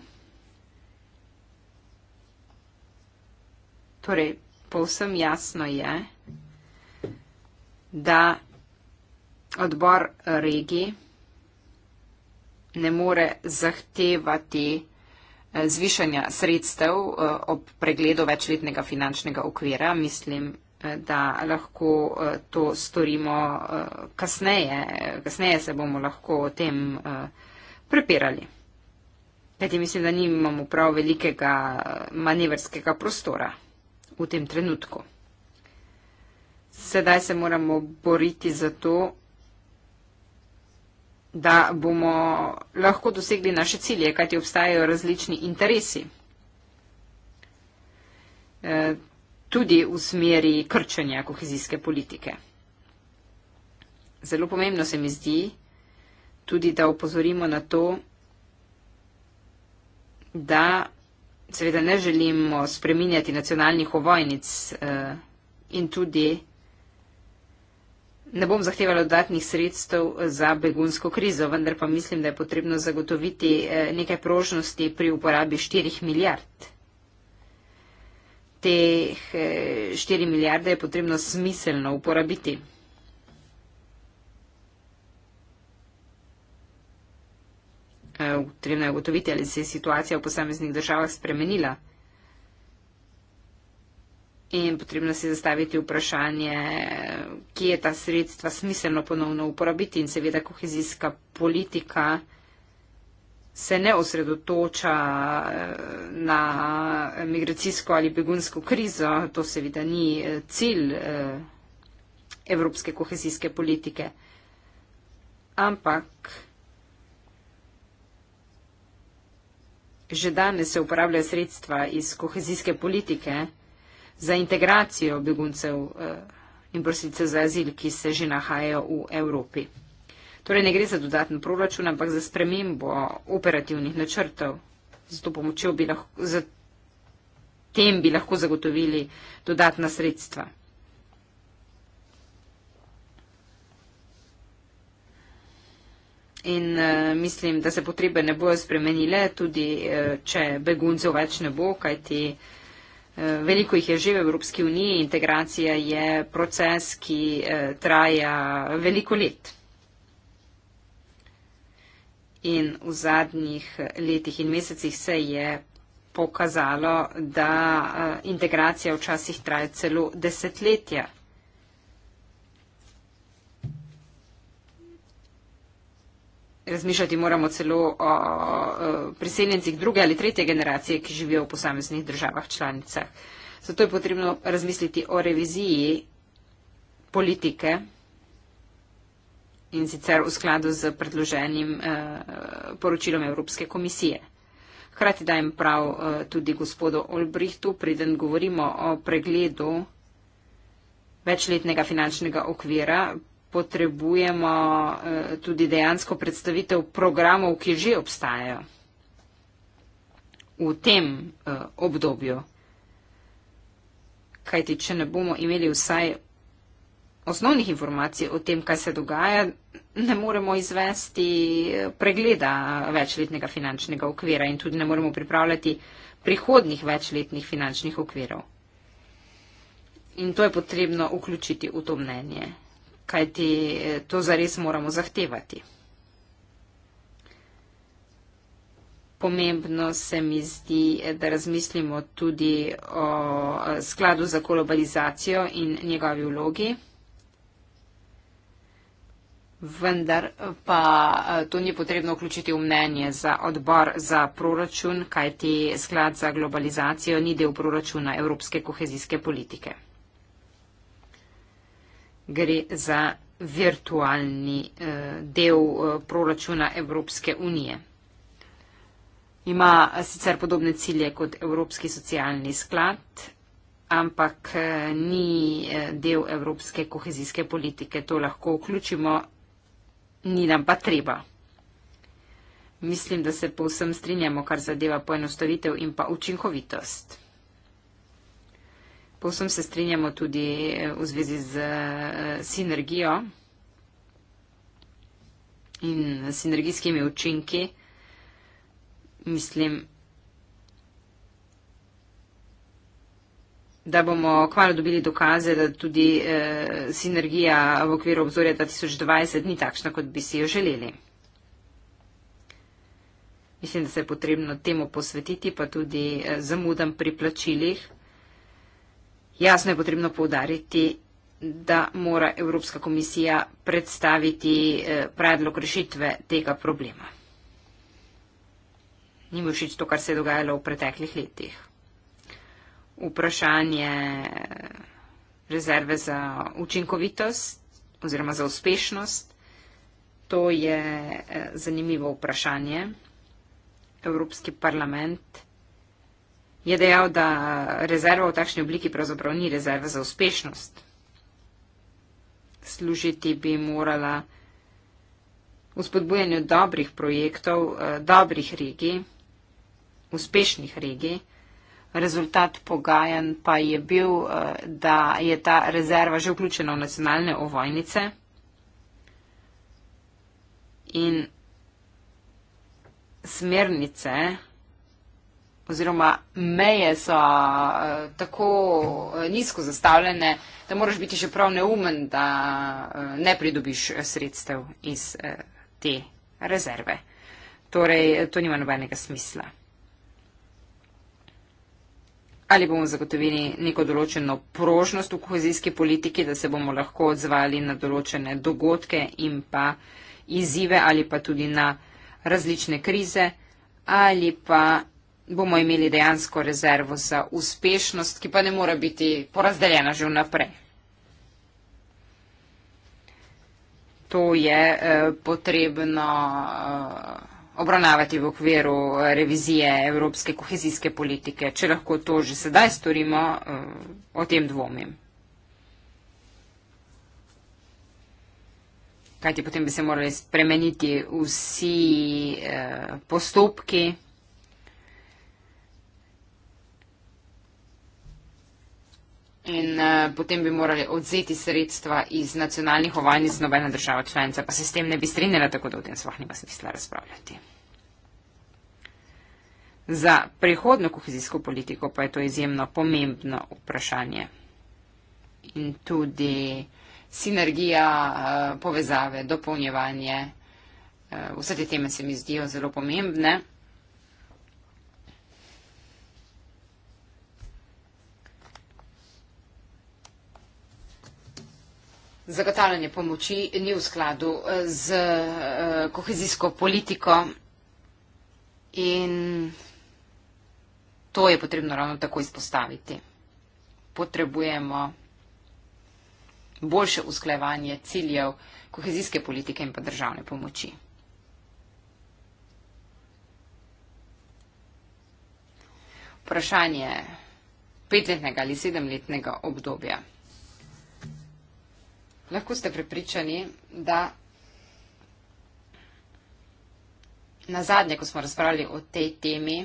Speaker 1: Torej, povsem jasno je, da odbor regij ne more zahtevati eh, zvišanja sredstev eh, ob pregledu večletnega finančnega okvira. Mislim, eh, da lahko to storimo kasneje. Kasneje se bomo lahko o tem prepirali. Kajti mislim, da nimamo prav velikega manevrskega prostora v tem trenutku. Sedaj se moramo boriti za to, da bomo lahko dosegli naše cilje, kajti obstajajo različni interesi. E, tudi v smeri krčanja kohezijske politike. Zelo pomembno se mi zdi tudi, da upozorimo na to, da seveda ne želimo spreminjati nacionalnih ovojnic uh, in tudi ne bom zahtevala dodatnih sredstev za begunsko krizo, vendar pa mislim, da je potrebno zagotoviti uh, nekaj prožnosti pri uporabi 4 milijard. Teh 4 eh, milijarde je potrebno smiselno uporabiti. Eh, potrebno je ugotoviti, ali se je situacija v posameznih državah spremenila. In potrebno se zastaviti vprašanje, kje je ta sredstva smiselno ponovno uporabiti. In seveda kohezijska politika se ne osredotoča eh, na eh, migracijsko ali begunsko krizo. To seveda ni cilj evropske kohezijske politike. Ampak. Že danes se uporabljajo sredstva iz kohezijske politike za integracijo beguncev eh, in prosilcev za azil, ki se že nahajajo v Evropi. Torej ne gre za dodatni proračun, ampak za spremembo operativnih načrtov. Zato pomočjo bi lahko, za tem bi lahko zagotovili dodatna sredstva. In uh, mislim, da se potrebe ne bojo spremenile, tudi uh, če beguncev več ne bo, kajti uh, veliko jih je že v Evropski uniji. Integracija je proces, ki uh, traja veliko let. In v zadnjih letih in mesecih se je pokazalo, da uh, integracija včasih traja celo desetletja. razmišljati moramo celo o, o priseljencih druge ali tretje generacije, ki živijo v posameznih državah članicah. Zato je potrebno razmisliti o reviziji politike in sicer v skladu z predloženim eh, poročilom Evropske komisije. Hkrati dajem prav eh, tudi gospodu Olbrihtu, preden govorimo o pregledu večletnega finančnega okvira, potrebujemo eh, tudi dejansko predstavitev programov, ki že obstajajo v tem eh, obdobju. Kajti, če ne bomo imeli vsaj osnovnih informacij o tem, kaj se dogaja, ne moremo izvesti eh, pregleda večletnega finančnega okvira in tudi ne moremo pripravljati prihodnih večletnih finančnih okvirov. In to je potrebno vključiti v to mnenje kajti eh, to zares moramo zahtevati. Pomembno se mi zdi, eh, da razmislimo tudi o eh, skladu za globalizacijo in njegovi vlogi. Vendar pa to ni potrebno vključiti v mnenje za odbor za proračun, kajti sklad za globalizacijo ni del proračuna evropske kohezijske politike gre za virtualni eh, del eh, proračuna Evropske unije. Ima eh, sicer podobne cilje kot Evropski socialni sklad, ampak eh, ni eh, del Evropske kohezijske politike. To lahko vključimo, ni nam pa treba. Mislim, da se povsem strinjamo, kar zadeva poenostavitev in pa učinkovitost. Povsem se strinjamo tudi eh, v zvezi z eh, sinergijo in sinergijskimi učinki. Mislim, da bomo kmalo dobili dokaze, da tudi eh, sinergija v okviru obzorja 2020 ni takšna, kot bi si jo želeli. Mislim, da se je potrebno temu posvetiti, pa tudi zamudam pri plačilih. Jasno je potrebno povdariti, da mora Evropska komisija predstaviti eh, predlog rešitve tega problema. Ni mi všeč to, kar se je dogajalo v preteklih letih. Vprašanje eh, rezerve za učinkovitost oziroma za uspešnost, to je eh, zanimivo vprašanje. Evropski parlament je dejal, da rezerva v takšni obliki pravzaprav ni rezerva za uspešnost. Služiti bi morala v spodbujanju dobrih projektov, eh, dobrih regij, uspešnih regij. Rezultat pogajan pa je bil, eh, da je ta rezerva že vključena v nacionalne ovojnice in smernice oziroma meje so uh, tako eh, nizko zastavljene, da moraš biti še prav neumen, da uh, ne pridobiš sredstev iz uh, te rezerve. Torej, to nima nobenega smisla. Ali bomo zagotovili neko določeno prožnost v kohezijski politiki, da se bomo lahko odzvali na določene dogodke in pa izzive ali pa tudi na različne krize ali pa bomo imeli dejansko rezervo za uspešnost, ki pa ne mora biti porazdeljena že vnaprej. To je eh, potrebno eh, obravnavati v okviru eh, revizije Evropske kohezijske politike. Če lahko to že sedaj storimo, eh, o tem dvomim. Kajti potem bi se morali spremeniti vsi eh, postopki. In uh, potem bi morali odzeti sredstva iz nacionalnih ovajnic nobena država članica, pa se s tem ne bi strinjala, tako da o tem sploh nima smisla razpravljati. Za prihodno kohezijsko politiko pa je to izjemno pomembno vprašanje. In tudi sinergija, eh, povezave, dopolnjevanje, eh, vse te teme se mi zdijo zelo pomembne. zagotavljanje pomoči ni v skladu eh, z eh, kohezijsko politiko in to je potrebno ravno tako izpostaviti. Potrebujemo boljše usklajevanje ciljev kohezijske politike in pa državne pomoči. Vprašanje petletnega ali sedemletnega obdobja. Lahko ste prepričani, da na zadnje, ko smo razpravljali o tej temi,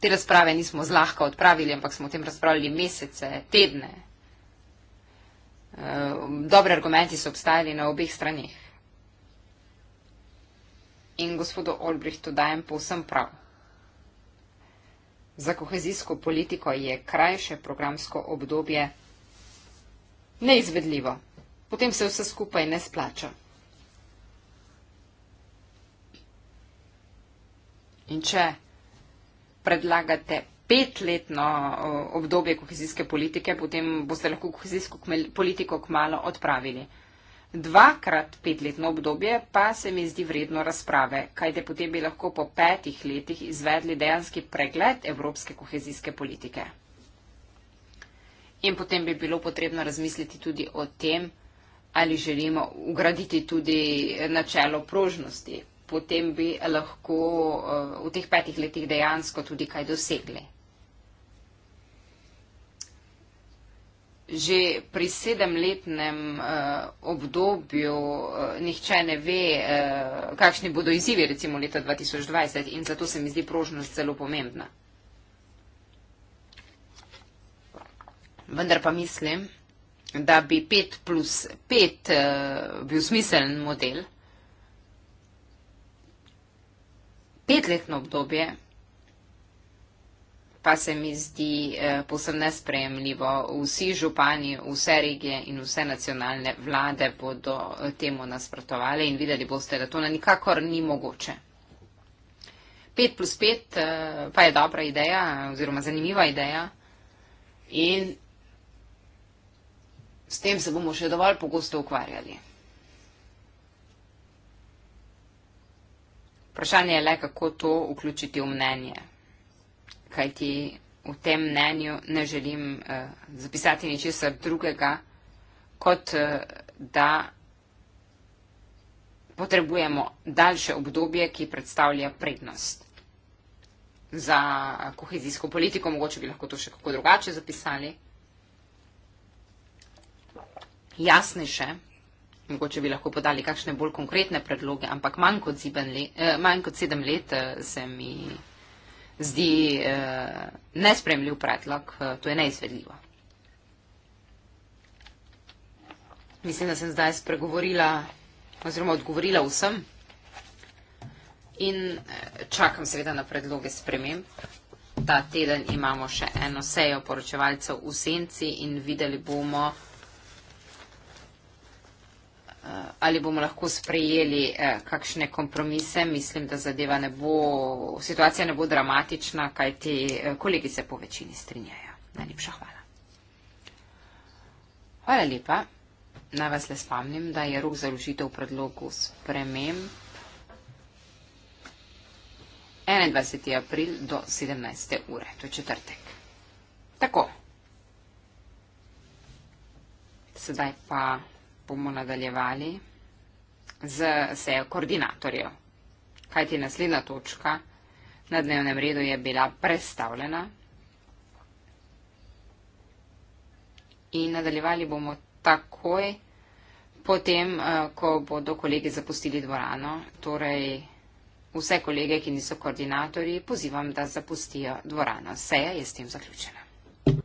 Speaker 1: te razprave nismo zlahka odpravili, ampak smo o tem razpravljali mesece, tedne. Ehm, dobri argumenti so obstajali na obeh stranih. In gospodu Olbrihtu dajem povsem prav. Za kohezijsko politiko je krajše programsko obdobje neizvedljivo. Potem se vse skupaj ne splača. In če predlagate petletno obdobje kohezijske politike, potem boste lahko kohezijsko politiko kmalo odpravili. Dvakrat petletno obdobje pa se mi zdi vredno razprave, kajte potem bi lahko po petih letih izvedli dejanski pregled evropske kohezijske politike. In potem bi bilo potrebno razmisliti tudi o tem, ali želimo ugraditi tudi načelo prožnosti. Potem bi lahko eh, v teh petih letih dejansko tudi kaj dosegli. Že pri sedemletnem eh, obdobju eh, nihče ne ve, kakšni bodo izzivi recimo leta 2020 in zato se mi zdi prožnost zelo pomembna. vendar pa mislim, da bi 5 plus 5 uh, eh, bil smiseln model. Petletno obdobje pa se mi zdi eh, posebno nesprejemljivo. Vsi župani, vse regije in vse nacionalne vlade bodo eh, temu nasprotovali in videli boste, da to na nikakor ni mogoče. 5 plus 5 eh, pa je dobra ideja oziroma zanimiva ideja in S tem se bomo še dovolj pogosto ukvarjali. Vprašanje je le, kako to vključiti v mnenje. Kaj ti v tem mnenju ne želim eh, zapisati ničesar drugega, kot eh, da potrebujemo daljše obdobje, ki predstavlja prednost. Za kohezijsko politiko mogoče bi lahko to še kako drugače zapisali jasnejše, mogoče bi lahko podali kakšne bolj konkretne predloge, ampak manj kot, le, eh, manj kot sedem let eh, se mi eh, zdi eh, nespremljiv predlog, eh, to je neizvedljivo. Mislim, da sem zdaj spregovorila oziroma odgovorila vsem in eh, čakam seveda na predloge sprememb. Ta teden imamo še eno sejo poročevalcev v senci in videli bomo, Eh, ali bomo lahko sprejeli eh, kakšne kompromise. Mislim, da zadeva ne bo, situacija ne bo dramatična, kaj ti eh, kolegi se po večini strinjajo. Najlepša hvala. Hvala lepa. Naj vas le spomnim, da je rok za ložitev predlogu spremem 21. april do 17. ure, to je četrtek. Tako. Sedaj pa bomo nadaljevali z sejo koordinatorjev. Kajti naslednja točka na dnevnem redu je bila predstavljena in nadaljevali bomo takoj potem, eh, ko bodo kolegi zapustili dvorano. Torej, vse kolege, ki niso koordinatorji, pozivam, da zapustijo dvorano. Seja je s tem zaključena.